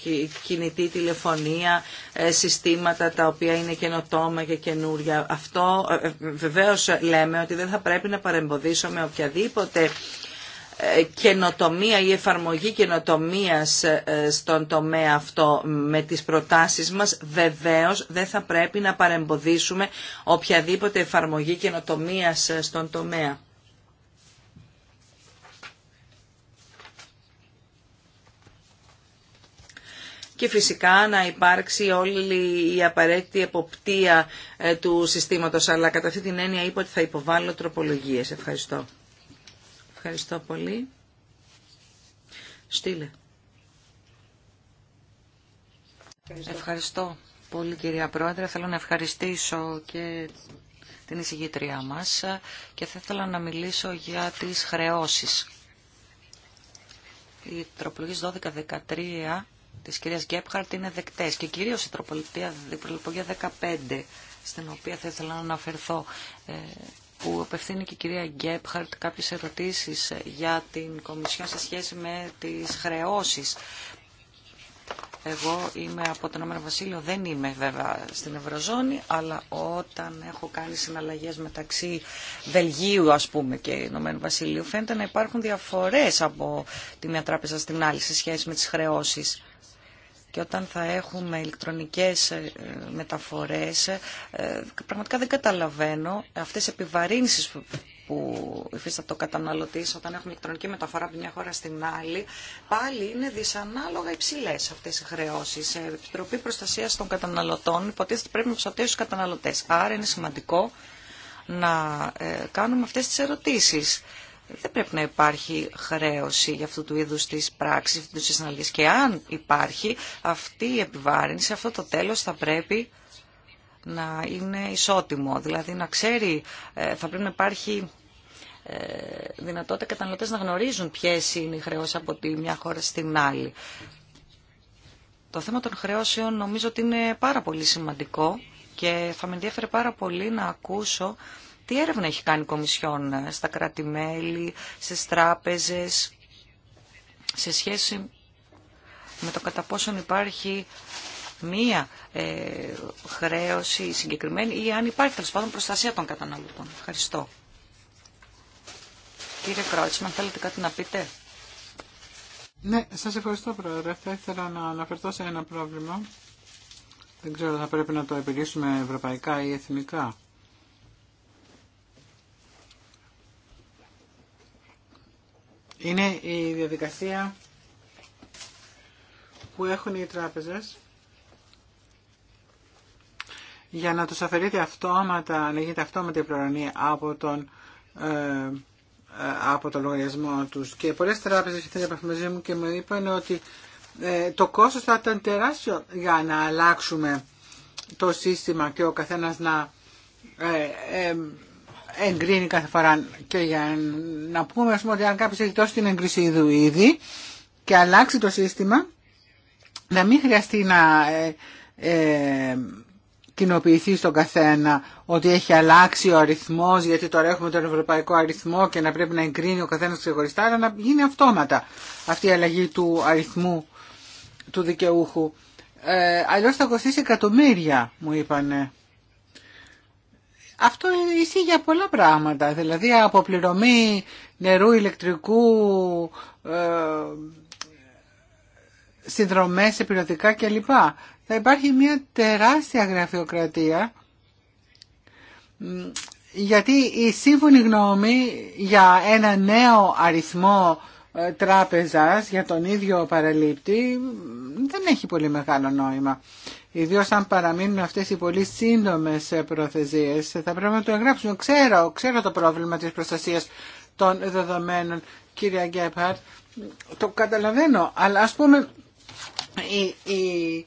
κινητή τηλεφωνία, συστήματα τα οποία είναι καινοτόμα και καινούρια. Αυτό βεβαίως λέμε ότι δεν θα πρέπει να παρεμποδίσουμε οποιαδήποτε ε, καινοτομία ή εφαρμογή καινοτομίας ε, στον τομέα αυτό με τις προτάσεις μας βεβαίως δεν θα πρέπει να παρεμποδίσουμε οποιαδήποτε εφαρμογή καινοτομίας ε, στον τομέα. και φυσικά να υπάρξει όλη η απαραίτητη εποπτεία του συστήματος. Αλλά κατά αυτή την έννοια είπα ότι θα υποβάλω τροπολογίες. Ευχαριστώ. Ευχαριστώ πολύ. Στείλε. Ευχαριστώ. πολύ κυρία Πρόεδρε. Θέλω να ευχαριστήσω και την εισηγήτριά μας και θα ήθελα να μιλήσω για τις χρεώσεις. Οι τροπολογίες 12-13 της κυρίας Γκέπχαρτ είναι δεκτές και κυρίως η τροπολογία 15 στην οποία θα ήθελα να αναφερθώ ε, που απευθύνει και η κυρία Γκέπχαρτ κάποιες ερωτήσεις ε, για την Κομισιόν σε σχέση με τις χρεώσεις. Εγώ είμαι από το Νομένο Βασίλειο, δεν είμαι βέβαια στην Ευρωζώνη, αλλά όταν έχω κάνει συναλλαγές μεταξύ Βελγίου ας πούμε και Νομένου Βασιλείου φαίνεται να υπάρχουν διαφορές από τη μια τράπεζα στην άλλη σε σχέση με τις χρεώσεις και όταν θα έχουμε ηλεκτρονικές ε, μεταφορές, ε, πραγματικά δεν καταλαβαίνω αυτές τις επιβαρύνσεις που υφίσταται ο καταναλωτή όταν έχουμε ηλεκτρονική μεταφορά από μια χώρα στην άλλη, πάλι είναι δυσανάλογα υψηλέ αυτέ οι χρεώσει. Η ε, Επιτροπή Προστασία των Καταναλωτών υποτίθεται πρέπει να προστατεύσει του καταναλωτέ. Άρα είναι σημαντικό να κάνουμε αυτέ τι ερωτήσει δεν πρέπει να υπάρχει χρέωση για αυτού του είδους της πράξης, αυτού της συναλλαγής. Και αν υπάρχει αυτή η επιβάρυνση, αυτό το τέλος θα πρέπει να είναι ισότιμο. Δηλαδή να ξέρει, ε, θα πρέπει να υπάρχει ε, δυνατότητα καταναλωτές να γνωρίζουν ποιες είναι οι χρεώσεις από τη μια χώρα στην άλλη. Το θέμα των χρεώσεων νομίζω ότι είναι πάρα πολύ σημαντικό και θα με ενδιαφέρει πάρα πολύ να ακούσω τι έρευνα έχει κάνει η Κομισιόν ε, στα κράτη-μέλη, στις τράπεζες, σε σχέση με το κατά πόσον υπάρχει μία ε, χρέωση συγκεκριμένη ή αν υπάρχει τέλο πάντων προστασία των καταναλωτών. Ευχαριστώ. Κύριε Κρότσμαν, θέλετε κάτι να πείτε. Ναι, σας ευχαριστώ Πρόεδρε. Θα ήθελα να αναφερθώ σε ένα πρόβλημα. Δεν ξέρω θα πρέπει να το επιλύσουμε ευρωπαϊκά ή εθνικά. είναι η διαδικασία που έχουν οι τράπεζες για να τους αφαιρείται αυτόματα, λέγεται η πληρονή από τον, ε, ε, από τον λογαριασμό τους. Και πολλές τράπεζες ήρθαν επαφή μου και μου είπαν ότι ε, το κόστος θα ήταν τεράστιο για να αλλάξουμε το σύστημα και ο καθένας να εγκρίνει κάθε φορά. Και για να πούμε ας πούμε, ότι αν κάποιος έχει τόσο την έγκριση ήδη και αλλάξει το σύστημα, να μην χρειαστεί να ε, ε, κοινοποιηθεί στον καθένα ότι έχει αλλάξει ο αριθμός, γιατί τώρα έχουμε τον ευρωπαϊκό αριθμό και να πρέπει να εγκρίνει ο καθένας ξεχωριστά, αλλά να γίνει αυτόματα αυτή η αλλαγή του αριθμού του δικαιούχου. Ε, αλλιώς θα κοστίσει εκατομμύρια, μου είπανε. Αυτό ισχύει για πολλά πράγματα, δηλαδή αποπληρωμή νερού, ηλεκτρικού, ε, συνδρομές, επιρροτικά κλπ. Θα υπάρχει μια τεράστια γραφειοκρατία γιατί η σύμφωνη γνώμη για ένα νέο αριθμό ε, τράπεζας για τον ίδιο παραλήπτη δεν έχει πολύ μεγάλο νόημα. Ιδίω αν παραμείνουν αυτέ οι πολύ σύντομε προθεσίε, θα πρέπει να το εγγράψουμε. Ξέρω, ξέρω το πρόβλημα τη προστασία των δεδομένων, κυρία Γκέπαρτ. Το καταλαβαίνω, αλλά ας πούμε οι, η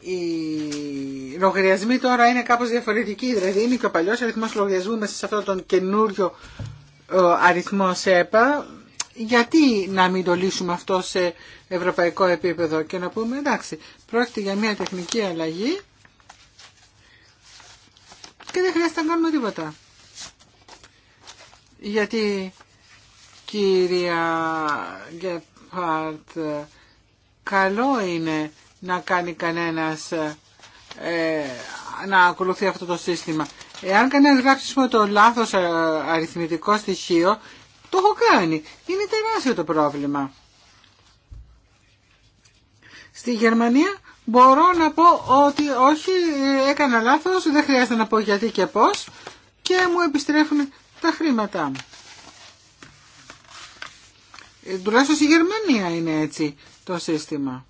οι λογαριασμοί τώρα είναι κάπως διαφορετικοί, δηλαδή είναι και ο παλιός αριθμός λογαριασμού μέσα σε αυτόν τον καινούριο ε, αριθμό ΣΕΠΑ, γιατί να μην το λύσουμε αυτό σε ευρωπαϊκό επίπεδο και να πούμε εντάξει, πρόκειται για μια τεχνική αλλαγή και δεν χρειάζεται να κάνουμε τίποτα. Γιατί κυρία Γκέπαρτ, καλό είναι να κάνει κανένας ε, να ακολουθεί αυτό το σύστημα. Εάν κανένας γράψει το λάθος ε, αριθμητικό στοιχείο, το έχω κάνει. Είναι τεράστιο το πρόβλημα. Στη Γερμανία μπορώ να πω ότι όχι, έκανα λάθος, δεν χρειάζεται να πω γιατί και πώς και μου επιστρέφουν τα χρήματά μου. Ε, τουλάχιστον στη Γερμανία είναι έτσι το σύστημα.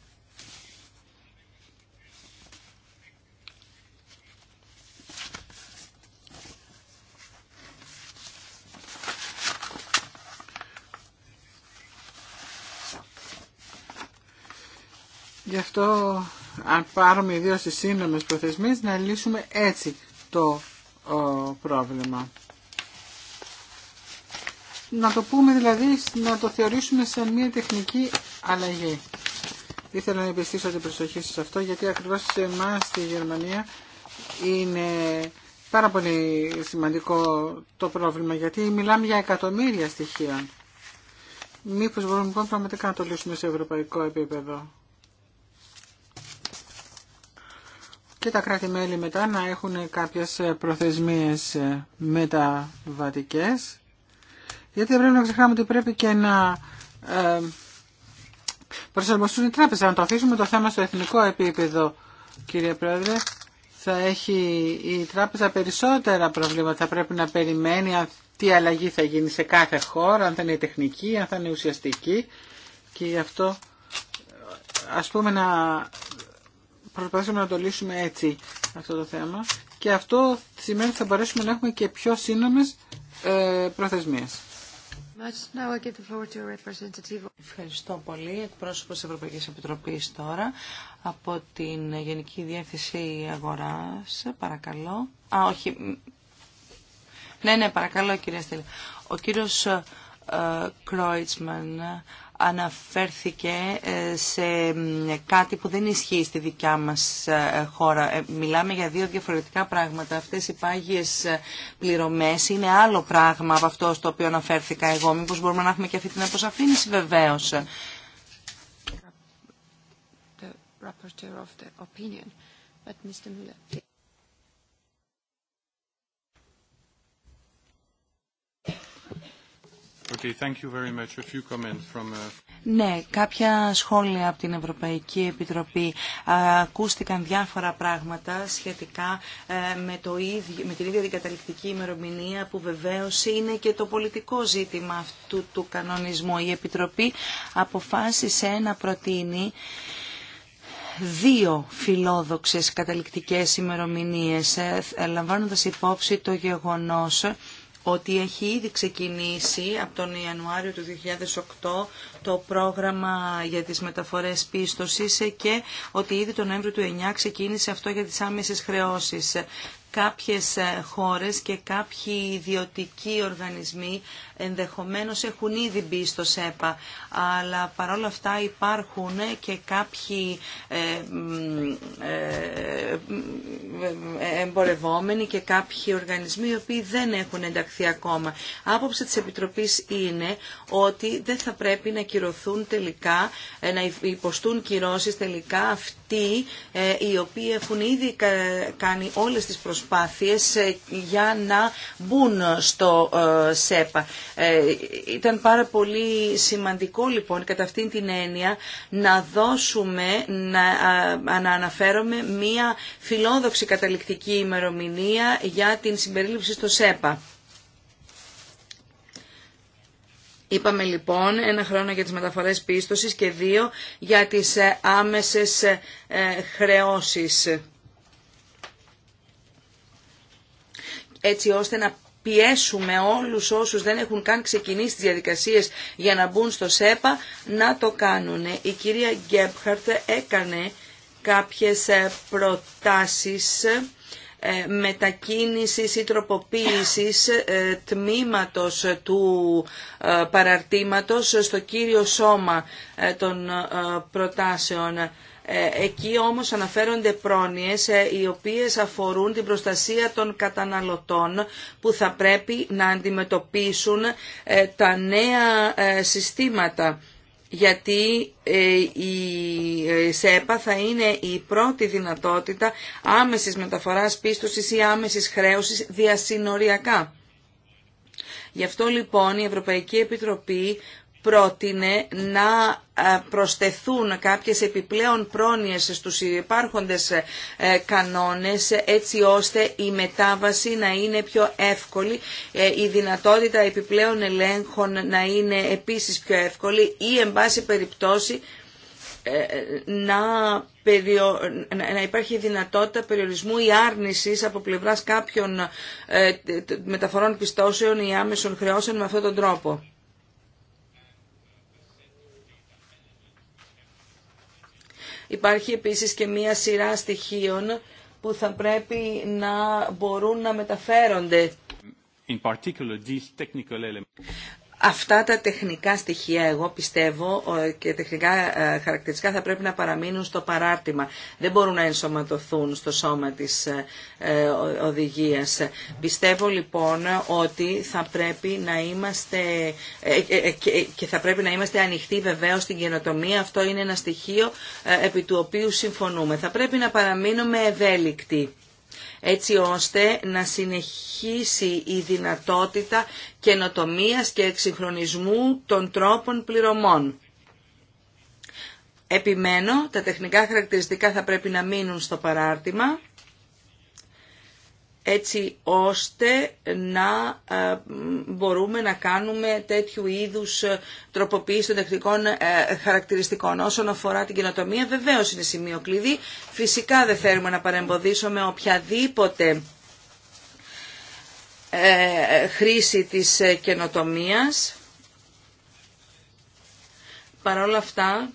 Γι' αυτό αν πάρουμε ιδίως τις σύνομες προθεσμίες να λύσουμε έτσι το πρόβλημα. Να το πούμε δηλαδή, να το θεωρήσουμε σαν μια τεχνική αλλαγή. Ήθελα να επιστήσω την προσοχή σας αυτό γιατί ακριβώς σε εμά στη Γερμανία είναι πάρα πολύ σημαντικό το πρόβλημα γιατί μιλάμε για εκατομμύρια στοιχεία. Μήπως μπορούμε λοιπόν πραγματικά να το λύσουμε σε ευρωπαϊκό επίπεδο. και τα κράτη-μέλη μετά να έχουν κάποιες προθεσμίες μεταβατικές γιατί δεν πρέπει να ξεχνάμε ότι πρέπει και να ε, προσαρμοστούν οι τράπεζες. Αν το αφήσουμε το θέμα στο εθνικό επίπεδο, κύριε Πρόεδρε, θα έχει η τράπεζα περισσότερα προβλήματα. Θα πρέπει να περιμένει τι αλλαγή θα γίνει σε κάθε χώρα, αν θα είναι τεχνική, αν θα είναι ουσιαστική. Και γι' αυτό ας πούμε να προσπαθήσουμε να το λύσουμε έτσι αυτό το θέμα και αυτό σημαίνει ότι θα μπορέσουμε να έχουμε και πιο σύνομε ε, Ευχαριστώ πολύ. Εκπρόσωπος της Ευρωπαϊκής Επιτροπής τώρα από την Γενική Διεύθυνση Αγοράς. Παρακαλώ. Α, όχι. Ναι, ναι, παρακαλώ κυρία Στέλλα. Ο κύριος ε, ε, Κρόιτσμαν αναφέρθηκε ε, σε κάτι που δεν ισχύει στη δικιά μας ε, χώρα. Ε, μιλάμε για δύο διαφορετικά πράγματα. Αυτές οι πάγιες πληρωμές είναι άλλο πράγμα από αυτό στο οποίο αναφέρθηκα εγώ. Μήπως μπορούμε να έχουμε και αυτή την αποσαφήνιση βεβαίως. Ναι, κάποια σχόλια από την Ευρωπαϊκή Επιτροπή. Ακούστηκαν διάφορα πράγματα σχετικά ε, με, το ίδιο, με την ίδια καταληκτική ημερομηνία που βεβαίως είναι και το πολιτικό ζήτημα αυτού του κανονισμού. Η Επιτροπή αποφάσισε να προτείνει δύο φιλόδοξες καταληκτικές ημερομηνίες, ε, λαμβάνοντας υπόψη το γεγονός ότι έχει ήδη ξεκινήσει από τον Ιανουάριο του 2008 το πρόγραμμα για τις μεταφορές πίστοσης και ότι ήδη τον Νοέμβριο του 2009 ξεκίνησε αυτό για τις άμεσες χρεώσεις. Κάποιες ε, χώρες και κάποιοι ιδιωτικοί οργανισμοί ενδεχομένως έχουν ήδη μπει στο ΣΕΠΑ, αλλά παρόλα αυτά υπάρχουν και κάποιοι ε, ε, ε, εμπορευόμενοι και κάποιοι οργανισμοί οι οποίοι δεν έχουν ενταχθεί ακόμα. Άποψη της Επιτροπής είναι ότι δεν θα πρέπει να κυρωθούν τελικά, να υποστούν κυρώσεις τελικά αυτοί οι οποίοι έχουν ήδη κάνει όλες τις προσπάθειες για να μπουν στο ΣΕΠΑ. Ε, ήταν πάρα πολύ σημαντικό λοιπόν κατά αυτήν την έννοια να δώσουμε, να, να αναφέρομαι μία φιλόδοξη καταληκτική ημερομηνία για την συμπερίληψη στο ΣΕΠΑ. Είπαμε λοιπόν ένα χρόνο για τις μεταφορές πίστοσης και δύο για τις ε, άμεσες ε, χρεώσεις. Έτσι ώστε να πιέσουμε όλους όσους δεν έχουν καν ξεκινήσει τις διαδικασίες για να μπουν στο ΣΕΠΑ να το κάνουν. Η κυρία Γκέμπχαρτ έκανε κάποιες ε, προτάσεις ε, μετακίνησης ή τροποποίησης ε, τμήματος του παραρτήματος στο κύριο σώμα των προτάσεων. Ε, εκεί όμως αναφέρονται πρόνοιες ε, οι οποίες αφορούν την προστασία των καταναλωτών που θα πρέπει να αντιμετωπίσουν ε, τα νέα συστήματα γιατί η ΣΕΠΑ θα είναι η πρώτη δυνατότητα άμεσης μεταφοράς πίστοσης ή άμεσης χρέωσης διασυνοριακά. Γι' αυτό λοιπόν η Ευρωπαϊκή Επιτροπή πρότεινε να ε, προσθεθούν κάποιες επιπλέον πρόνοιες στους υπάρχοντες ε, κανόνες έτσι ώστε η μετάβαση να είναι πιο εύκολη, ε, η δυνατότητα επιπλέον ελέγχων να είναι επίσης πιο εύκολη ή εν πάση περιπτώσει να, να υπάρχει δυνατότητα περιορισμού ή άρνησης από πλευράς κάποιων μεταφορών πιστώσεων ή άμεσων χρεώσεων με αυτόν τον τρόπο. Υπάρχει επίσης και μία σειρά στοιχείων που θα πρέπει να μπορούν να μεταφέρονται. Αυτά τα τεχνικά στοιχεία, εγώ πιστεύω, ε, και τεχνικά ε, χαρακτηριστικά θα πρέπει να παραμείνουν στο παράρτημα. Δεν μπορούν να ενσωματωθούν στο σώμα της ε, οδηγίας. Πιστεύω λοιπόν ότι θα πρέπει να είμαστε και θα πρέπει να είμαστε ανοιχτοί βεβαίως στην καινοτομία. Αυτό είναι ένα στοιχείο επί του οποίου συμφωνούμε. Θα πρέπει να παραμείνουμε ευέλικτοι έτσι ώστε να συνεχίσει η δυνατότητα καινοτομίας και εξυγχρονισμού των τρόπων πληρωμών. Επιμένω, τα τεχνικά χαρακτηριστικά θα πρέπει να μείνουν στο παράρτημα έτσι ώστε να ε, μπορούμε να κάνουμε τέτοιου είδους ε, τροποποίηση των τεχνικών ε, χαρακτηριστικών. Όσον αφορά την καινοτομία, βεβαίως είναι σημείο κλειδί. Φυσικά δεν θέλουμε να παρεμποδίσουμε οποιαδήποτε χρήση της καινοτομίας. Παρ' όλα αυτά,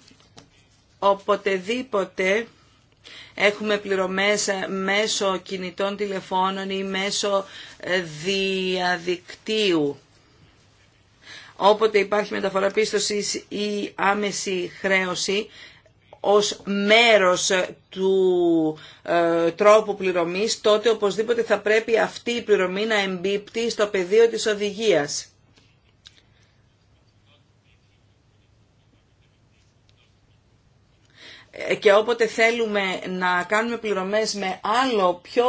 οποτεδήποτε έχουμε πληρωμές ε, μέσω κινητών τηλεφώνων ή μέσω ε, διαδικτύου. Όποτε υπάρχει μεταφορά πίστοσης ή άμεση χρέωση, ως μέρος του ε, τρόπου πληρωμής, τότε οπωσδήποτε θα πρέπει αυτή η πληρωμή να εμπίπτει στο πεδίο της οδηγίας. και όποτε θέλουμε να κάνουμε πληρωμές με άλλο πιο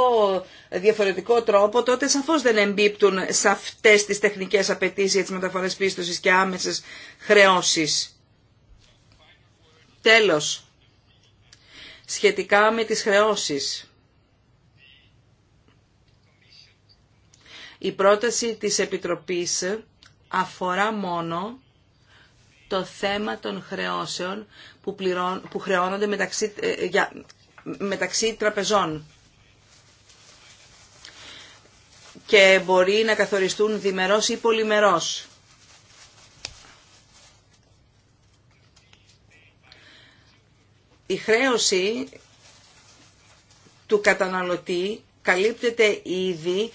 διαφορετικό τρόπο, τότε σαφώς δεν εμπίπτουν σε αυτές τις τεχνικές απαιτήσεις για τις μεταφορές πίστοσης και άμεσες χρεώσεις. Τέλος, σχετικά με τις χρεώσεις. Η πρόταση της Επιτροπής αφορά μόνο το θέμα των χρεώσεων που, πληρών, που χρεώνονται μεταξύ, ε, μεταξύ τραπεζών. Και μπορεί να καθοριστούν διμερός ή πολυμερός. Η χρέωση του καταναλωτή καλύπτεται ήδη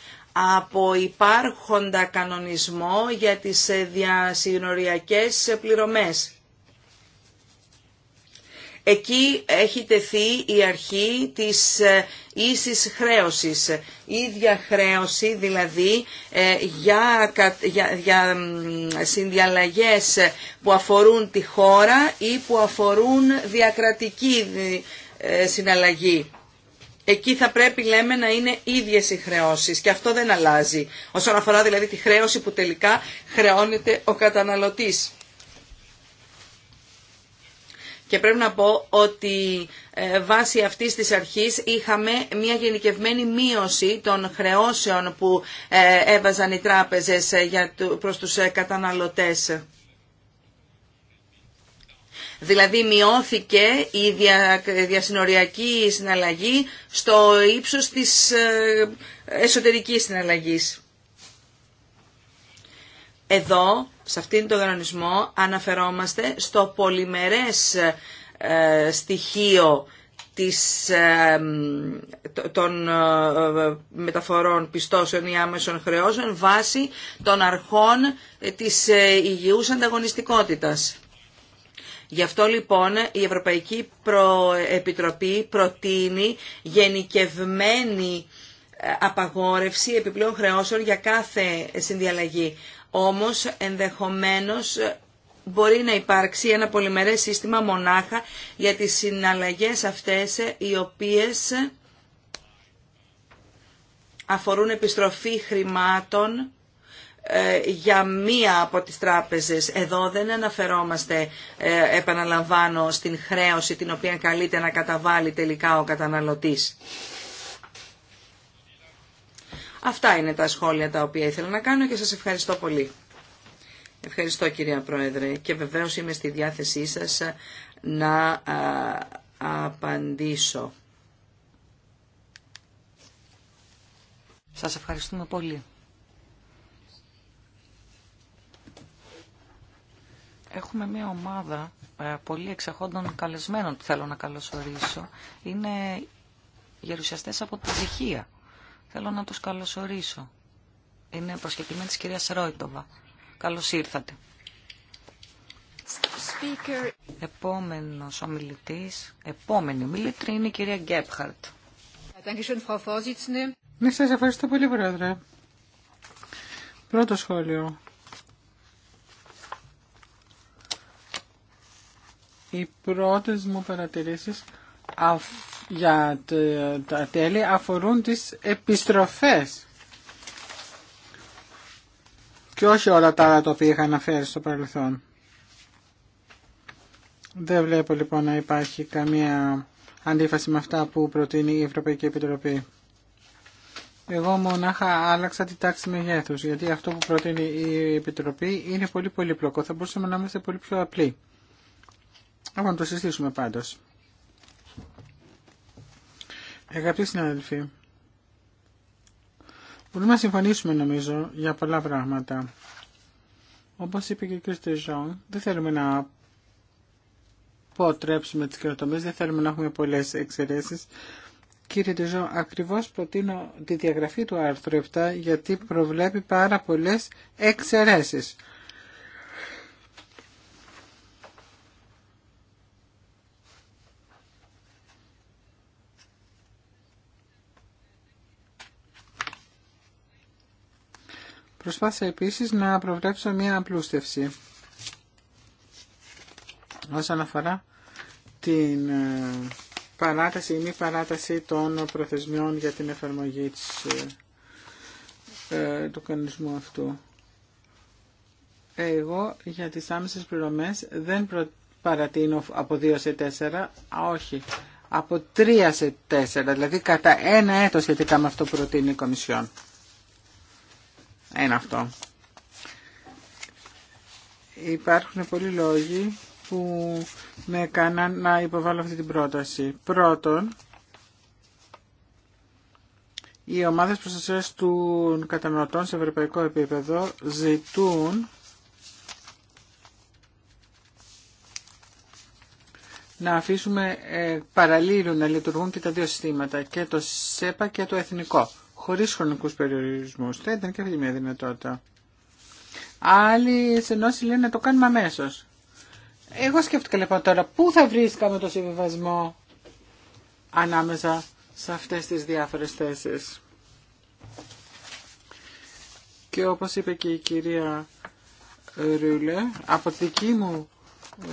από υπάρχοντα κανονισμό για τις διασυνοριακές πληρωμές. Εκεί έχει τεθεί η αρχή της ίσης χρέωσης. Η ίδια χρέωση δηλαδή ε, για, για, για συνδιαλλαγές που αφορούν τη χώρα ή που αφορούν διακρατική ε, συναλλαγή. Εκεί θα πρέπει, λέμε, να είναι ίδιες οι χρεώσεις και αυτό δεν αλλάζει. Όσον αφορά δηλαδή τη χρέωση που τελικά χρεώνεται ο καταναλωτής. Και πρέπει να πω ότι ε, βάσει αυτής της αρχής είχαμε μια γενικευμένη μείωση των χρεώσεων που ε, έβαζαν οι τράπεζες ε, προς τους καταναλωτές. Δηλαδή μειώθηκε η δια, διασυνοριακή συναλλαγή στο ύψος της ε, εσωτερικής συναλλαγής. Εδώ, σε αυτήν τον κανονισμό, αναφερόμαστε στο πολυμερές ε, στοιχείο της, ε, των μεταφορών πιστώσεων ή άμεσων χρεώσεων βάσει των αρχών της υγιούς ανταγωνιστικότητας. Γι' αυτό λοιπόν η Ευρωπαϊκή Επιτροπή προτείνει γενικευμένη ε, απαγόρευση επιπλέον χρεώσεων για κάθε συνδιαλλαγή. Όμως ενδεχομένως ε, μπορεί να υπάρξει ένα πολυμερές σύστημα μονάχα για τις συναλλαγές αυτές ε, οι οποίες αφορούν επιστροφή χρημάτων ε, για μία από τις τράπεζες. Εδώ δεν αναφερόμαστε, ε, επαναλαμβάνω, στην χρέωση την οποία καλείται να καταβάλει τελικά ο καταναλωτής. Αυτά είναι τα σχόλια τα οποία ήθελα να κάνω και σας ευχαριστώ πολύ. Ευχαριστώ κυρία Πρόεδρε και βεβαίως είμαι στη διάθεσή σας να ε, απαντήσω. Σας ευχαριστούμε πολύ. Έχουμε μια ομάδα ε, πολύ εξαχόντων καλεσμένων που θέλω να καλωσορίσω. Είναι γερουσιαστές από την ζυχία Θέλω να τους καλωσορίσω. Είναι προσκεκλημένη της κυρίας Ρόιτοβα. Καλώς ήρθατε. Speaker. Επόμενος ομιλητής, επόμενη μιλήτρια είναι η κυρία Γκέπχαρτ. Ναι, σας ευχαριστώ πολύ, Πρόεδρε. Πρώτο σχόλιο. οι πρώτες μου παρατηρήσεις για τα τέλη αφορούν τις επιστροφές και όχι όλα τα άλλα τα οποία είχα αναφέρει στο παρελθόν. Δεν βλέπω λοιπόν να υπάρχει καμία αντίφαση με αυτά που προτείνει η Ευρωπαϊκή Επιτροπή. Εγώ μονάχα άλλαξα τη τάξη μεγέθους, γιατί αυτό που προτείνει η Επιτροπή είναι πολύ πολύπλοκο. Θα μπορούσαμε να είμαστε πολύ πιο απλοί. Άμα να το συστήσουμε πάντως. Αγαπητοί συνάδελφοι, μπορούμε να συμφωνήσουμε νομίζω για πολλά πράγματα. Όπως είπε και ο κ. Τεζόν, δεν θέλουμε να αποτρέψουμε τις καινοτομίες, δεν θέλουμε να έχουμε πολλές εξαιρέσεις. Κύριε Τεζό, ακριβώς προτείνω τη διαγραφή του άρθρου 7 γιατί προβλέπει πάρα πολλές εξαιρέσεις. Προσπάθησα επίσης να προβλέψω μια απλούστευση όσον αφορά την ε, παράταση ή μη παράταση των προθεσμιών για την εφαρμογή της, ε, ε, του κανονισμού αυτού. Εγώ για τις άμεσες πληρωμές δεν προ... παρατείνω από 2 σε 4, όχι, από 3 σε 4, δηλαδή κατά ένα έτος σχετικά με αυτό που προτείνει η Κομισιόν. Ένα αυτό. Υπάρχουν πολλοί λόγοι που με έκαναν να υποβάλω αυτή την πρόταση. Πρώτον, οι ομάδες προστασίας των καταναλωτών σε ευρωπαϊκό επίπεδο ζητούν να αφήσουμε ε, να λειτουργούν και τα δύο συστήματα, και το ΣΕΠΑ και το εθνικό χωρίς χρονικούς περιορισμούς. Θα ήταν και αυτή μια δυνατότητα. Άλλοι νόση λένε να το κάνουμε αμέσω. Εγώ σκέφτηκα λοιπόν τώρα πού θα βρίσκαμε το συμβιβασμό ανάμεσα σε αυτές τις διάφορες θέσεις. Και όπως είπε και η κυρία Ρούλε, από δική μου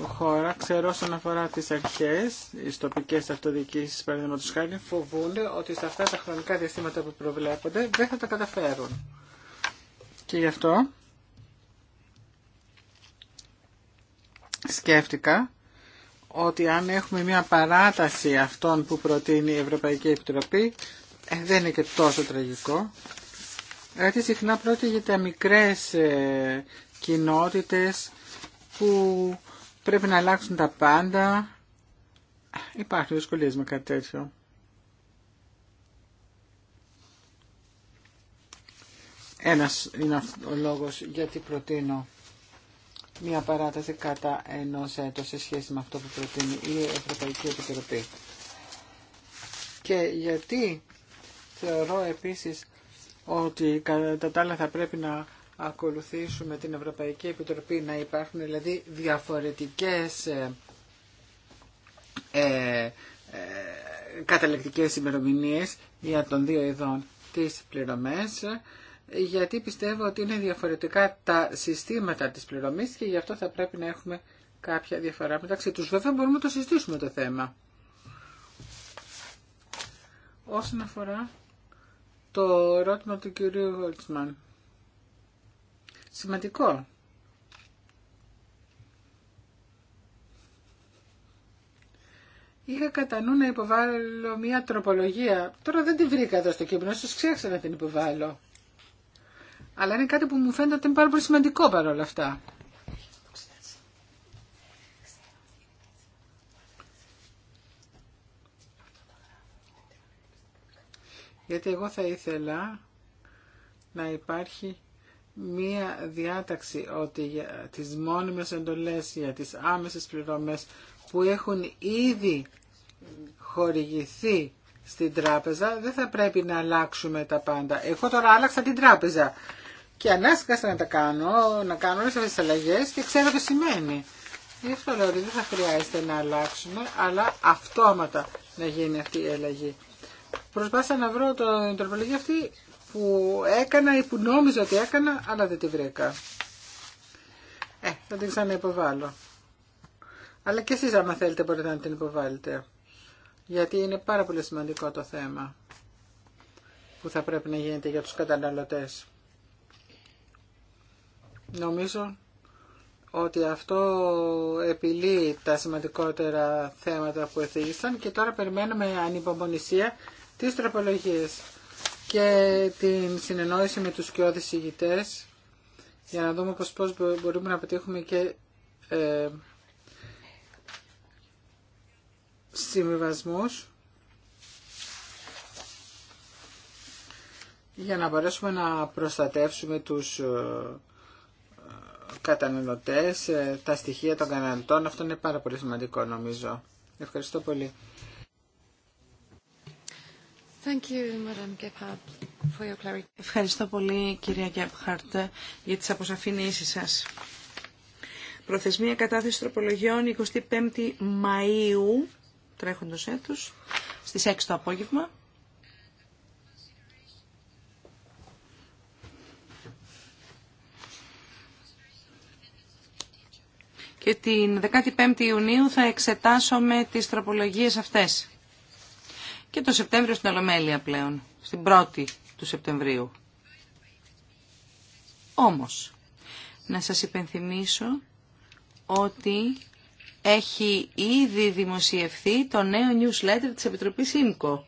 χώρα, ξέρω όσον αφορά τις αρχές, τι τοπικέ αυτοδιοικήσεις παραδείγματος χάρη, φοβούνται ότι σε αυτά τα χρονικά διαστήματα που προβλέπονται δεν θα τα καταφέρουν. Και γι' αυτό σκέφτηκα ότι αν έχουμε μια παράταση αυτών που προτείνει η Ευρωπαϊκή Επιτροπή, ε, δεν είναι και τόσο τραγικό. Γιατί συχνά πρόκειται για τα μικρές ε, κοινότητες που Πρέπει να αλλάξουν τα πάντα. Υπάρχουν δυσκολίε με κάτι τέτοιο. Ένας είναι ο λόγος γιατί προτείνω μια παράταση κατά ενός έτος σε σχέση με αυτό που προτείνει η Ευρωπαϊκή Επιτροπή. Και γιατί θεωρώ επίσης ότι κατά τα άλλα θα πρέπει να ακολουθήσουμε την Ευρωπαϊκή Επιτροπή να υπάρχουν δηλαδή διαφορετικές ε, ε, ε καταλεκτικές ημερομηνίες για τον δύο ειδών της πληρωμές γιατί πιστεύω ότι είναι διαφορετικά τα συστήματα της πληρωμής και γι' αυτό θα πρέπει να έχουμε κάποια διαφορά μεταξύ τους. Βέβαια μπορούμε να το συζητήσουμε το θέμα. Όσον αφορά το ερώτημα του κυρίου Γολτσμαν. Σημαντικό. Είχα κατά νου να υποβάλω μια τροπολογία. Τώρα δεν τη βρήκα εδώ στο κείμενο, σα ξέχασα να την υποβάλω. Αλλά είναι κάτι που μου φαίνεται ότι είναι πάρα πολύ σημαντικό παρόλα αυτά. Γιατί εγώ θα ήθελα να υπάρχει μία διάταξη ότι για τις μόνιμες εντολές, για τις άμεσες πληρωμές που έχουν ήδη χορηγηθεί στην τράπεζα, δεν θα πρέπει να αλλάξουμε τα πάντα. Εγώ τώρα άλλαξα την τράπεζα και ανάσκασα να τα κάνω, να κάνω όλες αυτές τις αλλαγές και ξέρω τι σημαίνει. Γι' αυτό λέω ότι δεν θα χρειάζεται να αλλάξουμε, αλλά αυτόματα να γίνει αυτή η αλλαγή. Προσπάθησα να βρω την τροπολογία αυτή, που έκανα ή που νόμιζα ότι έκανα, αλλά δεν τη βρήκα. Ε, θα την ξαναυποβάλω. Αλλά και εσείς άμα θέλετε μπορείτε να την υποβάλλετε. Γιατί είναι πάρα πολύ σημαντικό το θέμα που θα πρέπει να γίνεται για τους καταναλωτές. Νομίζω ότι αυτό επιλύει τα σημαντικότερα θέματα που εθίγησαν και τώρα περιμένουμε ανυπομονησία τις τροπολογίες και την συνεννόηση με τους κοιόδης ηγητές για να δούμε πως, πώς μπορούμε να πετύχουμε και ε, συμβιβασμούς για να μπορέσουμε να προστατεύσουμε τους ε, καταναλωτές, ε, τα στοιχεία των καταναλωτών. Αυτό είναι πάρα πολύ σημαντικό νομίζω. Ευχαριστώ πολύ. Ευχαριστώ πολύ κυρία Γκέπχαρτ για τις αποσαφηνήσεις σας. Προθεσμία κατάθεση τροπολογιών 25η Μαΐου τρέχοντος έτους στις 6 το απόγευμα. Και την 15η Ιουνίου θα εξετάσουμε τις τροπολογίες αυτές και το Σεπτέμβριο στην Ολομέλεια πλέον, στην 1η του Σεπτεμβρίου. Όμως, να σας υπενθυμίσω ότι έχει ήδη δημοσιευθεί το νέο newsletter της Επιτροπής ΙΜΚΟ.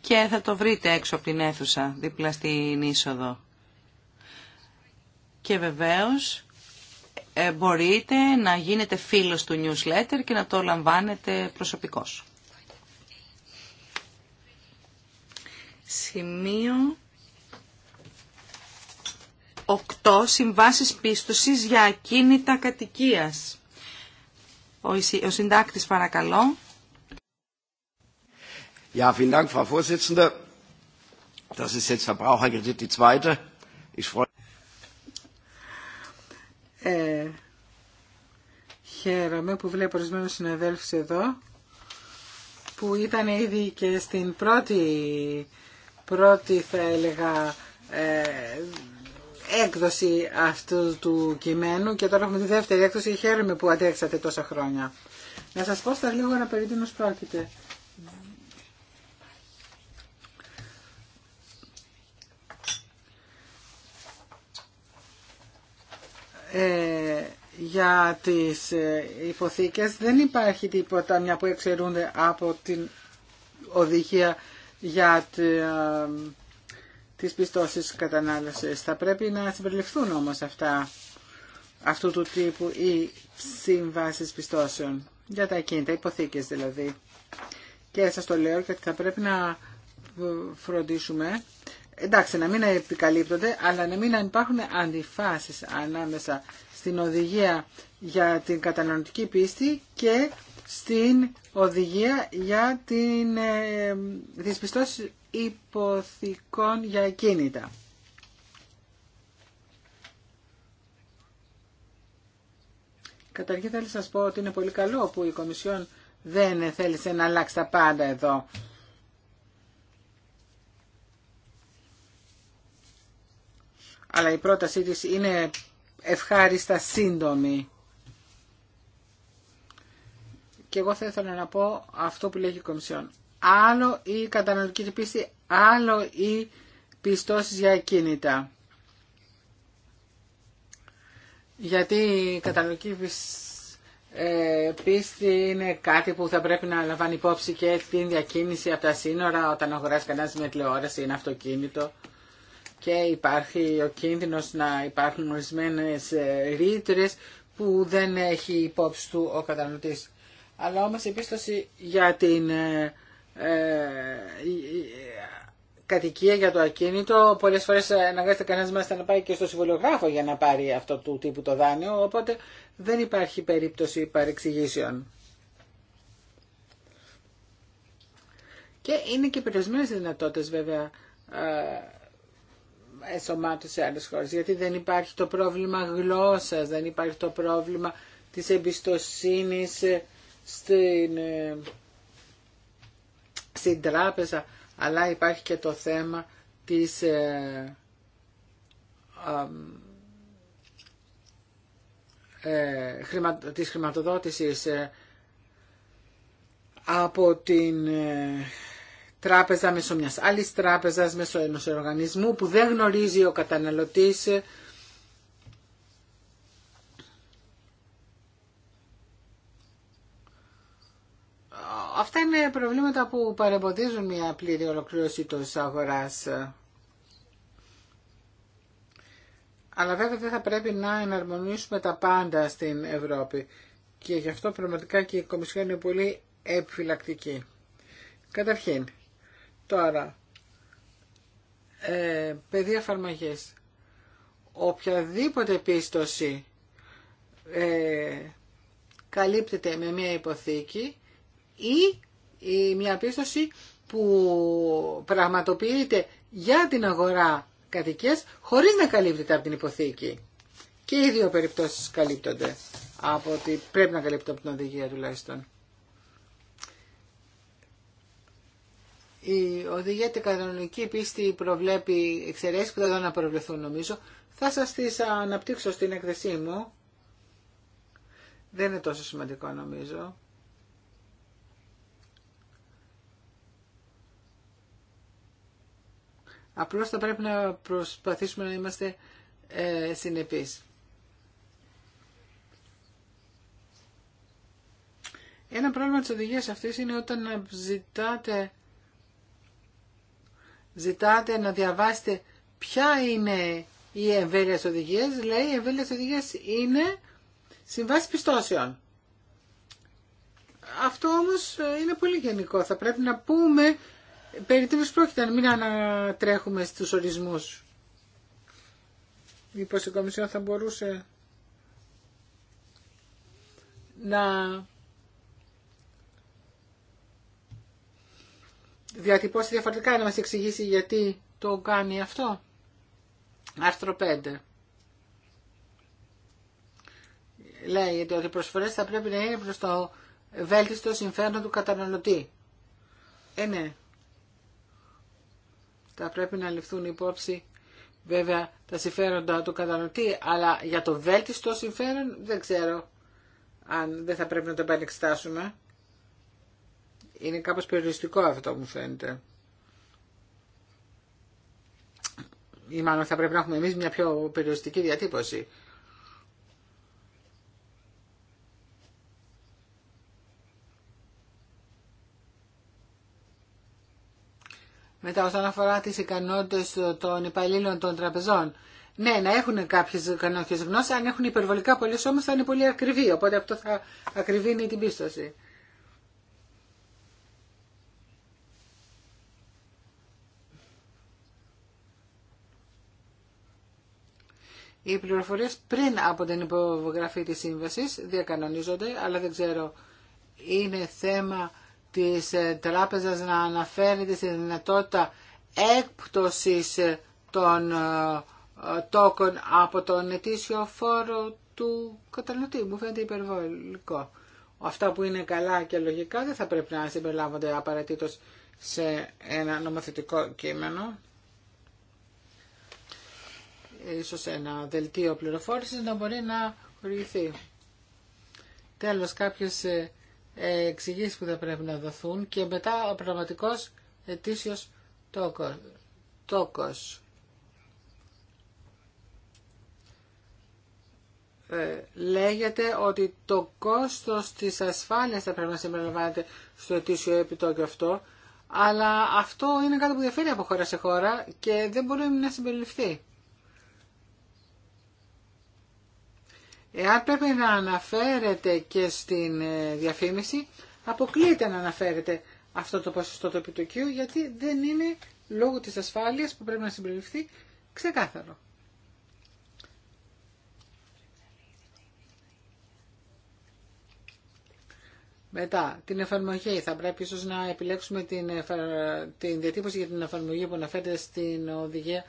Και θα το βρείτε έξω από την αίθουσα, δίπλα στην είσοδο. Και βεβαίως ε, μπορείτε να γίνετε φίλος του newsletter και να το λαμβάνετε προσωπικός. Σημείο 8. Συμβάσεις πίστοσης για ακίνητα κατοικίας. Ο συντάκτης παρακαλώ. Ja, vielen Dank, Frau Vorsitzende. Das ist jetzt Verbraucherkredit die zweite. Ich freue ε, χαίρομαι που βλέπω ορισμένους συναδέλφους εδώ που ήταν ήδη και στην πρώτη, πρώτη θα έλεγα, ε, έκδοση αυτού του κειμένου και τώρα έχουμε τη δεύτερη έκδοση. Χαίρομαι που αντέξατε τόσα χρόνια. Να σας πω στα λίγο να περί πρόκειται. Ε, για τις ε, υποθήκες δεν υπάρχει τίποτα μια που εξαιρούνται από την οδηγία για ε, τις πιστώσεις κατανάλωσης. Θα πρέπει να συμπεριληφθούν όμως αυτά αυτού του τύπου οι συμβάσεις πιστώσεων για τα τα υποθήκες δηλαδή. Και σας το λέω γιατί θα πρέπει να φροντίσουμε εντάξει να μην επικαλύπτονται, αλλά να μην υπάρχουν αντιφάσεις ανάμεσα στην οδηγία για την καταναλωτική πίστη και στην οδηγία για την, ε, υποθηκών για κίνητα. Καταρχήν θέλω να σας πω ότι είναι πολύ καλό που η Κομισιόν δεν θέλησε να αλλάξει τα πάντα εδώ αλλά η πρότασή της είναι ευχάριστα σύντομη. Και εγώ θα ήθελα να πω αυτό που λέγει η Κομισιόν. Άλλο η καταναλωτική πίστη, άλλο η πιστώσεις για τα. Γιατί η καταναλωτική ε, πίστη είναι κάτι που θα πρέπει να λαμβάνει υπόψη και την διακίνηση από τα σύνορα όταν αγοράζει κανένα με τηλεόραση ή ένα αυτοκίνητο και υπάρχει ο κίνδυνος να υπάρχουν ορισμένε ε, ρήτρες που δεν έχει υπόψη του ο καταναλωτής. Αλλά όμως η πίστοση για την ε, ε κατοικία, για το ακίνητο, πολλές φορές αναγκάζεται κανένας μας να πάει και στο συμβολιογράφο για να πάρει αυτό το τύπου το δάνειο, οπότε δεν υπάρχει περίπτωση παρεξηγήσεων. Και είναι και περιορισμένε δυνατότητες βέβαια ε, εσωμάτωση σε άλλες γιατί δεν υπάρχει το πρόβλημα γλώσσα, δεν υπάρχει το πρόβλημα της εμπιστοσύνη στην, ε, στην τράπεζα, αλλά υπάρχει και το θέμα της ε, ε της χρηματοδότησης ε, από την τράπεζα, μέσω μιας άλλη τράπεζα μέσω ενός οργανισμού που δεν γνωρίζει ο καταναλωτή. Αυτά είναι προβλήματα που παρεμποδίζουν μια πλήρη ολοκλήρωση της αγοράς. Αλλά βέβαια δεν θα πρέπει να εναρμονίσουμε τα πάντα στην Ευρώπη. Και γι' αυτό πραγματικά και η Κομισιόν είναι πολύ επιφυλακτική. Καταρχήν, Τώρα, ε, παιδεία Οποιαδήποτε πίστοση ε, καλύπτεται με μια υποθήκη ή, ή μια πίστοση που πραγματοποιείται για την αγορά κατοικίας χωρίς να καλύπτεται από την υποθήκη. Και οι δύο περιπτώσεις καλύπτονται από ότι πρέπει να καλύπτω από την οδηγία τουλάχιστον. η οδηγία την κανονική πίστη προβλέπει εξαιρέσεις που δεν θα προβλεφθούν νομίζω. Θα σας τις αναπτύξω στην έκθεσή μου. Δεν είναι τόσο σημαντικό νομίζω. Απλώς θα πρέπει να προσπαθήσουμε να είμαστε ε, συνεπείς. Ένα πρόβλημα της οδηγίας αυτής είναι όταν ζητάτε ζητάτε να διαβάσετε ποια είναι η εμβέλεια οδηγίες, λέει οι εμβέλειες οδηγίες είναι συμβάσεις πιστώσεων. Αυτό όμως ε, είναι πολύ γενικό. Θα πρέπει να πούμε περί τίνος πρόκειται να μην ανατρέχουμε στους ορισμούς. Μήπως η Κομισιόν θα μπορούσε να διατυπώσει διαφορετικά να μας εξηγήσει γιατί το κάνει αυτό. Άρθρο 5. Λέει ότι οι προσφορές θα πρέπει να είναι προς το βέλτιστο συμφέρον του καταναλωτή. Ε, ναι. Θα πρέπει να ληφθούν υπόψη βέβαια τα συμφέροντα του καταναλωτή, αλλά για το βέλτιστο συμφέρον δεν ξέρω αν δεν θα πρέπει να το επανεξετάσουμε είναι κάπως περιοριστικό αυτό μου φαίνεται. Ή μάλλον θα πρέπει να έχουμε εμείς μια πιο περιοριστική διατύπωση. Μετά όσον αφορά τις ικανότητες των υπαλλήλων των τραπεζών. Ναι, να έχουν κάποιες ικανότητες γνώσεις, αν έχουν υπερβολικά πολλές όμως θα είναι πολύ ακριβή, οπότε αυτό θα ακριβίνει την πίστοση. Οι πληροφορίες πριν από την υπογραφή της σύμβασης διακανονίζονται, αλλά δεν ξέρω, είναι θέμα της ε, τράπεζας να αναφέρεται στη δυνατότητα έκπτωσης ε, των ε, τόκων από τον ετήσιο φόρο του καταναλωτή. Μου φαίνεται υπερβολικό. Αυτά που είναι καλά και λογικά δεν θα πρέπει να συμπεριλάβονται απαραίτητο σε ένα νομοθετικό κείμενο ίσως ένα δελτίο πληροφόρησης να μπορεί να χορηγηθεί. Τέλος, κάποιες ε, εξηγήσεις που θα πρέπει να δοθούν και μετά ο πραγματικός ετήσιος τόκος. Ε, λέγεται ότι το κόστος της ασφάλειας θα πρέπει να συμπεριλαμβάνεται στο ετήσιο επιτόκιο αυτό, αλλά αυτό είναι κάτι που διαφέρει από χώρα σε χώρα και δεν μπορεί να συμπεριληφθεί. Εάν πρέπει να αναφέρεται και στην ε, διαφήμιση, αποκλείεται να αναφέρεται αυτό το ποσοστό του επιτοκίου, γιατί δεν είναι λόγω της ασφάλειας που πρέπει να συμπληρωθεί ξεκάθαρο. Μετά, την εφαρμογή. Θα πρέπει ίσως να επιλέξουμε την, την διατύπωση για την εφαρμογή που αναφέρεται στην οδηγία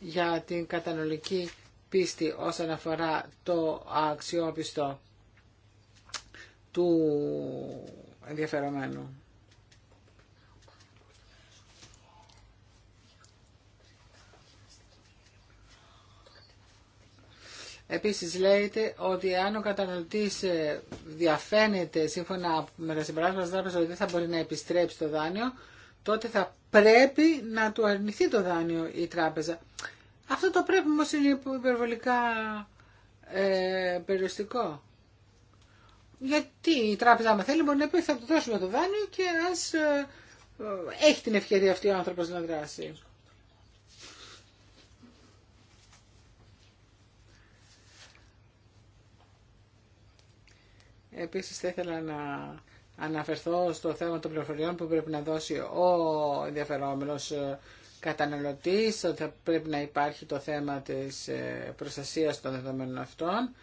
για την κατανολική πίστη όσον αφορά το αξιόπιστο του ενδιαφερομένου. Επίσης λέγεται ότι αν ο καταναλωτής διαφαίνεται σύμφωνα με τα συμπεράσματα της τράπεζας ότι δεν θα μπορεί να επιστρέψει το δάνειο, τότε θα πρέπει να του αρνηθεί το δάνειο η τράπεζα. Αυτό το πρέπει όμως είναι υπερβολικά ε, περιοριστικό. Γιατί η τράπεζα, άμα θέλει, μπορεί να πει θα του δώσουμε το δάνειο και ας ε, ε, έχει την ευκαιρία αυτή ο άνθρωπος να δράσει. Επίσης θα ήθελα να αναφερθώ στο θέμα των πληροφοριών που πρέπει να δώσει ο ενδιαφερόμενος ε, καταναλωτής, ότι θα πρέπει να υπάρχει το θέμα της ε, προστασίας των δεδομένων αυτών,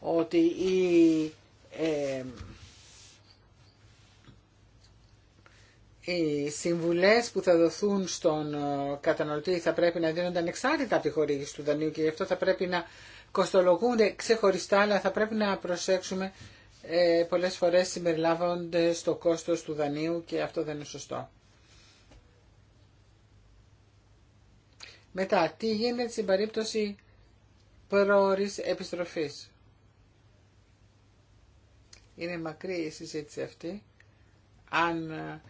ότι η, ε, οι συμβουλές που θα δοθούν στον ε, καταναλωτή θα πρέπει να δίνονται ανεξάρτητα από τη χορήγηση του δανείου και γι' αυτό θα πρέπει να κοστολογούνται ξεχωριστά, αλλά θα πρέπει να προσέξουμε ε, πολλές φορές συμπεριλάβονται στο κόστος του δανείου και αυτό δεν είναι σωστό. Μετά, τι γίνεται στην περίπτωση προώρης επιστροφής. Είναι μακρύ η συζήτηση αυτή. Αν ε,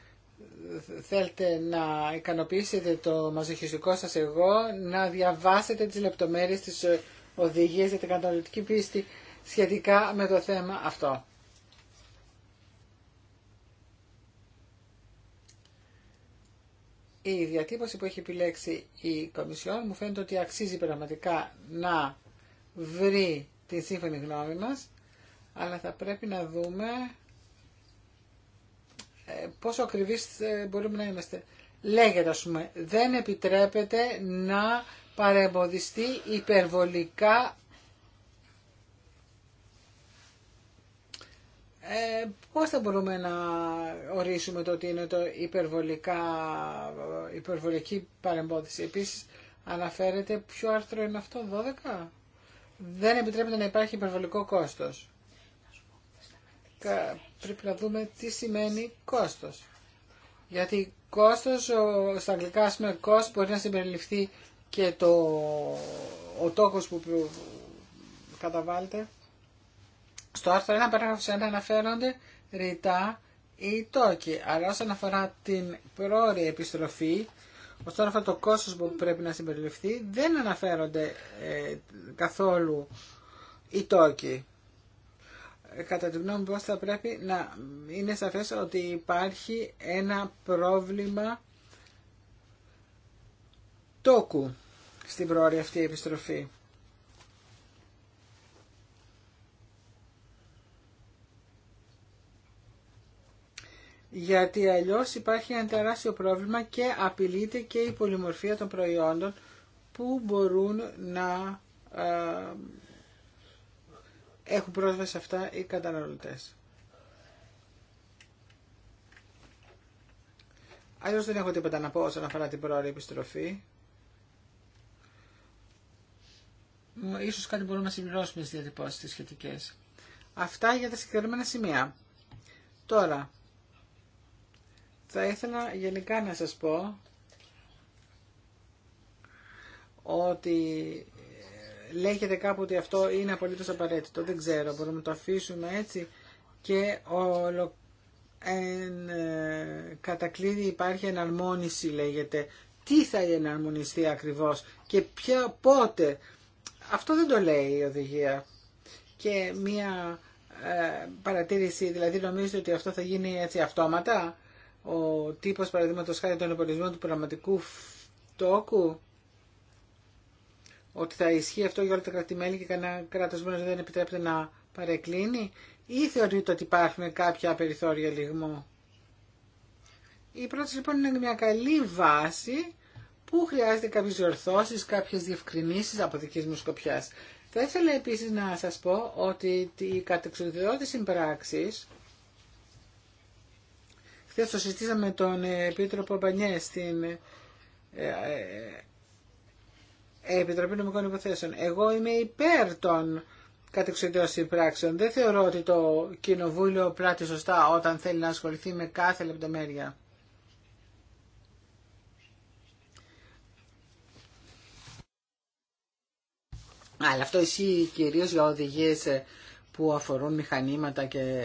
θέλετε να ικανοποιήσετε το μαζοχιστικό σας εγώ, να διαβάσετε τις λεπτομέρειες της ε, οδηγίας για την κατανοητική πίστη σχετικά με το θέμα αυτό. η διατύπωση που έχει επιλέξει η Κομισιόν μου φαίνεται ότι αξίζει πραγματικά να βρει την σύμφωνη γνώμη μας, αλλά θα πρέπει να δούμε ε, πόσο ακριβείς ε, μπορούμε να είμαστε. Λέγεται, ας πούμε, δεν επιτρέπεται να παρεμποδιστεί υπερβολικά ε, πώς θα μπορούμε να ορίσουμε το ότι είναι το υπερβολικά, υπερβολική παρεμπόδιση. Επίσης αναφέρεται ποιο άρθρο είναι αυτό, 12. Δεν επιτρέπεται να υπάρχει υπερβολικό κόστος. Πρέπει να δούμε τι σημαίνει κόστος. Γιατί κόστος, ο, στα αγγλικά ας cost μπορεί να συμπεριληφθεί και το, ο τόκος που καταβάλλεται. Στο άρθρο 1 σε 1 αναφέρονται ρητά ή τόκοι, αλλά όσον αφορά την πρόορη επιστροφή, όσον αφορά το κόστος που πρέπει να συμπεριληφθεί, δεν αναφέρονται ε, καθόλου οι τόκοι. Ε, κατά τη γνώμη μου θα πρέπει να είναι σαφές ότι υπάρχει ένα πρόβλημα τόκου στην πρόορη αυτή επιστροφή. γιατί αλλιώς υπάρχει ένα τεράστιο πρόβλημα και απειλείται και η πολυμορφία των προϊόντων που μπορούν να ε, έχουν πρόσβαση σε αυτά οι καταναλωτές. Αλλιώς δεν έχω τίποτα να πω όσον αφορά την πρώτη επιστροφή. Ίσως κάτι μπορούμε να συμπληρώσουμε στις διατυπώσεις σχετικές. Αυτά για τα συγκεκριμένα σημεία. Τώρα, θα ήθελα γενικά να σας πω ότι ε, λέγεται κάπου ότι αυτό είναι απολύτως απαραίτητο. Δεν ξέρω, μπορούμε να το αφήσουμε έτσι και ολο... εν, ε, κατακλείδη υπάρχει εναρμόνιση λέγεται. Τι θα εναρμονιστεί ακριβώς και ποια, πότε. Αυτό δεν το λέει η οδηγία. Και μία ε, παρατήρηση, δηλαδή νομίζετε ότι αυτό θα γίνει έτσι αυτόματα ο τύπος παραδείγματος χάρη των εμπορισμών του πραγματικού φτώκου ότι θα ισχύει αυτό για όλα τα κρατημέλη και κανένα κράτος μόνος δεν επιτρέπεται να παρεκκλίνει ή θεωρείτε ότι υπάρχουν κάποια περιθώρια λιγμό. Η θεωρειται οτι υπαρχουν λοιπόν, καποια περιθωρια λιγμου η είναι μια καλή βάση που χρειάζεται κάποιε διορθώσει, κάποιες διευκρινήσεις από δική μου σκοπιάς. Θα ήθελα επίσης να σας πω ότι η κατεξοδιώτηση πράξη Χθε το συζητήσαμε με τον ε, Επίτροπο Μπανιέ στην ε, ε, Επιτροπή Νομικών Υποθέσεων. Εγώ είμαι υπέρ των κατεξοδίων συμπράξεων. Δεν θεωρώ ότι το Κοινοβούλιο πράττει σωστά όταν θέλει να ασχοληθεί με κάθε λεπτομέρεια. Αλλά αυτό ισχύει κυρίως για οδηγίες που αφορούν μηχανήματα και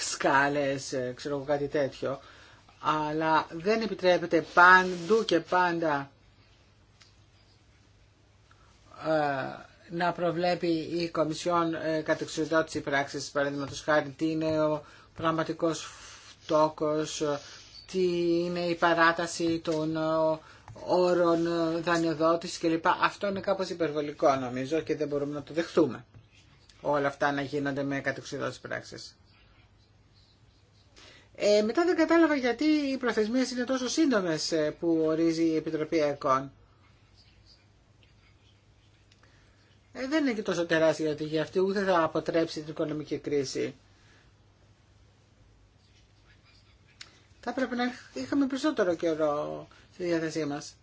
σκάλες, ε, ξέρω εγώ κάτι τέτοιο, αλλά δεν επιτρέπεται παντού και πάντα ε, να προβλέπει η Κομισιόν ε, πράξη, πράξης, παραδείγματος χάρη, τι είναι ο πραγματικός φτώκος, ε, τι είναι η παράταση των όρων δανειοδότησης κλπ. Αυτό είναι κάπως υπερβολικό νομίζω και δεν μπορούμε να το δεχτούμε όλα αυτά να γίνονται με κατεξιδότητες πράξεις. Ε, μετά δεν κατάλαβα γιατί οι προθεσμίες είναι τόσο σύντομες ε, που ορίζει η Επιτροπή ΕΚΟΝ. Ε, δεν είναι και τόσο τεράστια γιατί για αυτή ούτε θα αποτρέψει την οικονομική κρίση. Θα πρέπει να είχαμε περισσότερο καιρό στη διάθεσή μας.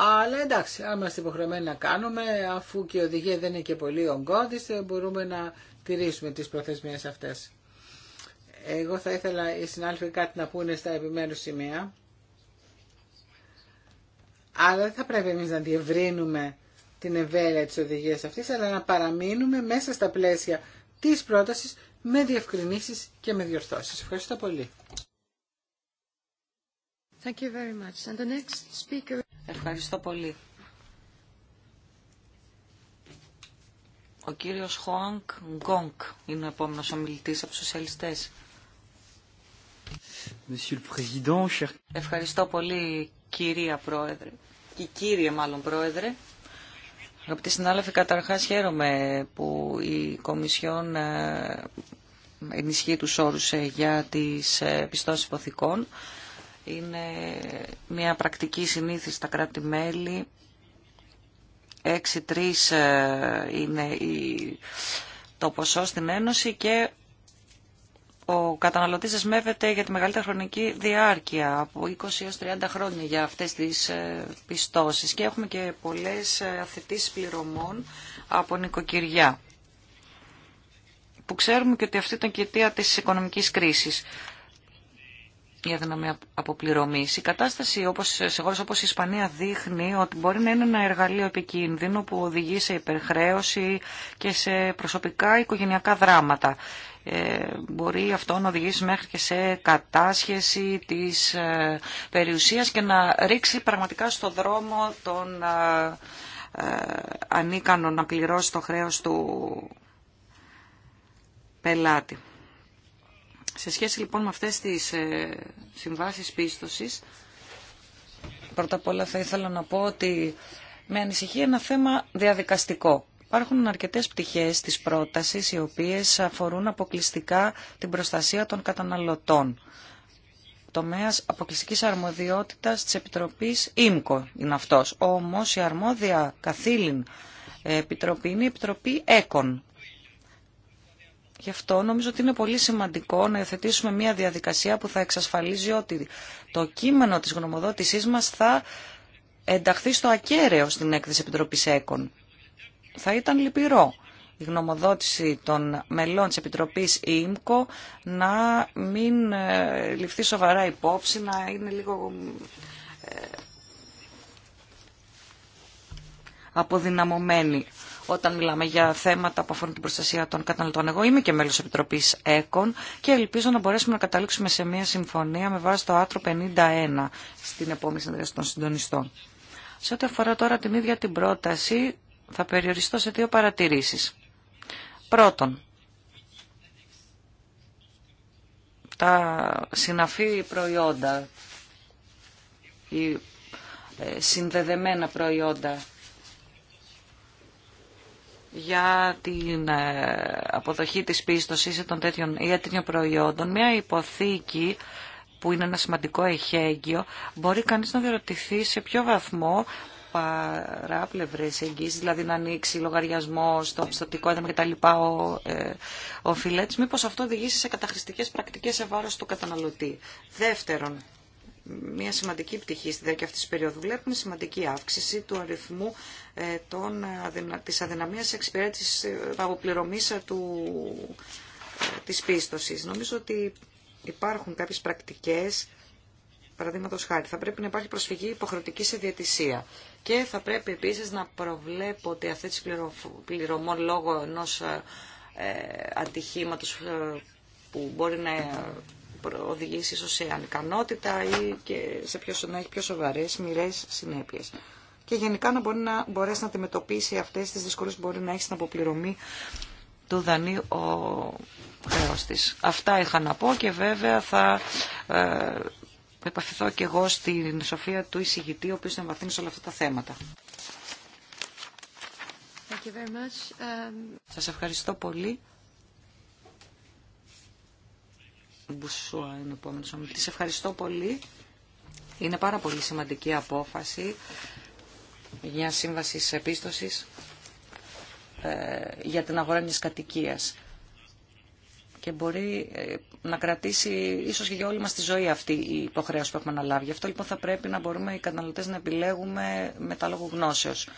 Αλλά εντάξει, αν είμαστε υποχρεωμένοι να κάνουμε, αφού και η οδηγία δεν είναι και πολύ ογκώδης, ε, μπορούμε να τηρήσουμε τις προθεσμίες αυτές. Εγώ θα ήθελα οι συνάλφοι κάτι να πούνε στα επιμέρους σημεία. Αλλά δεν θα πρέπει εμείς να διευρύνουμε την ευέλεια της οδηγίας αυτής, αλλά να παραμείνουμε μέσα στα πλαίσια της πρότασης με διευκρινήσεις και με διορθώσεις. Ευχαριστώ πολύ. Thank you very much. And the next speaker... Ευχαριστώ πολύ. Ο κύριος Χόανκ Γκόγκ είναι ο επόμενος ομιλητής από τους σοσιαλιστές. Ευχαριστώ πολύ κυρία Πρόεδρε και κύριε μάλλον Πρόεδρε. Αγαπητοί συνάδελφοι, καταρχάς χαίρομαι που η Κομισιόν ε, ενισχύει τους όρους ε, για τις ε, πιστώσεις υποθηκών. Είναι μια πρακτική συνήθιση στα κράτη-μέλη. 6-3 ε, είναι το ποσό στην Ένωση και ο καταναλωτής δεσμεύεται για τη μεγαλύτερη χρονική διάρκεια από 20 έως 30 χρόνια για αυτές τις ε, πιστώσεις και έχουμε και πολλές ε, αθετήσεις πληρωμών από νοικοκυριά που ξέρουμε και ότι αυτή ήταν και η αιτία της οικονομικής κρίσης η αδυναμία αποπληρωμή. Η κατάσταση όπως, σε χώρες όπως η Ισπανία δείχνει ότι μπορεί να είναι ένα εργαλείο επικίνδυνο που οδηγεί σε υπερχρέωση και σε προσωπικά οικογενειακά δράματα. Ε, μπορεί αυτό να οδηγήσει μέχρι και σε κατάσχεση της ε, περιουσίας και να ρίξει πραγματικά στο δρόμο τον ε, ε ανίκανο να πληρώσει το χρέος του πελάτη. Σε σχέση λοιπόν με αυτές τις ε, συμβάσεις πίστοσης, πρώτα απ' όλα θα ήθελα να πω ότι με ανησυχεί ένα θέμα διαδικαστικό. Υπάρχουν αρκετές πτυχές της πρότασης οι οποίες αφορούν αποκλειστικά την προστασία των καταναλωτών. Τομέας αποκλειστικής αρμοδιότητας της Επιτροπής ΙΜΚΟ είναι αυτός. Όμως η αρμόδια καθήλυν ε, Επιτροπή είναι η Επιτροπή ΕΚΟΝ. Γι' αυτό νομίζω ότι είναι πολύ σημαντικό να υιοθετήσουμε μια διαδικασία που θα εξασφαλίζει ότι το κείμενο της γνωμοδότησής μας θα ενταχθεί στο ακέραιο στην έκθεση Επιτροπής ΕΚΟΝ. Θα ήταν λυπηρό η γνωμοδότηση των μελών της Επιτροπής ΙΜΚΟ να μην ε, ληφθεί σοβαρά υπόψη, να είναι λίγο ε, αποδυναμωμένη όταν μιλάμε για θέματα που αφορούν την προστασία των καταναλωτών. Εγώ είμαι και μέλο Επιτροπή ΕΚΟΝ και ελπίζω να μπορέσουμε να καταλήξουμε σε μια συμφωνία με βάση το άρθρο 51 στην επόμενη συνεδρίαση των συντονιστών. Σε ό,τι αφορά τώρα την ίδια την πρόταση, θα περιοριστώ σε δύο παρατηρήσεις. Πρώτον, τα συναφή προϊόντα, οι ε, συνδεδεμένα προϊόντα για την ε, αποδοχή της πίστοσης των τέτοιων ιατρινιών προϊόντων, μια υποθήκη που είναι ένα σημαντικό εχέγγυο, μπορεί κανείς να διερωτηθεί σε ποιο βαθμό παράπλευρες εγγύσεις, δηλαδή να ανοίξει λογαριασμό στο πιστοτικό έδωμα κτλ. Ο, ε, ο φιλέτης, μήπως αυτό οδηγήσει σε καταχρηστικές πρακτικές σε βάρος του καταναλωτή. Δεύτερον, μια σημαντική πτυχή στη διάρκεια αυτής της περίοδου βλέπουμε σημαντική αύξηση του αριθμού των, της αδυναμίας εξυπηρέτησης ε, αποπληρωμής ε, του, ε, της πίστοσης. Νομίζω ότι υπάρχουν κάποιες πρακτικές, παραδείγματο χάρη, θα πρέπει να υπάρχει προσφυγή υποχρεωτική σε διαιτησία και θα πρέπει επίσης να προβλέπω ότι αυτές τις πληρωμών λόγω ενός ατυχήματος που μπορεί να οδηγήσει ίσως σε ανικανότητα ή και σε πιο, να έχει πιο σοβαρές μοιρές συνέπειες και γενικά να, μπορεί να μπορέσει να αντιμετωπίσει αυτές τις δυσκολίες που μπορεί να έχει στην αποπληρωμή του δανείου ο χρέο της. Αυτά είχα να πω και βέβαια θα ε, επαφηθώ και εγώ στην σοφία του εισηγητή, ο οποίο θα εμβαθύνει σε όλα αυτά τα θέματα. Thank um, Σας ευχαριστώ πολύ. Μπουσούα Ευχαριστώ πολύ. Είναι πάρα πολύ σημαντική απόφαση μια σύμβαση ε, για την αγορά μια κατοικία. Και μπορεί ε, να κρατήσει ίσως και για όλη μας τη ζωή αυτή η υποχρέωση που έχουμε αναλάβει. Γι' αυτό λοιπόν θα πρέπει να μπορούμε οι καταναλωτέ να επιλέγουμε με τα γνώσεως.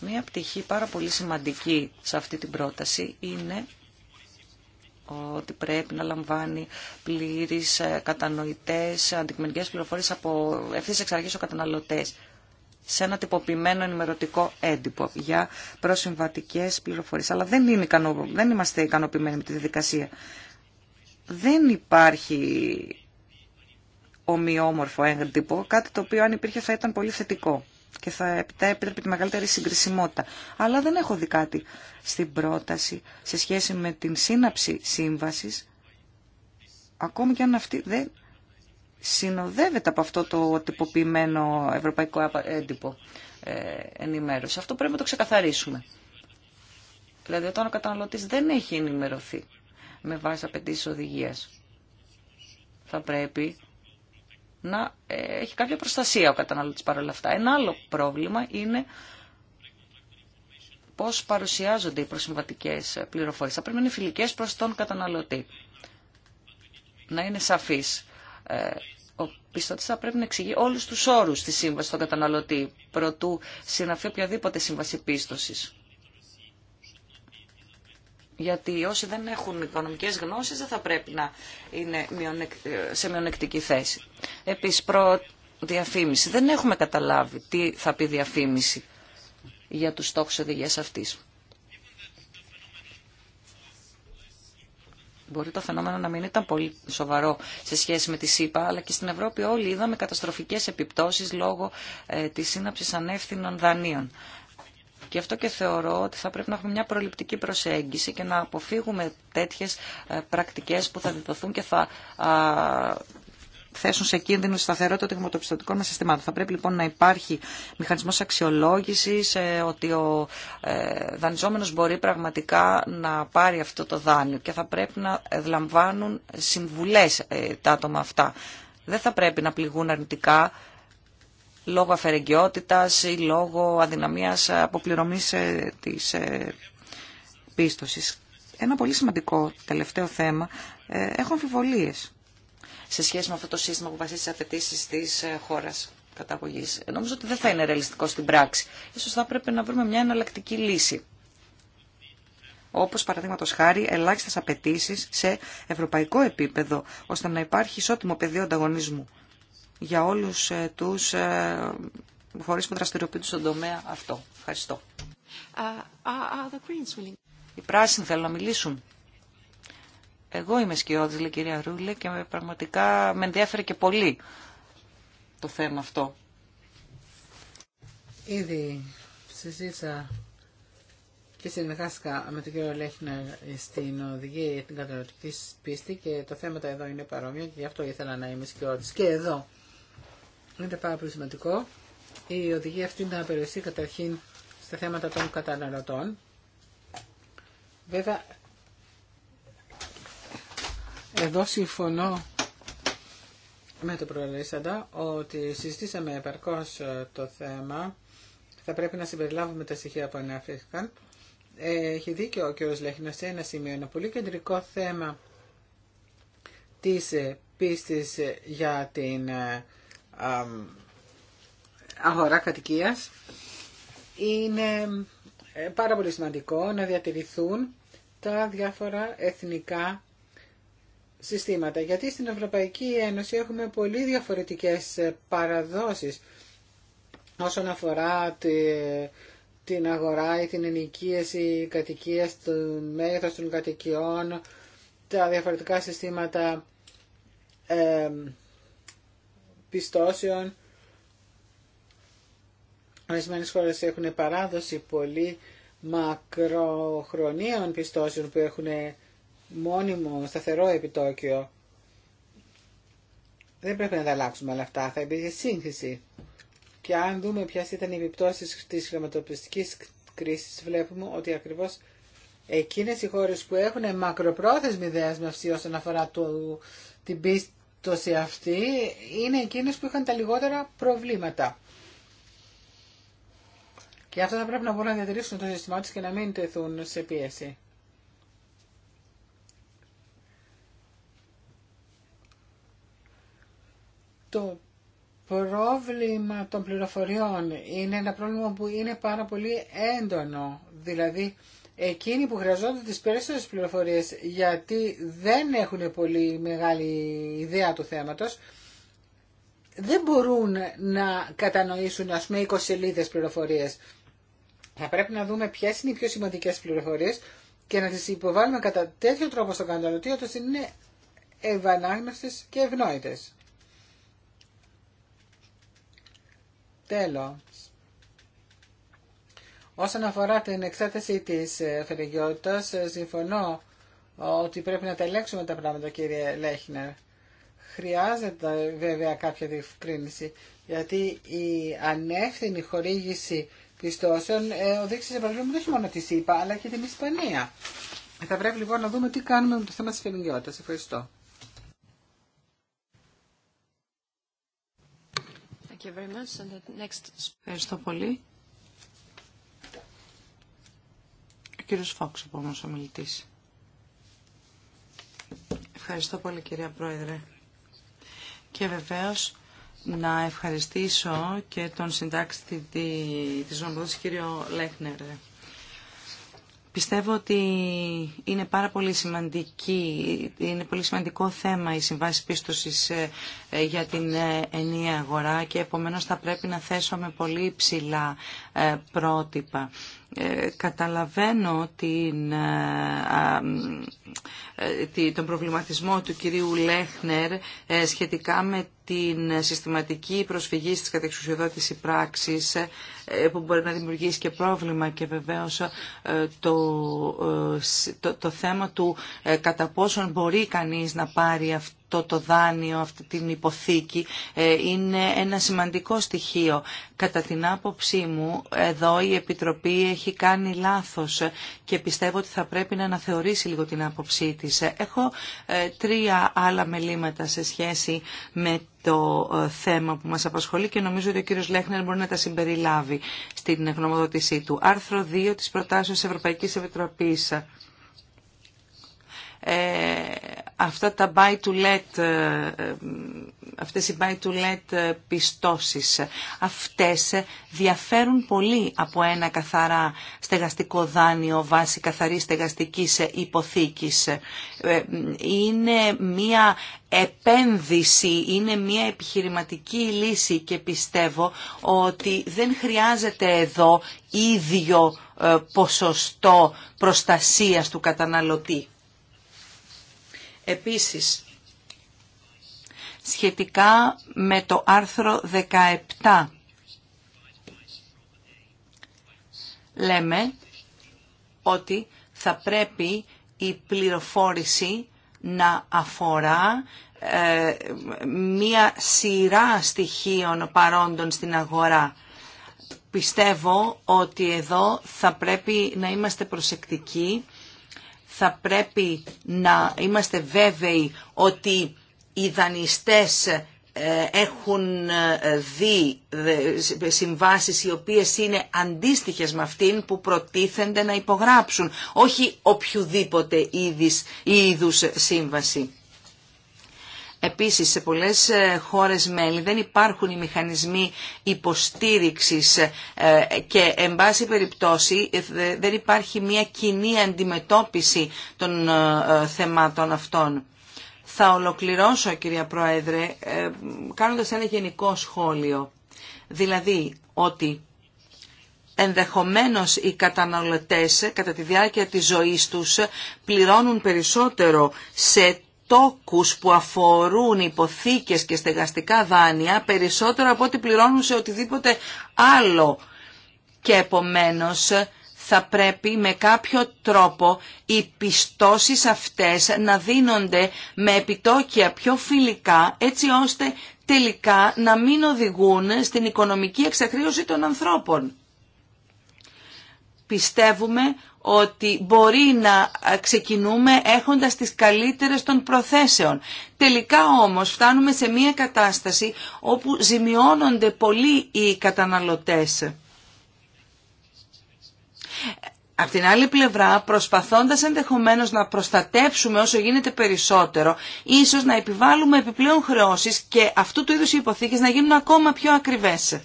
Μία πτυχή πάρα πολύ σημαντική σε αυτή την πρόταση είναι ότι πρέπει να λαμβάνει πλήρεις ε, κατανοητές αντικειμενικές πληροφορίες από ευθύς εξ ο καταναλωτές σε ένα τυποποιημένο ενημερωτικό έντυπο για προσυμβατικές πληροφορίες. Αλλά δεν, είναι ικανο... δεν είμαστε ικανοποιημένοι με τη διαδικασία. Δεν υπάρχει ομοιόμορφο έντυπο, κάτι το οποίο αν υπήρχε θα ήταν πολύ θετικό και θα επιτρέπει τη μεγαλύτερη συγκρισιμότητα. Αλλά δεν έχω δει κάτι στην πρόταση σε σχέση με την σύναψη σύμβασης, ακόμη και αν αυτή δεν συνοδεύεται από αυτό το τυποποιημένο ευρωπαϊκό έντυπο ε, ενημέρωση. Αυτό πρέπει να το ξεκαθαρίσουμε. Δηλαδή όταν ο καταναλωτής δεν έχει ενημερωθεί με βάση απαιτήσει οδηγία. θα πρέπει να ε, έχει κάποια προστασία ο καταναλωτής παρόλα αυτά. Ένα άλλο πρόβλημα είναι πώς παρουσιάζονται οι προσυμβατικές πληροφορίες. Θα πρέπει να είναι φιλικές προς τον καταναλωτή. Να είναι σαφής ε, ο πιστωτή θα πρέπει να εξηγεί όλους τους όρου της σύμβαση στον καταναλωτή, προτού συναφεί οποιαδήποτε σύμβαση πίστοσης. Γιατί όσοι δεν έχουν οικονομικές γνώσεις δεν θα πρέπει να είναι σε μειονεκτική θέση. Επίσης, προ διαφήμιση. Δεν έχουμε καταλάβει τι θα πει διαφήμιση για του στόχους οδηγία αυτή. Μπορεί το φαινόμενο να μην ήταν πολύ σοβαρό σε σχέση με τη ΣΥΠΑ, αλλά και στην Ευρώπη όλοι είδαμε καταστροφικές επιπτώσεις λόγω ε, της σύναψης ανεύθυνων δανείων. Και αυτό και θεωρώ ότι θα πρέπει να έχουμε μια προληπτική προσέγγιση και να αποφύγουμε τέτοιες ε, πρακτικές που θα διδοθούν και θα θέσουν σε κίνδυνο τη σταθερότητα των χρηματοπιστωτικών μα συστημάτων. Θα πρέπει λοιπόν να υπάρχει μηχανισμό αξιολόγηση ε, ότι ο ε, δανειζόμενο μπορεί πραγματικά να πάρει αυτό το δάνειο και θα πρέπει να λαμβάνουν συμβουλέ ε, τα άτομα αυτά. Δεν θα πρέπει να πληγούν αρνητικά λόγω αφαιρεγκαιότητας ή λόγω αδυναμίας αποπληρωμής της πίστοσης. Ένα πολύ σημαντικό τελευταίο θέμα. Έχω αμφιβολίες σε σχέση με αυτό το σύστημα που βασίζεται στι απαιτήσει τη ε, χώρα καταγωγή. Νομίζω ότι δεν θα είναι ρεαλιστικό στην πράξη. Σω θα πρέπει να βρούμε μια εναλλακτική λύση. Όπω παραδείγματο χάρη ελάχιστε απαιτήσει σε ευρωπαϊκό επίπεδο, ώστε να υπάρχει ισότιμο πεδίο ανταγωνισμού για όλου ε, του ε, φορεί που δραστηριοποιούνται στον τομέα αυτό. Ευχαριστώ. Uh, the Οι πράσινοι θέλουν να μιλήσουν. Εγώ είμαι σκιώδης, λέει κυρία Ρούλε, και με, πραγματικά με ενδιαφέρει και πολύ το θέμα αυτό. Ήδη συζήτησα και συνεργάστηκα με τον κύριο Λέχνερ στην οδηγία για την καταναλωτική πίστη και το θέμα εδώ είναι παρόμοια και γι' αυτό ήθελα να είμαι σκιώδης. Και εδώ είναι πάρα πολύ σημαντικό η οδηγία αυτή να περιοριστεί καταρχήν στα θέματα των καταναλωτών. Βέβαια εδώ συμφωνώ με τον προελίσαντα ότι συζητήσαμε επαρκώς ε, το θέμα. Θα πρέπει να συμπεριλάβουμε τα στοιχεία που αναφέρθηκαν. Ε, έχει δίκιο ο κ. Λέχνα σε ένα σημείο, ένα πολύ κεντρικό θέμα της ε, πίστης για την αγορά κατοικίας. Είναι πάρα πολύ σημαντικό να διατηρηθούν τα διάφορα εθνικά συστήματα. Γιατί στην Ευρωπαϊκή Ένωση έχουμε πολύ διαφορετικές παραδόσεις όσον αφορά την αγορά ή την ενοικίαση κατοικία, το μέγεθος των κατοικιών, τα διαφορετικά συστήματα ε, πιστώσεων. Ορισμένες χώρες έχουν παράδοση πολύ μακροχρονίων πιστώσεων που έχουν μόνιμο, σταθερό επιτόκιο. Δεν πρέπει να τα αλλάξουμε όλα αυτά, θα υπήρχε σύγχυση. Και αν δούμε ποιε ήταν οι επιπτώσει τη χρηματοπιστική κρίση, βλέπουμε ότι ακριβώ εκείνε οι χώρε που έχουν μακροπρόθεσμη δέσμευση όσον αφορά το, την πίστοση αυτή, είναι εκείνε που είχαν τα λιγότερα προβλήματα. Και αυτό θα πρέπει να μπορούν να διατηρήσουν το σύστημά του και να μην τεθούν σε πίεση. Το πρόβλημα των πληροφοριών είναι ένα πρόβλημα που είναι πάρα πολύ έντονο. Δηλαδή, εκείνοι που χρειαζόνται τις περισσότερες πληροφορίες γιατί δεν έχουν πολύ μεγάλη ιδέα του θέματος, δεν μπορούν να κατανοήσουν, ας πούμε, 20 σελίδες πληροφορίες. Θα πρέπει να δούμε ποιες είναι οι πιο σημαντικές πληροφορίες και να τις υποβάλουμε κατά τέτοιο τρόπο στον καταναλωτή, ώστε είναι ευανάγνωστες και ευνόητες. Τέλο. Όσον αφορά την εξέταση της ε, φερεγιότητας, ε, συμφωνώ ε, ότι πρέπει να τα τα πράγματα, κύριε Λέχνερ. Χρειάζεται βέβαια κάποια διευκρίνηση, γιατί η ανεύθυνη χορήγηση πιστώσεων ε, οδήγησε σε προβλήματα όχι μόνο τη ΣΥΠΑ, ΕΕ, αλλά και την Ισπανία. Θα πρέπει λοιπόν να δούμε τι κάνουμε με το θέμα της φερεγιότητας. Ευχαριστώ. you very much. next... Ευχαριστώ πολύ. Ο κύριος Φόξ, επόμενος ομιλητής. Ευχαριστώ πολύ κυρία Πρόεδρε. Και βεβαίως να ευχαριστήσω και τον τη της νομοδότησης κύριο Λέχνερ. Πιστεύω ότι είναι πάρα πολύ σημαντική, είναι πολύ σημαντικό θέμα η συμβάση πίστοσης ε, ε, για την ε, ενία αγορά και επομένως θα πρέπει να θέσουμε πολύ ψηλά ε, πρότυπα. Ε, καταλαβαίνω την, ε, τον προβληματισμό του κυρίου Λέχνερ σχετικά με την συστηματική προσφυγή στις κατεξουσιοδότηση πράξης που μπορεί να δημιουργήσει και πρόβλημα και βεβαίως το, το, το θέμα του κατά πόσον μπορεί κανείς να πάρει αυτή αυτό το δάνειο, αυτή την υποθήκη ε, είναι ένα σημαντικό στοιχείο. Κατά την άποψή μου, εδώ η Επιτροπή έχει κάνει λάθος και πιστεύω ότι θα πρέπει να αναθεωρήσει λίγο την άποψή της. Έχω ε, τρία άλλα μελήματα σε σχέση με το ε, θέμα που μας απασχολεί και νομίζω ότι ο κύριος Λέχνερ μπορεί να τα συμπεριλάβει στην γνωμοδότησή του. Άρθρο 2 της προτάσεως Ευρωπαϊκής Επιτροπής. Ε, αυτά τα buy to let, ε, ε, αυτές οι buy to let ε, πιστώσεις, αυτές διαφέρουν πολύ από ένα καθαρά στεγαστικό δάνειο βάσει καθαρής στεγαστικής υποθήκης. Είναι μία επένδυση, είναι μία επιχειρηματική λύση και πιστεύω ότι δεν χρειάζεται εδώ ίδιο ποσοστό προστασίας του καταναλωτή. Επίσης, σχετικά με το άρθρο 17 λέμε ότι θα πρέπει η πληροφόρηση να αφορά ε, μία σειρά στοιχείων παρόντων στην αγορά. Πιστεύω ότι εδώ θα πρέπει να είμαστε προσεκτικοί θα πρέπει να είμαστε βέβαιοι ότι οι δανειστές ε, έχουν ε, δει ε, συμβάσεις οι οποίες είναι αντίστοιχες με αυτήν που προτίθενται να υπογράψουν, όχι οποιοδήποτε είδους σύμβαση. Επίσης, σε πολλές ε, χώρες μέλη δεν υπάρχουν οι μηχανισμοί υποστήριξης ε, και, εν πάση περιπτώσει, ε, δεν υπάρχει μια κοινή αντιμετώπιση των θεμάτων αυτών. Θα ολοκληρώσω, κυρία Πρόεδρε, κάνοντας ένα γενικό σχόλιο. Δηλαδή, ότι ενδεχομένως οι καταναλωτές κατά τη διάρκεια της ζωής τους πληρώνουν περισσότερο σε τόκους που αφορούν υποθήκες και στεγαστικά δάνεια περισσότερο από ό,τι πληρώνουν σε οτιδήποτε άλλο. Και επομένως θα πρέπει με κάποιο τρόπο οι πιστώσεις αυτές να δίνονται με επιτόκια πιο φιλικά έτσι ώστε τελικά να μην οδηγούν στην οικονομική εξακρίωση των ανθρώπων. Πιστεύουμε ότι μπορεί να ξεκινούμε έχοντας τις καλύτερες των προθέσεων. Τελικά όμως φτάνουμε σε μια κατάσταση όπου ζημιώνονται πολύ οι καταναλωτές. Απ' την άλλη πλευρά, προσπαθώντας ενδεχομένως να προστατεύσουμε όσο γίνεται περισσότερο, ίσως να επιβάλλουμε επιπλέον χρεώσεις και αυτού του είδους οι υποθήκες να γίνουν ακόμα πιο ακριβές.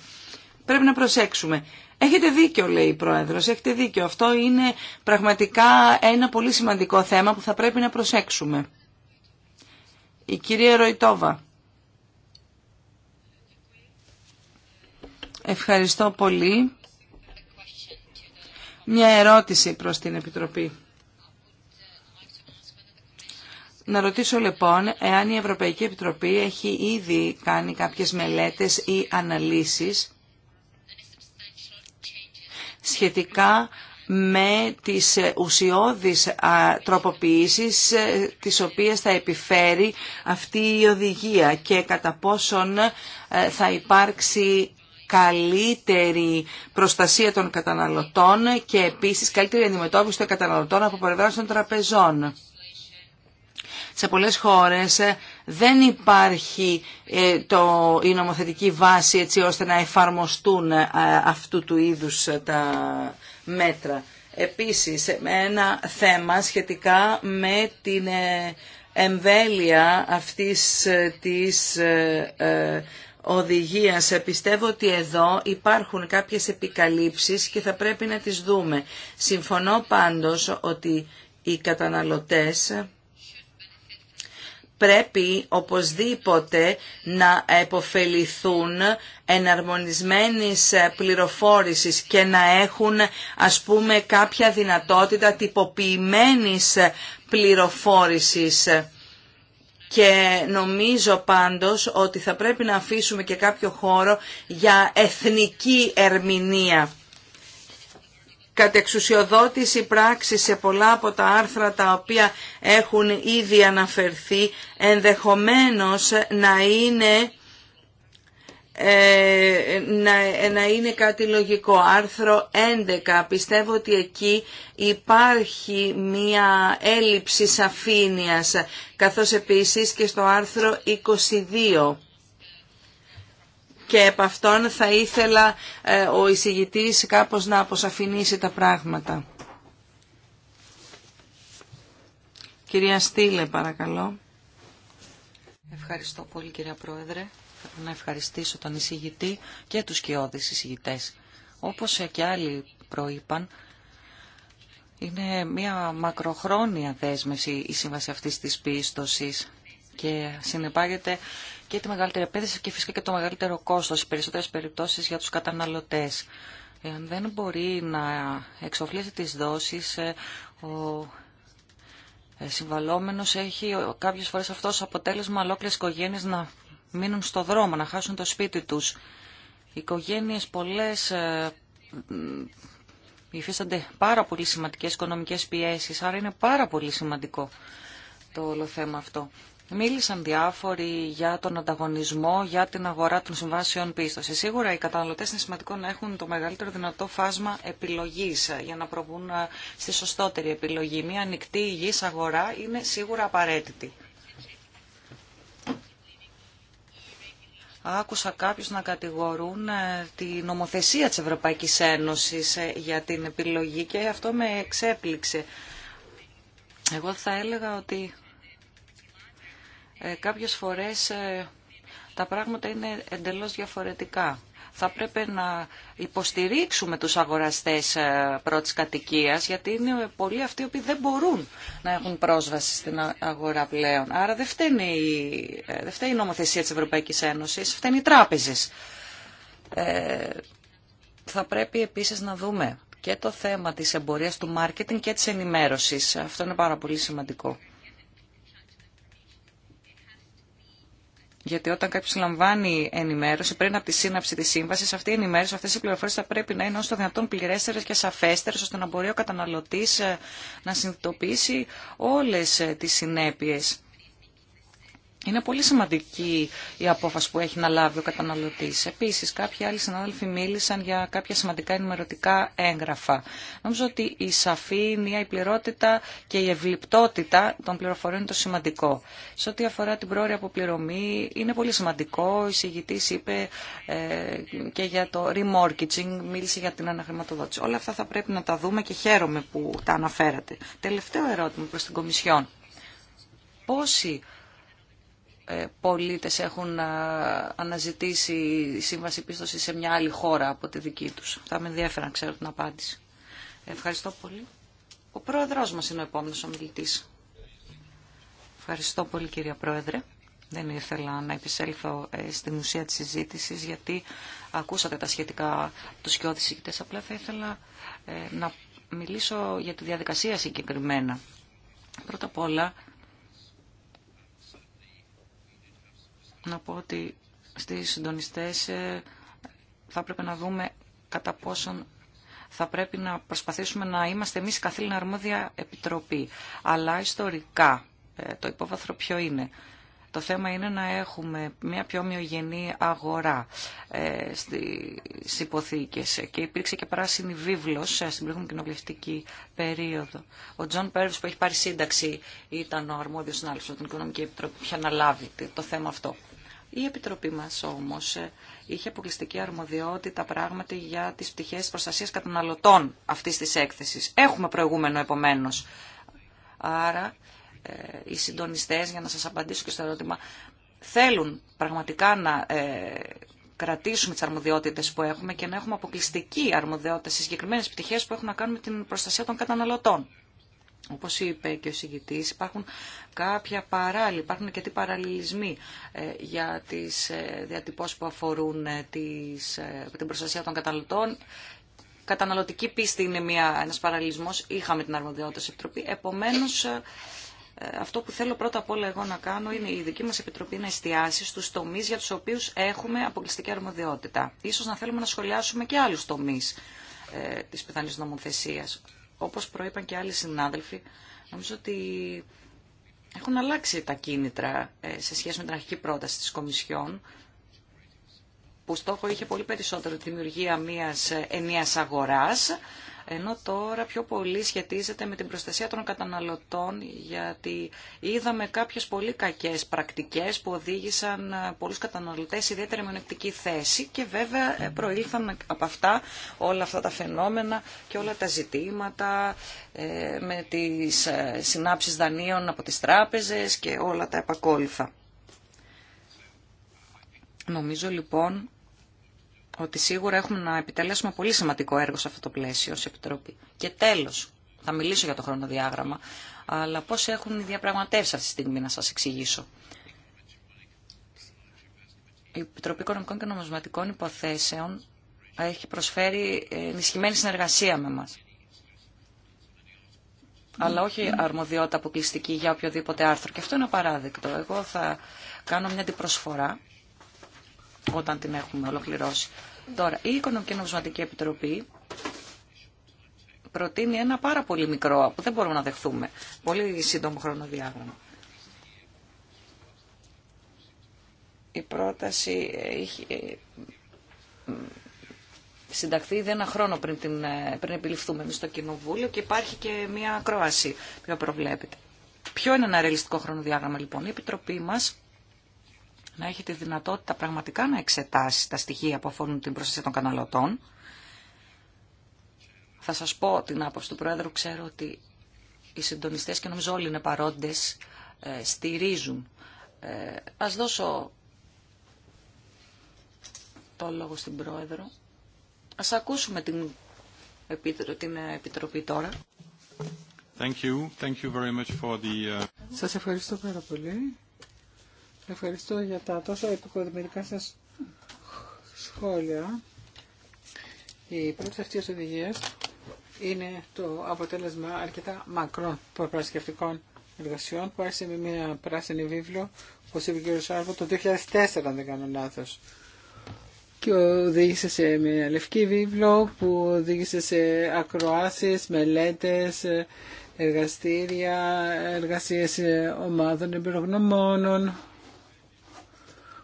Πρέπει να προσέξουμε. Έχετε δίκιο, λέει η Πρόεδρος, έχετε δίκιο. Αυτό είναι πραγματικά ένα πολύ σημαντικό θέμα που θα πρέπει να προσέξουμε. Η κυρία Ροϊτόβα. Ευχαριστώ πολύ. Μια ερώτηση προς την Επιτροπή. Να ρωτήσω λοιπόν εάν η Ευρωπαϊκή Επιτροπή έχει ήδη κάνει κάποιες μελέτες ή αναλύσεις σχετικά με τις ουσιώδεις τροποποιήσεις ε, τις οποίες θα επιφέρει αυτή η οδηγία και κατά πόσον ε, θα υπάρξει καλύτερη προστασία των καταναλωτών και επίσης καλύτερη αντιμετώπιση των καταναλωτών από πλευρά των τραπεζών. Σε πολλές χώρες ε, δεν υπάρχει ε, το, η νομοθετική βάση έτσι ώστε να εφαρμοστούν ε, αυτού του είδους ε, τα μέτρα. Επίσης, ένα θέμα σχετικά με την εμβέλεια αυτής της οδηγίας. Πιστεύω ότι εδώ υπάρχουν κάποιες επικαλύψεις και θα πρέπει να τις δούμε. Συμφωνώ πάντως ότι οι καταναλωτές πρέπει οπωσδήποτε να επωφεληθούν εναρμονισμένης πληροφόρησης και να έχουν ας πούμε κάποια δυνατότητα τυποποιημένης πληροφόρησης. Και νομίζω πάντως ότι θα πρέπει να αφήσουμε και κάποιο χώρο για εθνική ερμηνεία κατεξουσιοδότηση πράξη σε πολλά από τα άρθρα τα οποία έχουν ήδη αναφερθεί ενδεχομένως να είναι ε, να, να είναι κάτι λογικό. Άρθρο 11. Πιστεύω ότι εκεί υπάρχει μία έλλειψη σαφήνειας, καθώς επίσης και στο άρθρο 22 και επ' αυτόν θα ήθελα ε, ο εισηγητής κάπως να αποσαφηνίσει τα πράγματα. Κυρία Στήλε, παρακαλώ. Ευχαριστώ πολύ κυρία Πρόεδρε. Θέλω να ευχαριστήσω τον εισηγητή και τους κοιόδης εισηγητές. Όπως και άλλοι προείπαν, είναι μια μακροχρόνια δέσμευση η σύμβαση αυτής της πίστοσης και συνεπάγεται και τη μεγαλύτερη επένδυση και φυσικά και το μεγαλύτερο κόστος σε περισσότερες περιπτώσεις για τους καταναλωτές. Εάν δεν μπορεί να εξοφλήσει τις δόσεις, ε, ο ε, συμβαλόμενος έχει κάποιες φορές αυτό ως αποτέλεσμα ολόκληρες οικογένειες να μείνουν στο δρόμο, να χάσουν το σπίτι τους. Οι οικογένειες πολλές ε, υφίστανται πάρα πολύ σημαντικές οικονομικές πιέσεις, άρα είναι πάρα πολύ σημαντικό το όλο θέμα αυτό. Μίλησαν διάφοροι για τον ανταγωνισμό, για την αγορά των συμβάσεων πίστοση. Σίγουρα οι καταναλωτές είναι σημαντικό να έχουν το μεγαλύτερο δυνατό φάσμα επιλογής ε, για να προβούν ε, στη σωστότερη επιλογή. Μια ανοιχτή υγιής αγορά είναι σίγουρα απαραίτητη. Άκουσα κάποιους να κατηγορούν ε, τη νομοθεσία της Ευρωπαϊκής Ένωσης για την επιλογή και αυτό με εξέπληξε. Εγώ θα έλεγα ότι ε, κάποιες φορές ε, τα πράγματα είναι εντελώς διαφορετικά. Θα πρέπει να υποστηρίξουμε τους αγοραστές ε, πρώτης κατοικίας, γιατί είναι πολλοί αυτοί που δεν μπορούν να έχουν πρόσβαση στην αγορά πλέον. Άρα δεν φταίνει η, δεν φταίνει η νομοθεσία της Ευρωπαϊκής Ένωσης, φταίνει οι τράπεζες. θα πρέπει επίσης να δούμε και το θέμα της εμπορίας του μάρκετινγκ και της ενημέρωσης. Αυτό είναι πάρα πολύ σημαντικό. Γιατί όταν κάποιο λαμβάνει ενημέρωση πριν από τη σύναψη τη σύμβαση, αυτή η ενημέρωση, αυτέ οι πληροφορίε θα πρέπει να είναι όσο το δυνατόν πληρέστερε και σαφέστερε, ώστε να μπορεί ο καταναλωτή ε, να συνειδητοποιήσει όλε τι συνέπειε είναι πολύ σημαντική η απόφαση που έχει να λάβει ο καταναλωτή. Επίση, κάποιοι άλλοι συνάδελφοι μίλησαν για κάποια σημαντικά ενημερωτικά έγγραφα. Νομίζω ότι η σαφή η πληρότητα και η ευληπτότητα των πληροφοριών είναι το σημαντικό. Σε ό,τι αφορά την πρόορια αποπληρωμή, είναι πολύ σημαντικό. Ο εισηγητή είπε ε, και για το remortgaging, μίλησε για την αναχρηματοδότηση. Όλα αυτά θα πρέπει να τα δούμε και χαίρομαι που τα αναφέρατε. Τελευταίο ερώτημα προ την Κομισιόν. Πόσοι ε, πολίτες έχουν ε, αναζητήσει σύμβαση πίστοση σε μια άλλη χώρα από τη δική τους. Θα με ενδιαφέρει να ξέρω την απάντηση. Ευχαριστώ πολύ. Ο πρόεδρός μας είναι ο επόμενος ομιλητής. Ευχαριστώ πολύ κύριε πρόεδρε. Δεν ήθελα να επισέλθω ε, στην ουσία της συζήτησης γιατί ακούσατε τα σχετικά του σκιώδης Απλά θα ήθελα να μιλήσω για τη διαδικασία συγκεκριμένα. Πρώτα απ' όλα να πω ότι στις συντονιστές ε, θα πρέπει να δούμε κατά πόσον θα πρέπει να προσπαθήσουμε να είμαστε εμείς καθήλυνα αρμόδια επιτροπή. Αλλά ιστορικά ε, το υπόβαθρο ποιο είναι. Το θέμα είναι να έχουμε μια πιο ομοιογενή αγορά ε, στις υποθήκες. Και υπήρξε και πράσινη βίβλος στην προηγούμενη κοινοβουλευτική περίοδο. Ο Τζον Πέρβης που έχει πάρει σύνταξη ήταν ο αρμόδιος συνάδελφος από την Οικονομική Επιτροπή που είχε αναλάβει το θέμα αυτό. Η Επιτροπή μας όμως ε, είχε αποκλειστική αρμοδιότητα πράγματι για τις πτυχές προστασίας καταναλωτών αυτής της έκθεσης. Έχουμε προηγούμενο επομένως. Άρα ε, οι συντονιστές, για να σας απαντήσω και στο ερώτημα, θέλουν πραγματικά να ε, κρατήσουμε τις αρμοδιότητες που έχουμε και να έχουμε αποκλειστική αρμοδιότητα σε συγκεκριμένες πτυχές που έχουν να κάνουν με την προστασία των καταναλωτών. Όπως είπε και ο συγκητής, υπάρχουν κάποια παράλληλοι, υπάρχουν και τι παραλληλισμοί ε, για τις διατυπώσεις που αφορούν τις, την προστασία των καταναλωτών καταναλωτική πίστη είναι μια, ένας είχαμε την αρμοδιότητα σε επιτροπή, επομένως αυτό που θέλω πρώτα απ' όλα εγώ να κάνω είναι η δική μας Επιτροπή να εστιάσει στους τομείς για τους οποίους έχουμε αποκλειστική αρμοδιότητα. Ίσως να θέλουμε να σχολιάσουμε και άλλους τομείς ε, της πιθανής νομοθεσίας. Όπως προείπαν και άλλοι συνάδελφοι, νομίζω ότι έχουν αλλάξει τα κίνητρα ε, σε σχέση με την αρχική πρόταση της Κομισιόν, που στόχο είχε πολύ περισσότερο τη δημιουργία μιας ε, ενίας αγοράς, ενώ τώρα πιο πολύ σχετίζεται με την προστασία των καταναλωτών, γιατί είδαμε κάποιες πολύ κακές πρακτικές που οδήγησαν ε, πολλούς καταναλωτές ιδιαίτερη μειονεκτική θέση και βέβαια ε, προήλθαν από αυτά όλα αυτά τα φαινόμενα και όλα τα ζητήματα ε, με τις συνάψεις δανείων από τις τράπεζες και όλα τα επακόλουθα. Νομίζω λοιπόν ότι σίγουρα έχουμε να επιτελέσουμε πολύ σημαντικό έργο σε αυτό το πλαίσιο ως Επιτροπή. Και τέλος, θα μιλήσω για το χρονοδιάγραμμα, αλλά πώς έχουν οι διαπραγματεύσεις αυτή τη στιγμή να σας εξηγήσω. Η Επιτροπή Οικονομικών και Νομοσματικών Υποθέσεων έχει προσφέρει ενισχυμένη συνεργασία με μας. Αλλά όχι αρμοδιότητα αποκλειστική για οποιοδήποτε άρθρο. Και αυτό είναι απαράδεκτο. Εγώ θα κάνω μια αντιπροσφορά όταν την έχουμε ολοκληρώσει. Τώρα, η Οικονομική Νομισματική Επιτροπή προτείνει ένα πάρα πολύ μικρό, που δεν μπορούμε να δεχθούμε, πολύ σύντομο χρονοδιάγραμμα. Η πρόταση έχει ε, συνταχθεί ήδη ένα χρόνο πριν, την, ε, πριν επιληφθούμε εμείς στο Κοινοβούλιο και υπάρχει και μια ακρόαση που προβλέπεται. Ποιο είναι ένα ρεαλιστικό χρονοδιάγραμμα λοιπόν. Η Επιτροπή μας να έχει τη δυνατότητα πραγματικά να εξετάσει τα στοιχεία που αφορούν την προστασία των καναλωτών. Θα σας πω την άποψη του Πρόεδρου. Ξέρω ότι οι συντονιστές και νομίζω όλοι είναι παρόντες, ε, στηρίζουν. Ε, ας δώσω το λόγο στην Πρόεδρο. Ας ακούσουμε την, την Επιτροπή τώρα. Thank you. Thank you very much for the... Uh, σας ευχαριστώ πάρα πολύ Ευχαριστώ για τα τόσο επικοδομητικά σας σχόλια. Η πρώτη αυτή οδηγία είναι το αποτέλεσμα αρκετά μακρών προπαρασκευτικών εργασιών που άρχισε με μια πράσινη βίβλο, όπως είπε ο κ. Σάρβο, το 2004 αν δεν κάνω λάθος και οδήγησε σε μια λευκή βίβλο που οδήγησε σε ακροάσεις, μελέτες, εργαστήρια, εργασίες ομάδων εμπειρογνωμόνων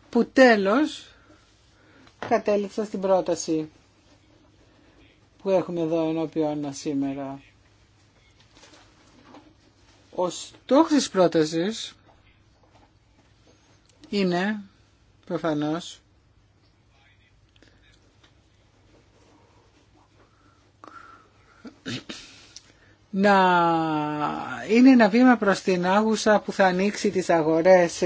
που τέλος κατέληξα στην πρόταση που έχουμε εδώ ενώπιον σήμερα. Ο στόχος της πρότασης είναι προφανώς να είναι ένα βήμα προς την άγουσα που θα ανοίξει τις αγορές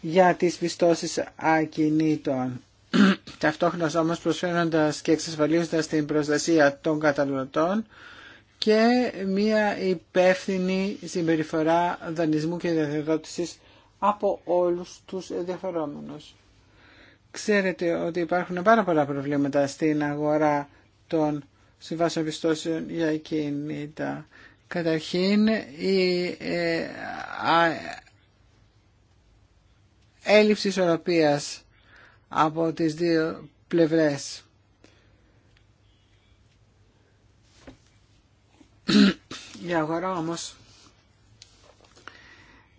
για τις πιστώσεις ακινήτων. Ταυτόχρονα όμως προσφέροντας και εξασφαλίζοντας την προστασία των καταναλωτών και μία υπεύθυνη συμπεριφορά δανεισμού και διαδεδότησης από όλους τους ενδιαφερόμενους. Ξέρετε ότι υπάρχουν πάρα πολλά προβλήματα στην αγορά των συμβάσεων πιστώσεων για κινήτα. Καταρχήν η ε, έλλειψη ισορροπίας από τις δύο πλευρές. Η αγορά όμως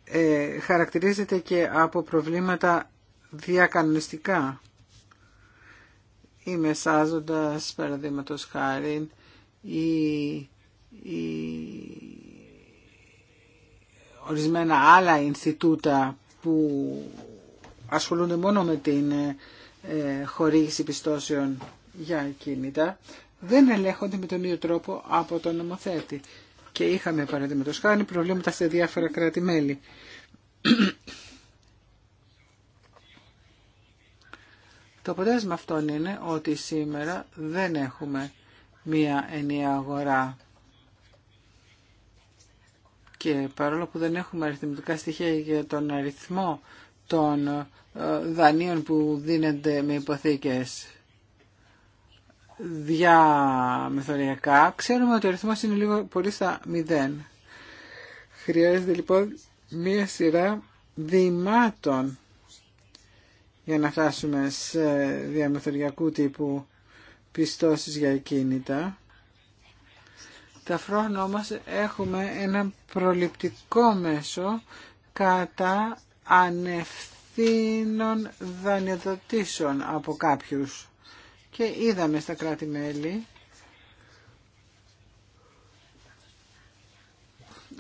ε, χαρακτηρίζεται και από προβλήματα διακανονιστικά ή μεσάζοντας παραδείγματος χάρη ή, ή ορισμένα άλλα Ινστιτούτα που ασχολούνται μόνο με την ε, ε, χορήγηση πιστώσεων για κίνητα δεν ελέγχονται με τον ίδιο τρόπο από τον νομοθέτη. Και είχαμε παραδείγματο χάρη προβλήματα σε διάφορα κράτη-μέλη. Το αποτέλεσμα αυτό είναι ότι σήμερα δεν έχουμε μία ενιαία αγορά. Και παρόλο που δεν έχουμε αριθμητικά στοιχεία για τον αριθμό των ε, δανείων που δίνεται με υποθήκες διαμεθοριακά, ξέρουμε ότι ο αριθμός είναι λίγο πολύ στα μηδέν. Χρειάζεται λοιπόν μία σειρά δημάτων για να φτάσουμε σε διαμεθοριακού τύπου πιστώσεις για Τα όμως έχουμε ένα προληπτικό μέσο κατά ανευθύνωση ευθύνων δανειοδοτήσεων από κάποιους. Και είδαμε στα κράτη-μέλη,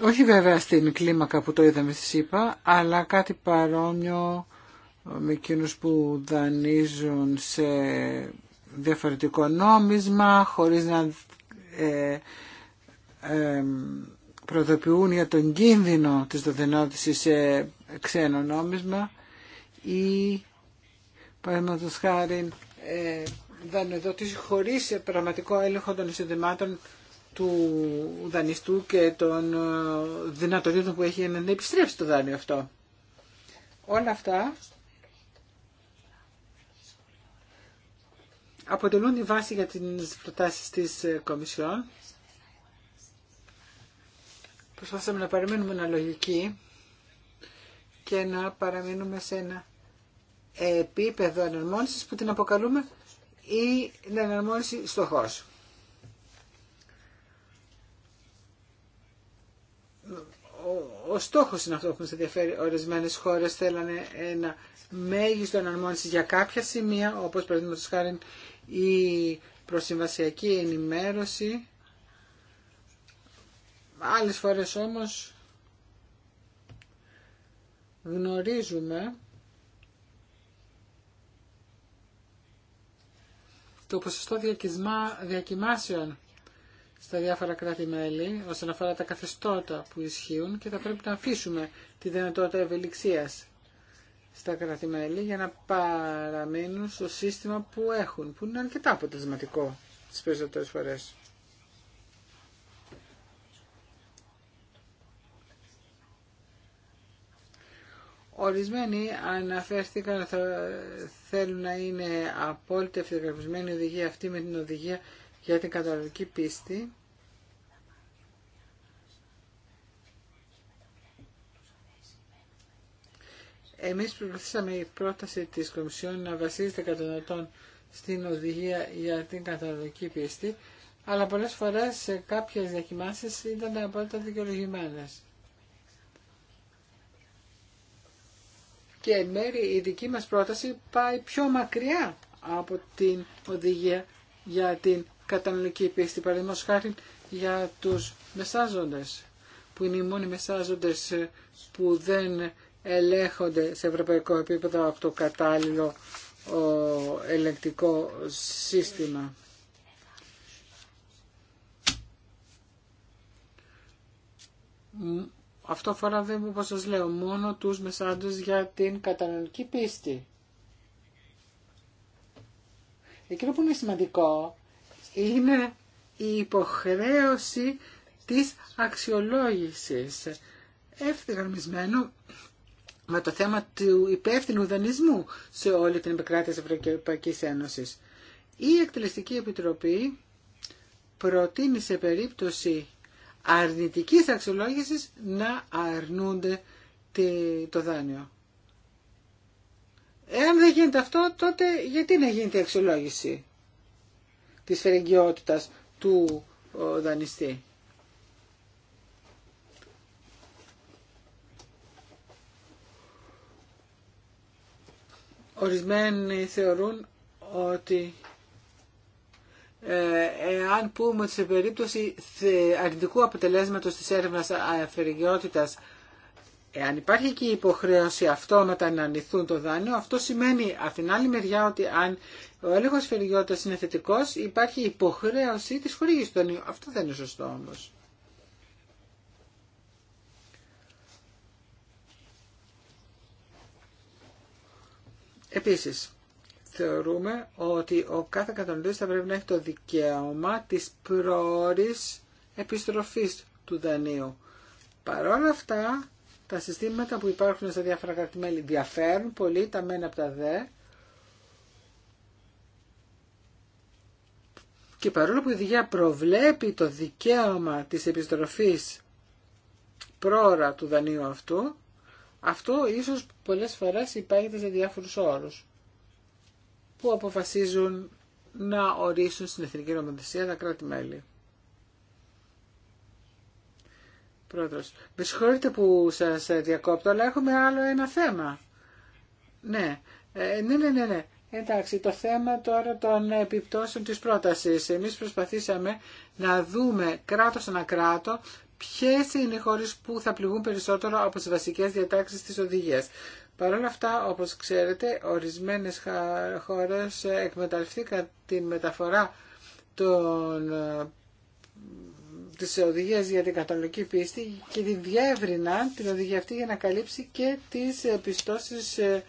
όχι βέβαια στην κλίμακα που το είδαμε στη ΣΥΠΑ, αλλά κάτι παρόμοιο με εκείνου που δανείζουν σε διαφορετικό νόμισμα, χωρίς να ε, ε προδοποιούν για τον κίνδυνο της δοδενότησης σε ξένο νόμισμα ή παραδείγματο χάρη ε, δανειοδότηση χωρίς πραγματικό έλεγχο των εισοδημάτων του δανειστού και των ε, δυνατοτήτων που έχει να επιστρέψει το δάνειο αυτό. Όλα αυτά αποτελούν τη βάση για τις προτάσεις της ε, Κομισιόν. Προσπαθήσαμε να παραμείνουμε αναλογικοί και να παραμείνουμε σε ένα επίπεδο εναρμόνισης που την αποκαλούμε ή εναρμόνιση στοχός. ο, στόχο είναι αυτό που μα ενδιαφέρει. Ορισμένε χώρε θέλανε ένα μέγιστο εναρμόνιση για κάποια σημεία, όπω παραδείγματο χάρη η προσυμβασιακή ενημέρωση. Άλλες φορές όμως γνωρίζουμε το ποσοστό διακυσμά διακυμάσεων στα διάφορα κράτη-μέλη όσον αφορά τα καθεστώτα που ισχύουν και θα πρέπει να αφήσουμε τη δυνατότητα ευελιξίας στα κράτη-μέλη για να παραμείνουν στο σύστημα που έχουν, που είναι αρκετά αποτελεσματικό τις περισσότερες φορές. Ορισμένοι αναφέρθηκαν ότι θέλουν να είναι απόλυτα ευθυγραφισμένη η οδηγία αυτή με την οδηγία για την καταναλωτική πίστη. Εμείς προσπαθήσαμε η πρόταση της Κομισιόν να βασίζεται καταναλωτών στην οδηγία για την καταναλωτική πίστη, αλλά πολλές φορές σε κάποιες διακοιμάσεις ήταν απόλυτα δικαιολογημένες. και εν μέρει η δική μας πρόταση πάει πιο μακριά από την οδηγία για την κατανοητική πίστη, παραδείγματο χάρη για τους μεσάζοντες, που είναι οι μόνοι μεσάζοντες ε, που δεν ελέγχονται σε ευρωπαϊκό επίπεδο από το κατάλληλο ελεγκτικό σύστημα. Αυτό αφορά μου όπως σας λέω μόνο τους μεσάντους για την κατανοητική πίστη. Εκείνο που είναι σημαντικό είναι η υποχρέωση της αξιολόγησης ευθυγραμμισμένου με το θέμα του υπεύθυνου δανεισμού σε όλη την επικράτεια της Ευρωπαϊκής Ένωσης. Η Εκτελεστική Επιτροπή προτείνει σε περίπτωση αρνητικής αξιολόγησης να αρνούνται το δάνειο. Εάν δεν γίνεται αυτό, τότε γιατί να γίνεται η αξιολόγηση της φερεγγιότητας του δανειστή. Ορισμένοι θεωρούν ότι αν ε, πούμε ότι σε περίπτωση αρνητικού αποτελέσματος της έρευνας αφαιρεγιότητας Εάν υπάρχει και η υποχρέωση αυτό να ανηθούν το δάνειο, αυτό σημαίνει από την άλλη μεριά ότι αν ο έλεγχο αφαιρεγιότητας είναι θετικό, υπάρχει υποχρέωση της χορήγηση του δανείου. Αυτό δεν είναι σωστό όμως. Επίσης, θεωρούμε ότι ο κάθε καταναλωτής θα πρέπει να έχει το δικαίωμα της πρόορης επιστροφής του δανείου. Παρόλα αυτά, τα συστήματα που υπάρχουν στα διάφορα κρατημέλη διαφέρουν πολύ τα μένα από τα δε. Και παρόλο που η οδηγία προβλέπει το δικαίωμα της επιστροφής πρόωρα του δανείου αυτού, αυτό ίσως πολλές φορές υπάρχει σε διάφορους όρους που αποφασίζουν να ορίσουν στην Εθνική Νομοθεσία τα κράτη-μέλη. Πρόεδρος, με συγχωρείτε που σας ε, διακόπτω, αλλά έχουμε άλλο ένα θέμα. Ναι, ε, ναι, ναι, ναι, ναι. Εντάξει, το θέμα τώρα των επιπτώσεων της πρότασης. Εμείς προσπαθήσαμε να δούμε κράτος ανακράτο κράτο ποιες είναι οι χώρες που θα πληγούν περισσότερο από τις βασικές διατάξεις της οδηγίας. Παρ' όλα αυτά, όπως ξέρετε, ορισμένες χώρες εκμεταλλευτήκαν τη μεταφορά των, της οδηγίας για την κατανολική πίστη και την διεύρυναν την οδηγία αυτή για να καλύψει και τις πιστώσεις ε,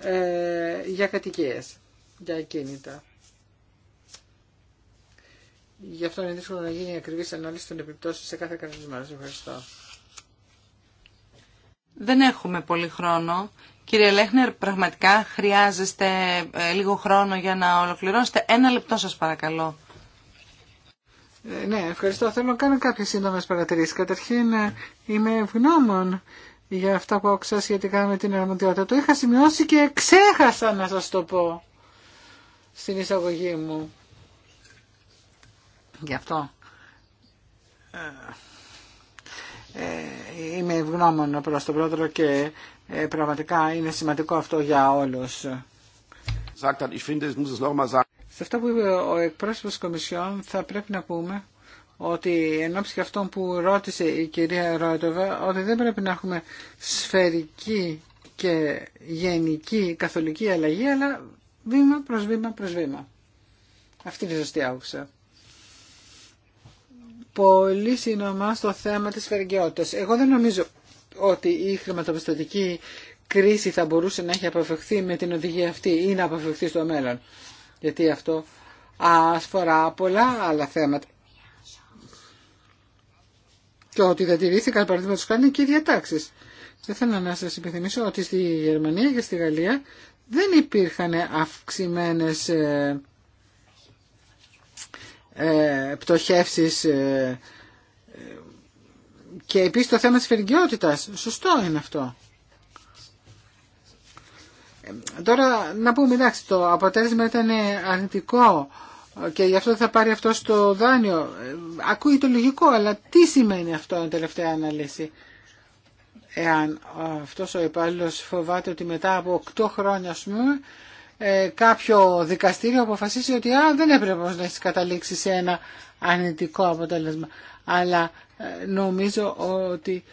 ε για κατοικίες, για κίνητα. Γι' αυτό είναι δύσκολο να γίνει ακριβή ανάλυση των επιπτώσεων σε κάθε Σα Ευχαριστώ. Δεν έχουμε πολύ χρόνο. Κύριε Λέχνερ, πραγματικά χρειάζεστε ε, λίγο χρόνο για να ολοκληρώσετε. Ένα λεπτό σας παρακαλώ. Ε, ναι, ευχαριστώ. Θέλω να κάνω κάποιες σύντομες παρατηρήσεις. Καταρχήν ε, είμαι ευγνώμων για αυτά που άκουσα σχετικά με την αρμοδιότητα. Το είχα σημειώσει και ξέχασα να σας το πω στην εισαγωγή μου. Γι' αυτό. Ε, είμαι ευγνώμων προς τον πρόεδρο και ε, πραγματικά είναι σημαντικό αυτό για όλους. Σε αυτό που είπε ο εκπρόσωπος της Κομισιόν θα πρέπει να πούμε ότι εν ώψη και αυτών που ρώτησε η κυρία Ρόιτοβα ότι δεν πρέπει να έχουμε σφαιρική και γενική καθολική αλλαγή αλλά βήμα προς βήμα προς βήμα. Αυτή είναι η ζωστή άποψη πολύ σύνομα στο θέμα της φεργαιότητας. Εγώ δεν νομίζω ότι η χρηματοπιστωτική κρίση θα μπορούσε να έχει αποφευχθεί με την οδηγία αυτή ή να αποφευχθεί στο μέλλον. Γιατί αυτό ασφορά πολλά άλλα θέματα. Και ότι δεν τηρήθηκαν παραδείγματος κάνει και οι διατάξεις. Δεν θέλω να σας υπενθυμίσω ότι στη Γερμανία και στη Γαλλία δεν υπήρχαν αυξημένες ε, ε, πτωχεύσεις ε, και επίσης το θέμα της φεργιότητας. Σωστό είναι αυτό. Ε, τώρα να πούμε, εντάξει, το αποτέλεσμα ήταν αρνητικό και γι' αυτό θα πάρει αυτό το δάνειο. Ακούει το λογικό, αλλά τι σημαίνει αυτό η τελευταία αναλύση. Εάν αυτός ο υπάλληλος φοβάται ότι μετά από 8 χρόνια, ας πούμε, ε, κάποιο δικαστήριο αποφασίσει ότι α, δεν έπρεπε να έχει καταλήξει σε ένα αρνητικό αποτέλεσμα. Αλλά ε, νομίζω ότι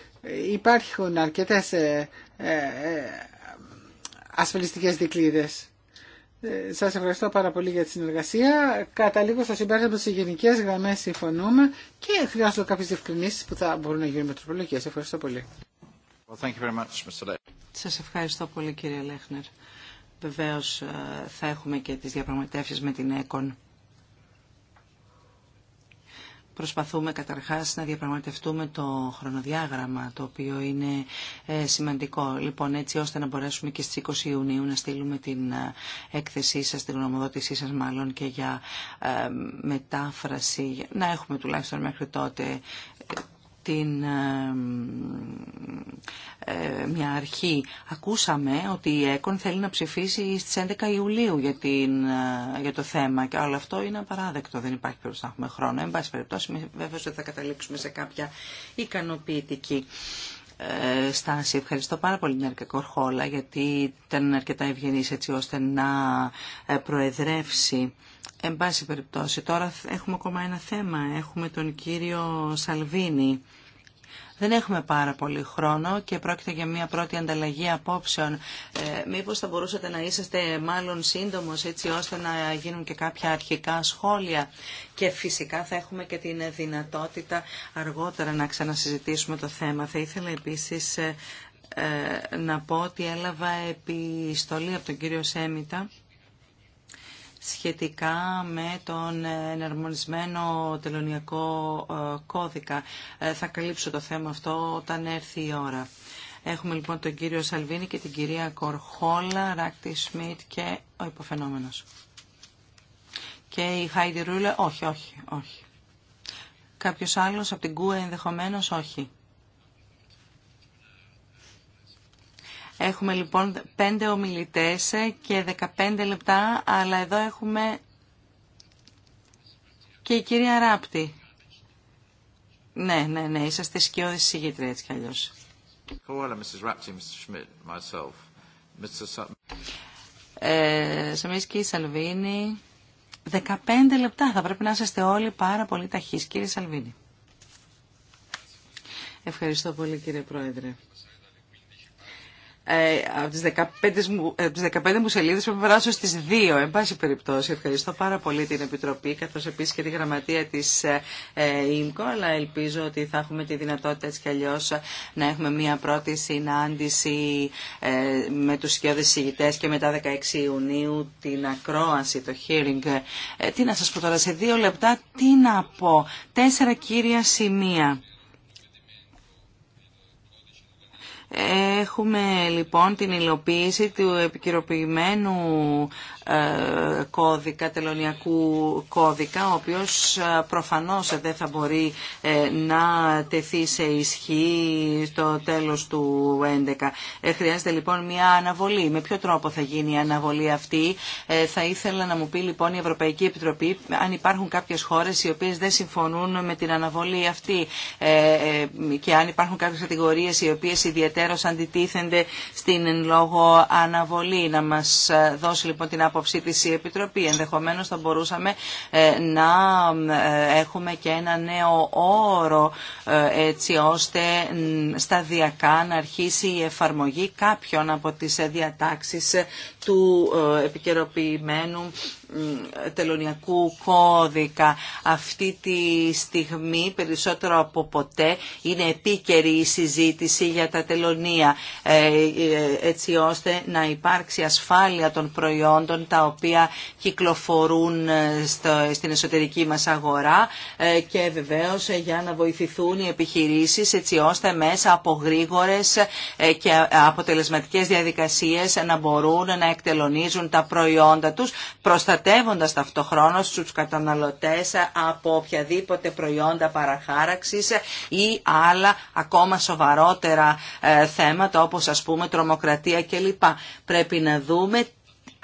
υπάρχουν αρκετές ε, ε ασφαλιστικές δικλείδες. Σας ευχαριστώ πάρα πολύ για τη συνεργασία. Κατά λίγο στο συμπέρασμα σε γενικέ γραμμέ συμφωνούμε και χρειάζονται κάποιε διευκρινήσεις που θα μπορούν να γίνουν μετροπολογικές. Ευχαριστώ πολύ. Well, thank you very much, Mr. Σας ευχαριστώ πολύ κύριε Λέχνερ. Βεβαίως ε, θα έχουμε και τις διαπραγματεύσεις με την ΕΚΟΝ. Προσπαθούμε καταρχάς να διαπραγματευτούμε το χρονοδιάγραμμα, το οποίο είναι ε, σημαντικό. Λοιπόν, έτσι ώστε να μπορέσουμε και στις 20 Ιουνίου να στείλουμε την ε, έκθεσή σας, την γνωμοδότησή σας μάλλον και για μετάφραση, να έχουμε τουλάχιστον μέχρι τότε την, ε, μια αρχή. Ακούσαμε ότι η ΕΚΟΝ θέλει να ψηφίσει στις 11 Ιουλίου για, την, ε, για το θέμα και όλο αυτό είναι απαράδεκτο, δεν υπάρχει περίπτωση να έχουμε χρόνο. Εν πάση περιπτώσει βέβαια ότι θα καταλήξουμε σε κάποια ικανοποιητική ε, στάση. Ευχαριστώ πάρα πολύ την Κορχόλα γιατί ήταν αρκετά ευγενής έτσι ώστε να ε, προεδρεύσει Εν πάση περιπτώσει, τώρα έχουμε ακόμα ένα θέμα. Έχουμε τον κύριο Σαλβίνη. Δεν έχουμε πάρα πολύ χρόνο και πρόκειται για μια πρώτη ανταλλαγή απόψεων. Ε, μήπως θα μπορούσατε να είσαστε μάλλον σύντομος έτσι ώστε να γίνουν και κάποια αρχικά σχόλια και φυσικά θα έχουμε και την δυνατότητα αργότερα να ξανασυζητήσουμε το θέμα. Θα ήθελα επίσης ε, ε, να πω ότι έλαβα επιστολή από τον κύριο Σέμιτα σχετικά με τον εναρμονισμένο τελωνιακό ε, κώδικα. Ε, θα καλύψω το θέμα αυτό όταν έρθει η ώρα. Έχουμε λοιπόν τον κύριο Σαλβίνη και την κυρία Κορχόλα, Ράκτη Σμιτ και ο υποφαινόμενος. Και η Χάιντι Ρούλε, όχι, όχι, όχι. Κάποιος άλλος από την ΚΟΕ ενδεχομένως, όχι. Έχουμε λοιπόν πέντε ομιλητές και 15 λεπτά, αλλά εδώ έχουμε και η κυρία Ράπτη. Ναι, ναι, ναι, είσαστε σκιώδης συγγήτρια έτσι κι αλλιώς. και ε, Σαμίσκη, Σαλβίνη, 15 λεπτά θα πρέπει να είσαστε όλοι πάρα πολύ ταχύς, Κύριε Σαλβίνη. Ευχαριστώ πολύ κύριε Πρόεδρε. Ε, από τις 15 μου, από ε, τις 15 μου σελίδες που περάσω στις 2. Εν πάση περιπτώσει, ευχαριστώ πάρα πολύ την Επιτροπή, καθώς επίσης και τη γραμματεία της ε, ε αλλά ελπίζω ότι θα έχουμε τη δυνατότητα έτσι κι αλλιώς να έχουμε μια πρώτη συνάντηση με τους σκιώδες συγητές και μετά 16 Ιουνίου την ακρόαση, το hearing. τι να σας πω τώρα, σε δύο λεπτά τι να πω. Τέσσερα κύρια σημεία. Έχουμε λοιπόν την υλοποίηση του επικυροποιημένου ε, κώδικα, τελωνιακού κώδικα, ο οποίος ε, προφανώς ε, δεν θα μπορεί να τεθεί σε ισχύ στο τέλος του 2011. Χρειάζεται λοιπόν μια αναβολή. Με ποιο τρόπο θα γίνει η αναβολή αυτή. Θα ήθελα να μου πει λοιπόν η Ευρωπαϊκή Επιτροπή αν υπάρχουν κάποιες χώρες οι οποίες δεν συμφωνούν με την αναβολή αυτή και αν υπάρχουν κάποιες κατηγορίες οι οποίες ιδιαίτερα ιδιαίτερως αντιτίθενται στην εν λόγω αναβολή. Να μας ε, δώσει λοιπόν την άποψή της η Επιτροπή. Ενδεχομένως θα μπορούσαμε ε, να ε, έχουμε και ένα νέο όρο έτσι ώστε σταδιακά να αρχίσει η εφαρμογή κάποιων από τις διατάξεις του επικαιροποιημένου τελωνιακού κώδικα. Αυτή τη στιγμή περισσότερο από ποτέ είναι επίκαιρη η συζήτηση για τα τελωνία ε, ε, έτσι ώστε να υπάρξει ασφάλεια των προϊόντων τα οποία κυκλοφορούν ε, στην εσωτερική μας αγορά και βεβαίως για να βοηθηθούν οι επιχειρήσεις έτσι ώστε μέσα από γρήγορες και αποτελεσματικές διαδικασίες να μπορούν να εκτελωνίζουν τα προϊόντα τους τα προστατεύοντας ταυτοχρόνως τους καταναλωτές από οποιαδήποτε προϊόντα παραχάραξης ή άλλα ακόμα σοβαρότερα ε, θέματα όπως ας πούμε τρομοκρατία κλπ. Πρέπει να δούμε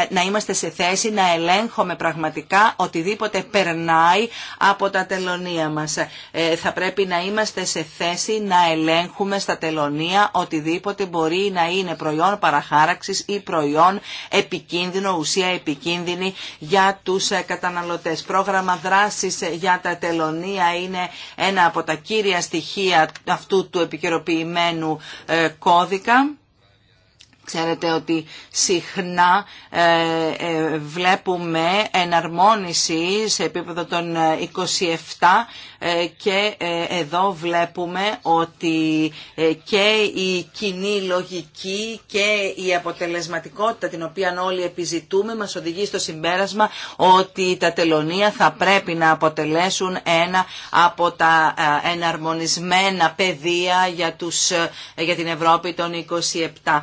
να είμαστε σε θέση να ελέγχουμε πραγματικά οτιδήποτε περνάει από τα τελωνία μας. Ε, θα πρέπει να είμαστε σε θέση να ελέγχουμε στα τελωνία οτιδήποτε μπορεί να είναι προϊόν παραχάραξης ή προϊόν επικίνδυνο, ουσία επικίνδυνη για τους ε, καταναλωτές. Πρόγραμμα δράσης για τα τελωνία είναι ένα από τα κύρια στοιχεία αυτού του επικαιροποιημένου ε, κώδικα Ξέρετε ότι συχνά ε, ε, βλέπουμε εναρμόνιση σε επίπεδο των 27 ε, και εδώ βλέπουμε ότι και η κοινή λογική και η αποτελεσματικότητα την οποία όλοι επιζητούμε μας οδηγεί στο συμπέρασμα ότι τα τελωνία θα πρέπει να αποτελέσουν ένα από τα εναρμονισμένα πεδία για, τους, για την Ευρώπη των 27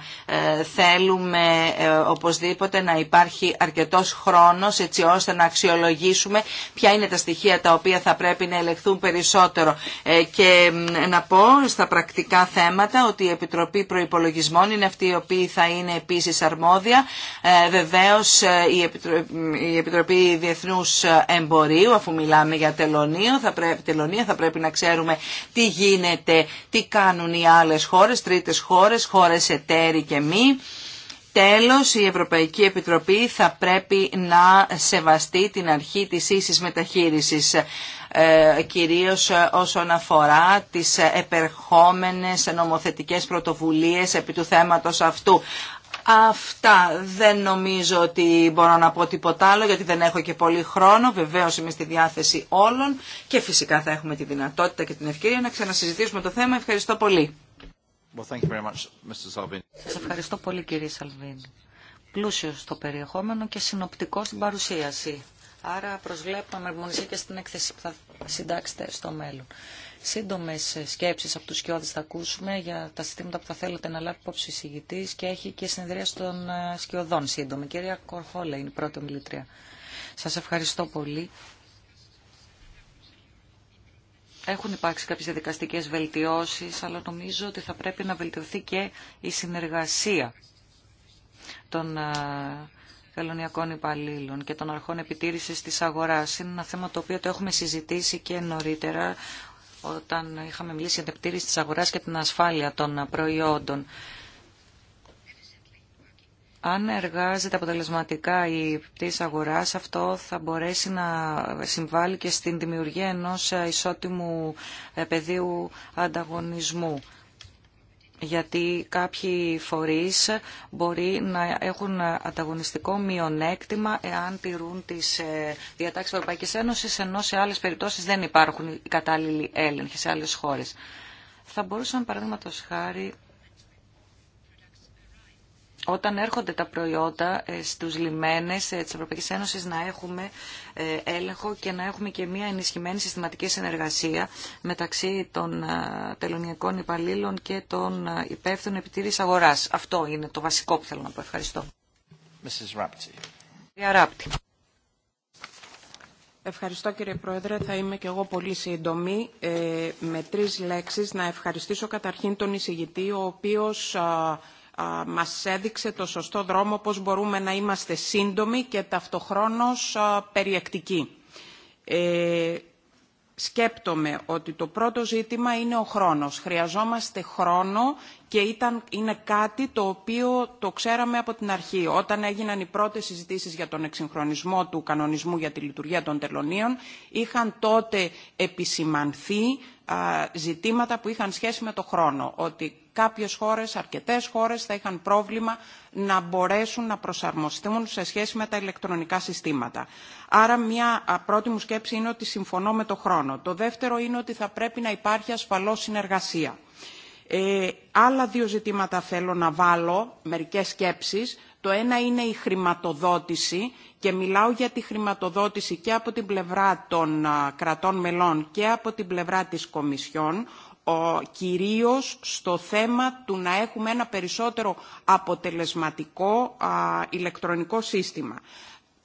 θέλουμε ε, οπωσδήποτε να υπάρχει αρκετός χρόνος έτσι ώστε να αξιολογήσουμε ποια είναι τα στοιχεία τα οποία θα πρέπει να ελεγχθούν περισσότερο. Ε, και να πω στα πρακτικά θέματα ότι η Επιτροπή Προϋπολογισμών είναι αυτή η οποία θα είναι επίσης αρμόδια. Ε, βεβαίως η Επιτροπή Διεθνούς Εμπορίου αφού μιλάμε για τελωνία θα πρέπει, τελωνία, θα πρέπει να ξέρουμε τι γίνεται, τι κάνουν οι άλλες χώρες, τρίτες χώρες, χώρες εταίροι και μη Τέλος, η Ευρωπαϊκή Επιτροπή θα πρέπει να σεβαστεί την αρχή της ίσης μεταχείρισης ε, κυρίως όσον αφορά τις επερχόμενες νομοθετικές πρωτοβουλίες επί του θέματος αυτού. Αυτά δεν νομίζω ότι μπορώ να πω τίποτα άλλο γιατί δεν έχω και πολύ χρόνο. Βεβαίως είμαι στη διάθεση όλων και φυσικά θα έχουμε τη δυνατότητα και την ευκαιρία να ξανασυζητήσουμε το θέμα. Ευχαριστώ πολύ. Well, Σας ευχαριστώ πολύ κύριε Σαλβίνη. Πλούσιο στο περιεχόμενο και συνοπτικό στην παρουσίαση. Άρα προσβλέπω με και στην έκθεση που θα συντάξετε στο μέλλον. Σύντομε σκέψει από του Κιώδη θα ακούσουμε για τα συστήματα που θα θέλετε να λάβει υπόψη συγητή και έχει και συνεδρία των ε, σκιωδών σύντομη. Κυρία Κορχόλα είναι η πρώτη ομιλητρία. Σα ευχαριστώ πολύ. Έχουν υπάρξει κάποιες δικαστικές βελτιώσεις, αλλά νομίζω ότι θα πρέπει να βελτιωθεί και η συνεργασία των καλωνιακών ε, υπαλλήλων και των αρχών επιτήρησης της αγοράς. Είναι ένα θέμα το οποίο το έχουμε συζητήσει και νωρίτερα όταν είχαμε μιλήσει για την επιτήρηση της αγοράς και την ασφάλεια των προϊόντων. Αν εργάζεται αποτελεσματικά η πτήση αγοράς, αυτό θα μπορέσει να συμβάλλει και στην δημιουργία ενός ισότιμου ε, πεδίου ανταγωνισμού γιατί κάποιοι φορείς μπορεί να έχουν ανταγωνιστικό μειονέκτημα εάν τηρούν τις ε, διατάξεις της Ευρωπαϊκής Ένωσης, ενώ σε άλλες περιπτώσεις δεν υπάρχουν οι κατάλληλοι έλεγχοι σε άλλες χώρες. Θα μπορούσαν, παραδείγματο χάρη, όταν έρχονται τα προϊόντα ε, στους λιμένες ε, της Ευρωπαϊκής Ένωσης να έχουμε ε, έλεγχο και να έχουμε και μια ενισχυμένη συστηματική συνεργασία μεταξύ των τελωνιακών υπαλλήλων και των υπεύθυνων επιτήρησης αγοράς. Αυτό είναι το βασικό που θέλω να πω. Ευχαριστώ. Mrs. Rapti. Ευχαριστώ κύριε Πρόεδρε. Θα είμαι και εγώ πολύ σύντομη με τρεις λέξεις. Να ευχαριστήσω καταρχήν τον εισηγητή, ο οποίος μας έδειξε το σωστό δρόμο πώς μπορούμε να είμαστε σύντομοι και ταυτοχρόνως περιεκτικοί. Ε, σκέπτομαι ότι το πρώτο ζήτημα είναι ο χρόνος. Χρειαζόμαστε χρόνο και ήταν, είναι κάτι το οποίο το ξέραμε από την αρχή. Όταν έγιναν οι πρώτες συζητήσεις για τον εξυγχρονισμό του κανονισμού για τη λειτουργία των τελωνίων, είχαν τότε επισημανθεί ζητήματα που είχαν σχέση με το χρόνο. Ότι κάποιες χώρες, αρκετές χώρες θα είχαν πρόβλημα να μπορέσουν να προσαρμοστούν σε σχέση με τα ηλεκτρονικά συστήματα. Άρα μια πρώτη μου σκέψη είναι ότι συμφωνώ με το χρόνο. Το δεύτερο είναι ότι θα πρέπει να υπάρχει ασφαλώς συνεργασία. Ε, άλλα δύο ζητήματα θέλω να βάλω, μερικές σκέψεις. Το ένα είναι η χρηματοδότηση και μιλάω για τη χρηματοδότηση και από την πλευρά των κρατών μελών και από την πλευρά της Κομισιόν ο, κυρίως στο θέμα του να έχουμε ένα περισσότερο αποτελεσματικό ηλεκτρονικό σύστημα.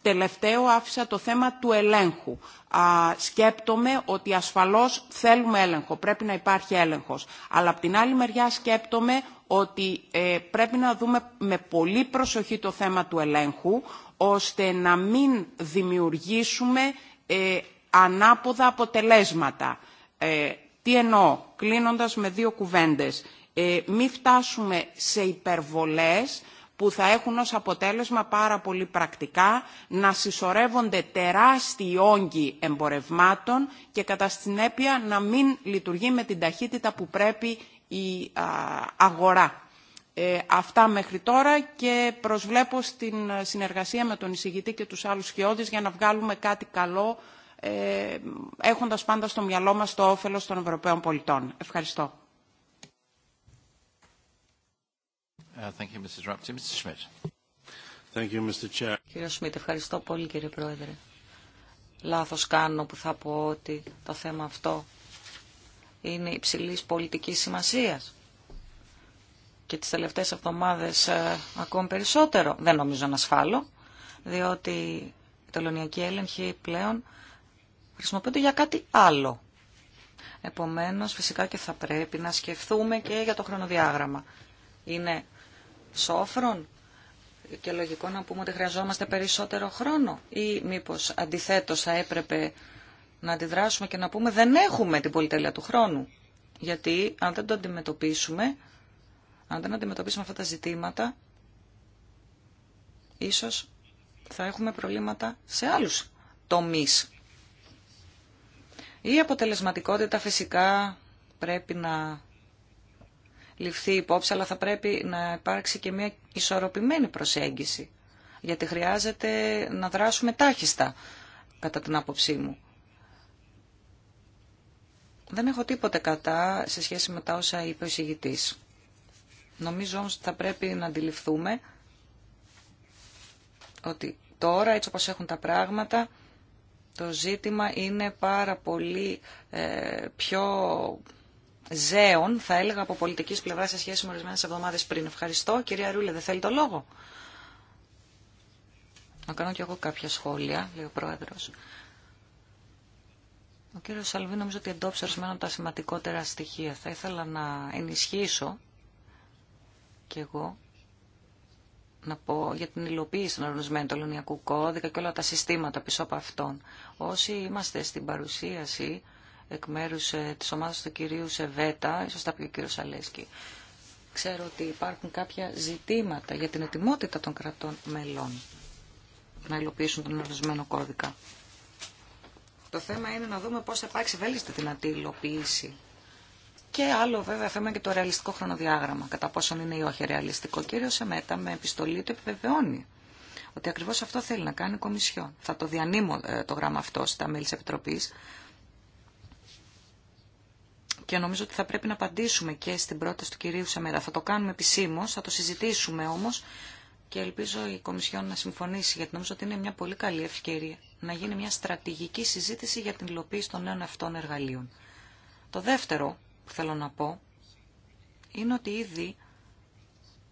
Τελευταίο άφησα το θέμα του ελέγχου. Α, σκέπτομαι ότι ασφαλώς θέλουμε έλεγχο, πρέπει να υπάρχει έλεγχος. Αλλά από την άλλη μεριά σκέπτομαι ότι ε, πρέπει να δούμε με πολύ προσοχή το θέμα του ελέγχου, ώστε να μην δημιουργήσουμε ε, ανάποδα αποτελέσματα. Ε, τι εννοώ, κλείνοντας με δύο κουβέντες. Ε, φτάσουμε σε υπερβολές που θα έχουν ως αποτέλεσμα πάρα πολύ πρακτικά να συσσωρεύονται τεράστιοι όγκοι εμπορευμάτων και κατά συνέπεια να μην λειτουργεί με την ταχύτητα που πρέπει η αγορά. Ε, αυτά μέχρι τώρα και προσβλέπω στην συνεργασία με τον εισηγητή και τους άλλους χειώδεις για να βγάλουμε κάτι καλό ε, έχοντας πάντα στο μυαλό μας το όφελος των Ευρωπαίων πολιτών. Ευχαριστώ. Uh, κύριε Σμιτ, ευχαριστώ πολύ κύριε Πρόεδρε. Λάθος κάνω που θα πω ότι το θέμα αυτό είναι υψηλής πολιτικής σημασίας και τις τελευταίες εβδομάδες ε, ακόμη περισσότερο. Δεν νομίζω να ασφάλω, διότι η τελωνιακή έλεγχη πλέον χρησιμοποιούνται για κάτι άλλο. Επομένως, φυσικά και θα πρέπει να σκεφτούμε και για το χρονοδιάγραμμα. Είναι σόφρον και λογικό να πούμε ότι χρειαζόμαστε περισσότερο χρόνο ή μήπως αντιθέτως θα έπρεπε να αντιδράσουμε και να πούμε δεν έχουμε την πολυτέλεια του χρόνου. Γιατί αν δεν το αντιμετωπίσουμε, αν δεν αντιμετωπίσουμε αυτά τα ζητήματα, ίσως θα έχουμε προβλήματα σε άλλους τομείς η αποτελεσματικότητα φυσικά πρέπει να ληφθεί υπόψη, αλλά θα πρέπει να υπάρξει και μια ισορροπημένη προσέγγιση, γιατί χρειάζεται να δράσουμε τάχιστα, κατά την άποψή μου. Δεν έχω τίποτε κατά σε σχέση με τα όσα είπε ο εισηγητής. Νομίζω όμως ότι θα πρέπει να αντιληφθούμε ότι τώρα, έτσι όπως έχουν τα πράγματα, το ζήτημα είναι πάρα πολύ ε, πιο ζέων, θα έλεγα, από πολιτικής πλευράς σε σχέση με ορισμένε εβδομάδες πριν. Ευχαριστώ. Κυρία Ρούλε, δεν θέλει το λόγο. Να κάνω κι εγώ κάποια σχόλια, λέει ο Πρόεδρος. Ο κύριος Σαλβίνο, νομίζω ότι εντόπισε ορισμένα από τα σημαντικότερα στοιχεία. Θα ήθελα να ενισχύσω κι εγώ να πω για την υλοποίηση των ορισμένων του Κώδικα και όλα τα συστήματα πίσω από αυτόν. Όσοι είμαστε στην παρουσίαση εκ μέρου ε, τη ομάδα του κυρίου Σεβέτα, ίσω τα πει ο κύριο Αλέσκη, ξέρω ότι υπάρχουν κάποια ζητήματα για την ετοιμότητα των κρατών μελών να υλοποιήσουν τον οργανισμένο κώδικα. Το θέμα είναι να δούμε πώς θα υπάρξει βέλτιστη δυνατή υλοποίηση και άλλο βέβαια θέμα και το ρεαλιστικό χρονοδιάγραμμα, κατά πόσον είναι ή όχι ρεαλιστικό. Κύριο Σεμέτα με επιστολή του επιβεβαιώνει ότι ακριβώς αυτό θέλει να κάνει η οχι ρεαλιστικο κυριο σεμετα με επιστολη του επιβεβαιωνει οτι ακριβώ αυτο θελει να κανει η κομισιον Θα το διανύμω ε, το γράμμα αυτό στα μέλη τη Επιτροπής και νομίζω ότι θα πρέπει να απαντήσουμε και στην πρόταση του κυρίου Σεμέτα. Θα το κάνουμε επισήμω, θα το συζητήσουμε όμω. και ελπίζω η Κομισιόν να συμφωνήσει γιατί νομίζω ότι είναι μια πολύ καλή ευκαιρία να γίνει μια στρατηγική συζήτηση για την υλοποίηση των νέων αυτών εργαλείων. Το δεύτερο που θέλω να πω είναι ότι ήδη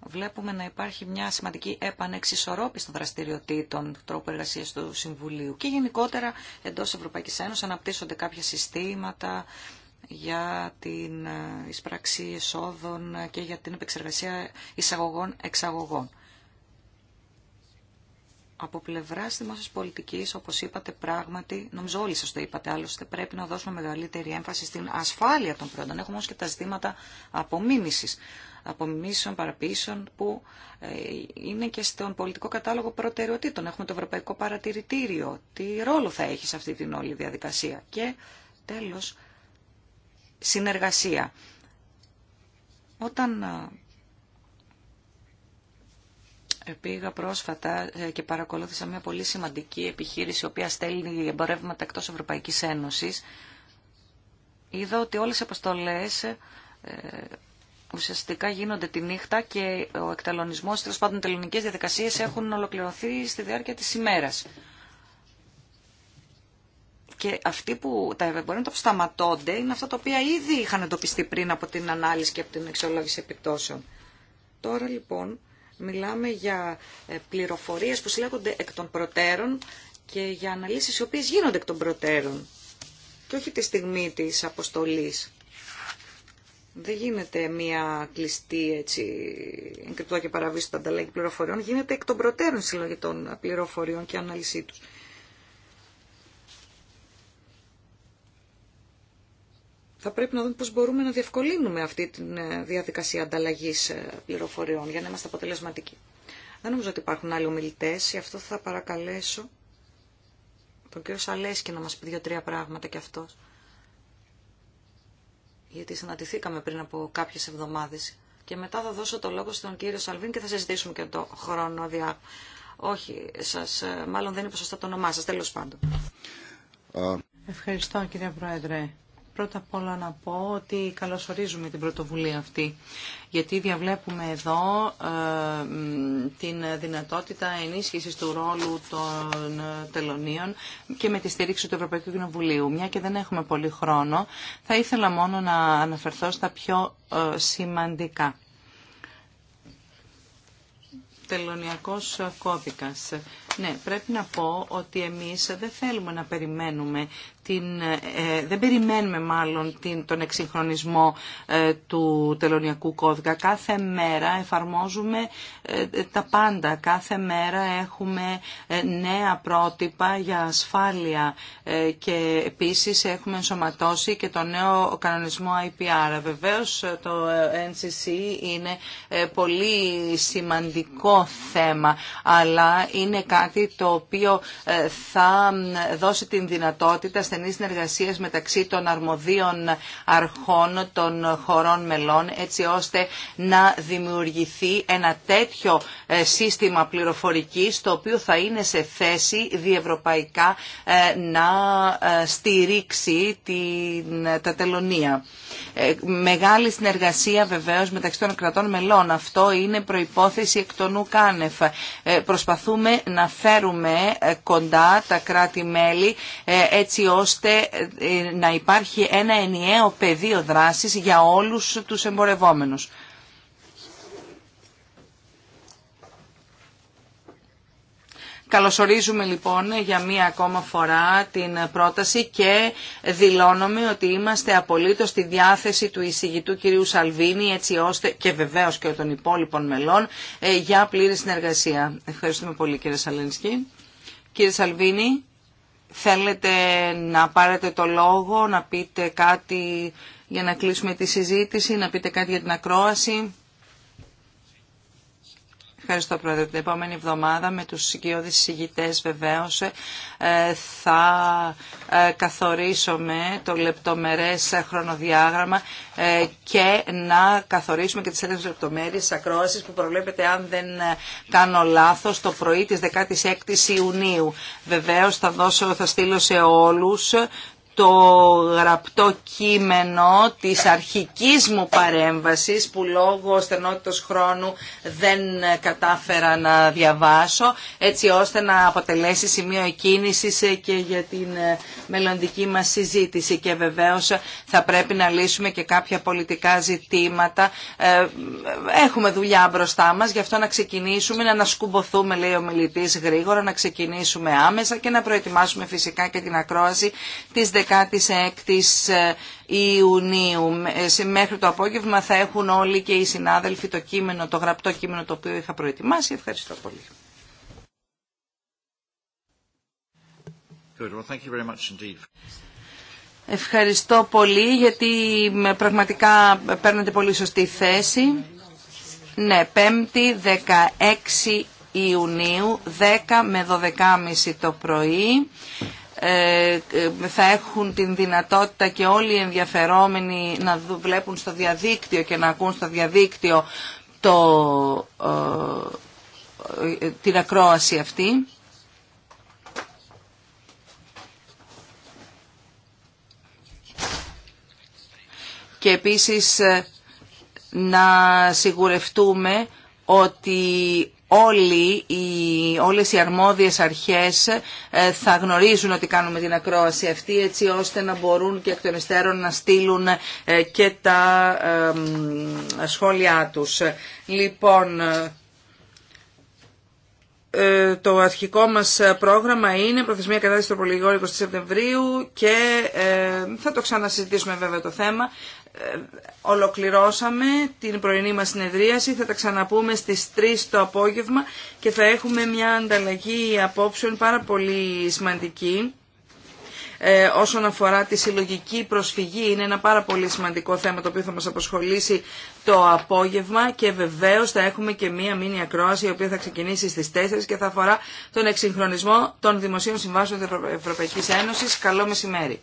βλέπουμε να υπάρχει μια σημαντική επανεξισορρόπηση των δραστηριοτήτων του τρόπου εργασία του Συμβουλίου και γενικότερα εντός Ευρωπαϊκή Ένωση, αναπτύσσονται κάποια συστήματα για την ε, εισπράξη εσόδων και για την επεξεργασία εισαγωγών-εξαγωγών από πλευρά τη δημόσια πολιτική, όπω είπατε, πράγματι, νομίζω όλοι σα το είπατε άλλωστε, πρέπει να δώσουμε μεγαλύτερη έμφαση στην ασφάλεια των προϊόντων. Έχουμε όμω και τα ζητήματα απομίμηση, απομιμήσεων, παραποιήσεων, που ε, είναι και στον πολιτικό κατάλογο προτεραιοτήτων. Έχουμε το Ευρωπαϊκό Παρατηρητήριο. Τι ρόλο θα έχει σε αυτή την όλη διαδικασία. Και τέλο, συνεργασία. Όταν ε, Πήγα πρόσφατα ε, και παρακολούθησα μια πολύ σημαντική επιχείρηση η οποία στέλνει εμπορεύματα εκτός Ευρωπαϊκής Ένωσης. Είδα ότι όλες οι αποστολές ε, ουσιαστικά γίνονται τη νύχτα και ο εκτελονισμός, τέλος πάντων, τελωνικές διαδικασίες έχουν ολοκληρωθεί στη διάρκεια της ημέρας. Και αυτοί που τα εμπορεύματα που σταματώνται είναι αυτά τα οποία ήδη είχαν εντοπιστεί πριν από την ανάλυση και από την εξολόγηση επιπτώσεων. Τώρα λοιπόν Μιλάμε για ε, πληροφορίες που συλλέγονται εκ των προτέρων και για αναλύσεις οι οποίες γίνονται εκ των προτέρων και όχι τη στιγμή της αποστολής. Δεν γίνεται μια κλειστή έτσι, εγκρυπτό και παραβίαση τα ανταλλαγή πληροφοριών, γίνεται εκ των προτέρων συλλογή των πληροφοριών και ανάλυσή τους. θα πρέπει να δούμε πώς μπορούμε να διευκολύνουμε αυτή τη ε, διαδικασία ανταλλαγής ε, πληροφοριών για να είμαστε αποτελεσματικοί. Δεν νομίζω ότι υπάρχουν άλλοι ομιλητέ, γι' αυτό θα παρακαλέσω τον κύριο Σαλέσκη να μας πει δύο-τρία πράγματα κι αυτός. Γιατί συναντηθήκαμε πριν από κάποιες εβδομάδες και μετά θα δώσω το λόγο στον κύριο Σαλβίν και θα συζητήσουμε και το χρόνο διά... Όχι, σας, ε, μάλλον δεν είπα σωστά το όνομά σας, τέλος πάντων. Ευχαριστώ κύριε Πρόεδρε. Πρώτα απ' όλα να πω ότι καλωσορίζουμε την πρωτοβουλία αυτή, γιατί διαβλέπουμε εδώ ε, την δυνατότητα ενίσχυσης του ρόλου των τελωνίων και με τη στήριξη του Ευρωπαϊκού Κοινοβουλίου. Μια και δεν έχουμε πολύ χρόνο, θα ήθελα μόνο να αναφερθώ στα πιο ε, σημαντικά. Τελωνιακός κώδικας. Ναι, πρέπει να πω ότι εμείς δεν θέλουμε να περιμένουμε την, ε, δεν περιμένουμε μάλλον την, τον εξυγχρονισμό ε, του τελωνιακού κώδικα. Κάθε μέρα εφαρμόζουμε ε, τα πάντα. Κάθε μέρα έχουμε νέα πρότυπα για ασφάλεια και επίσης έχουμε ενσωματώσει και το νέο κανονισμό IPR. Βεβαίως το NCC είναι πολύ σημαντικό θέμα, αλλά είναι κάτι το οποίο θα δώσει την δυνατότητα στενή συνεργασίας μεταξύ των αρμοδίων αρχών των χωρών μελών έτσι ώστε να δημιουργηθεί ένα τέτοιο ε, σύστημα πληροφορικής το οποίο θα είναι σε θέση διευρωπαϊκά ε, να ε, στηρίξει την, τα τελωνία. Μεγάλη συνεργασία βεβαίως μεταξύ των κρατών μελών. Αυτό είναι προϋπόθεση εκ των Προσπαθούμε να φέρουμε κοντά τα κράτη-μέλη έτσι ώστε ώστε ε, να υπάρχει ένα ενιαίο πεδίο δράσης για όλους τους εμπορευόμενους. Καλωσορίζουμε λοιπόν για μία ακόμα φορά την πρόταση και δηλώνουμε ότι είμαστε απολύτως στη διάθεση του εισηγητού κυρίου Σαλβίνη έτσι ώστε και βεβαίως και των υπόλοιπων μελών ε, για πλήρη συνεργασία. Ευχαριστούμε πολύ κύριε Σαλενσκή. Κύριε Σαλβίνη. Θέλετε να πάρετε το λόγο, να πείτε κάτι για να κλείσουμε τη συζήτηση, να πείτε κάτι για την ακρόαση. Ευχαριστώ Πρόεδρε. Την επόμενη εβδομάδα με τους συγκιώδεις συγητές βεβαίως ε, θα ε, καθορίσουμε το λεπτομερές χρονοδιάγραμμα ε, και να καθορίσουμε και τις έντες λεπτομέρειες ακρόασης που προβλέπεται αν δεν κάνω λάθος το πρωί της 16ης Ιουνίου. Βεβαίως θα, δώσω, θα στείλω σε όλους το γραπτό κείμενο της αρχικής μου παρέμβασης που λόγω στενότητος χρόνου δεν κατάφερα να διαβάσω έτσι ώστε να αποτελέσει σημείο εκκίνησης και για την μελλοντική μας συζήτηση και βεβαίως θα πρέπει να λύσουμε και κάποια πολιτικά ζητήματα ε, έχουμε δουλειά μπροστά μας γι' αυτό να ξεκινήσουμε να ανασκουμποθούμε λέει ο μιλητής γρήγορα να ξεκινήσουμε άμεσα και να προετοιμάσουμε φυσικά και την ακρόαση της 16ης Ιουνίου. Μέχρι το απόγευμα θα έχουν όλοι και οι συνάδελφοι το κείμενο, το γραπτό κείμενο το οποίο είχα προετοιμάσει. Ευχαριστώ πολύ. Well, thank you very much Ευχαριστώ πολύ γιατί πραγματικά παίρνετε πολύ σωστή θέση. Ναι, 5η 16 Ιουνίου, 10 με 12.30 το πρωί. Ε, ε, θα έχουν την δυνατότητα και όλοι οι ενδιαφερόμενοι να βλέπουν στο διαδίκτυο και να ακούν στο διαδίκτυο το, ε, την ακρόαση αυτή. Και επίσης να σιγουρευτούμε ότι όλοι οι, όλες οι αρμόδιες αρχές ε, θα γνωρίζουν ότι κάνουμε την ακρόαση αυτή έτσι ώστε να μπορούν και εκ των υστέρων να στείλουν ε, και τα ε, σχόλιά τους. Λοιπόν, το αρχικό μας πρόγραμμα είναι προθεσμία κατάσταση των 20 Σεπτεμβρίου και θα το ξανασυζητήσουμε βέβαια το θέμα ολοκληρώσαμε την πρωινή μας συνεδρίαση. Θα τα ξαναπούμε στις 3 το απόγευμα και θα έχουμε μια ανταλλαγή απόψεων πάρα πολύ σημαντική ε, όσον αφορά τη συλλογική προσφυγή. Είναι ένα πάρα πολύ σημαντικό θέμα το οποίο θα μας απασχολήσει το απόγευμα και βεβαίως θα έχουμε και μία μήνυα ακρόαση η οποία θα ξεκινήσει στις 4 και θα αφορά τον εξυγχρονισμό των δημοσίων συμβάσεων της Ευρωπαϊκής Ένωσης. Καλό μεσημέρι.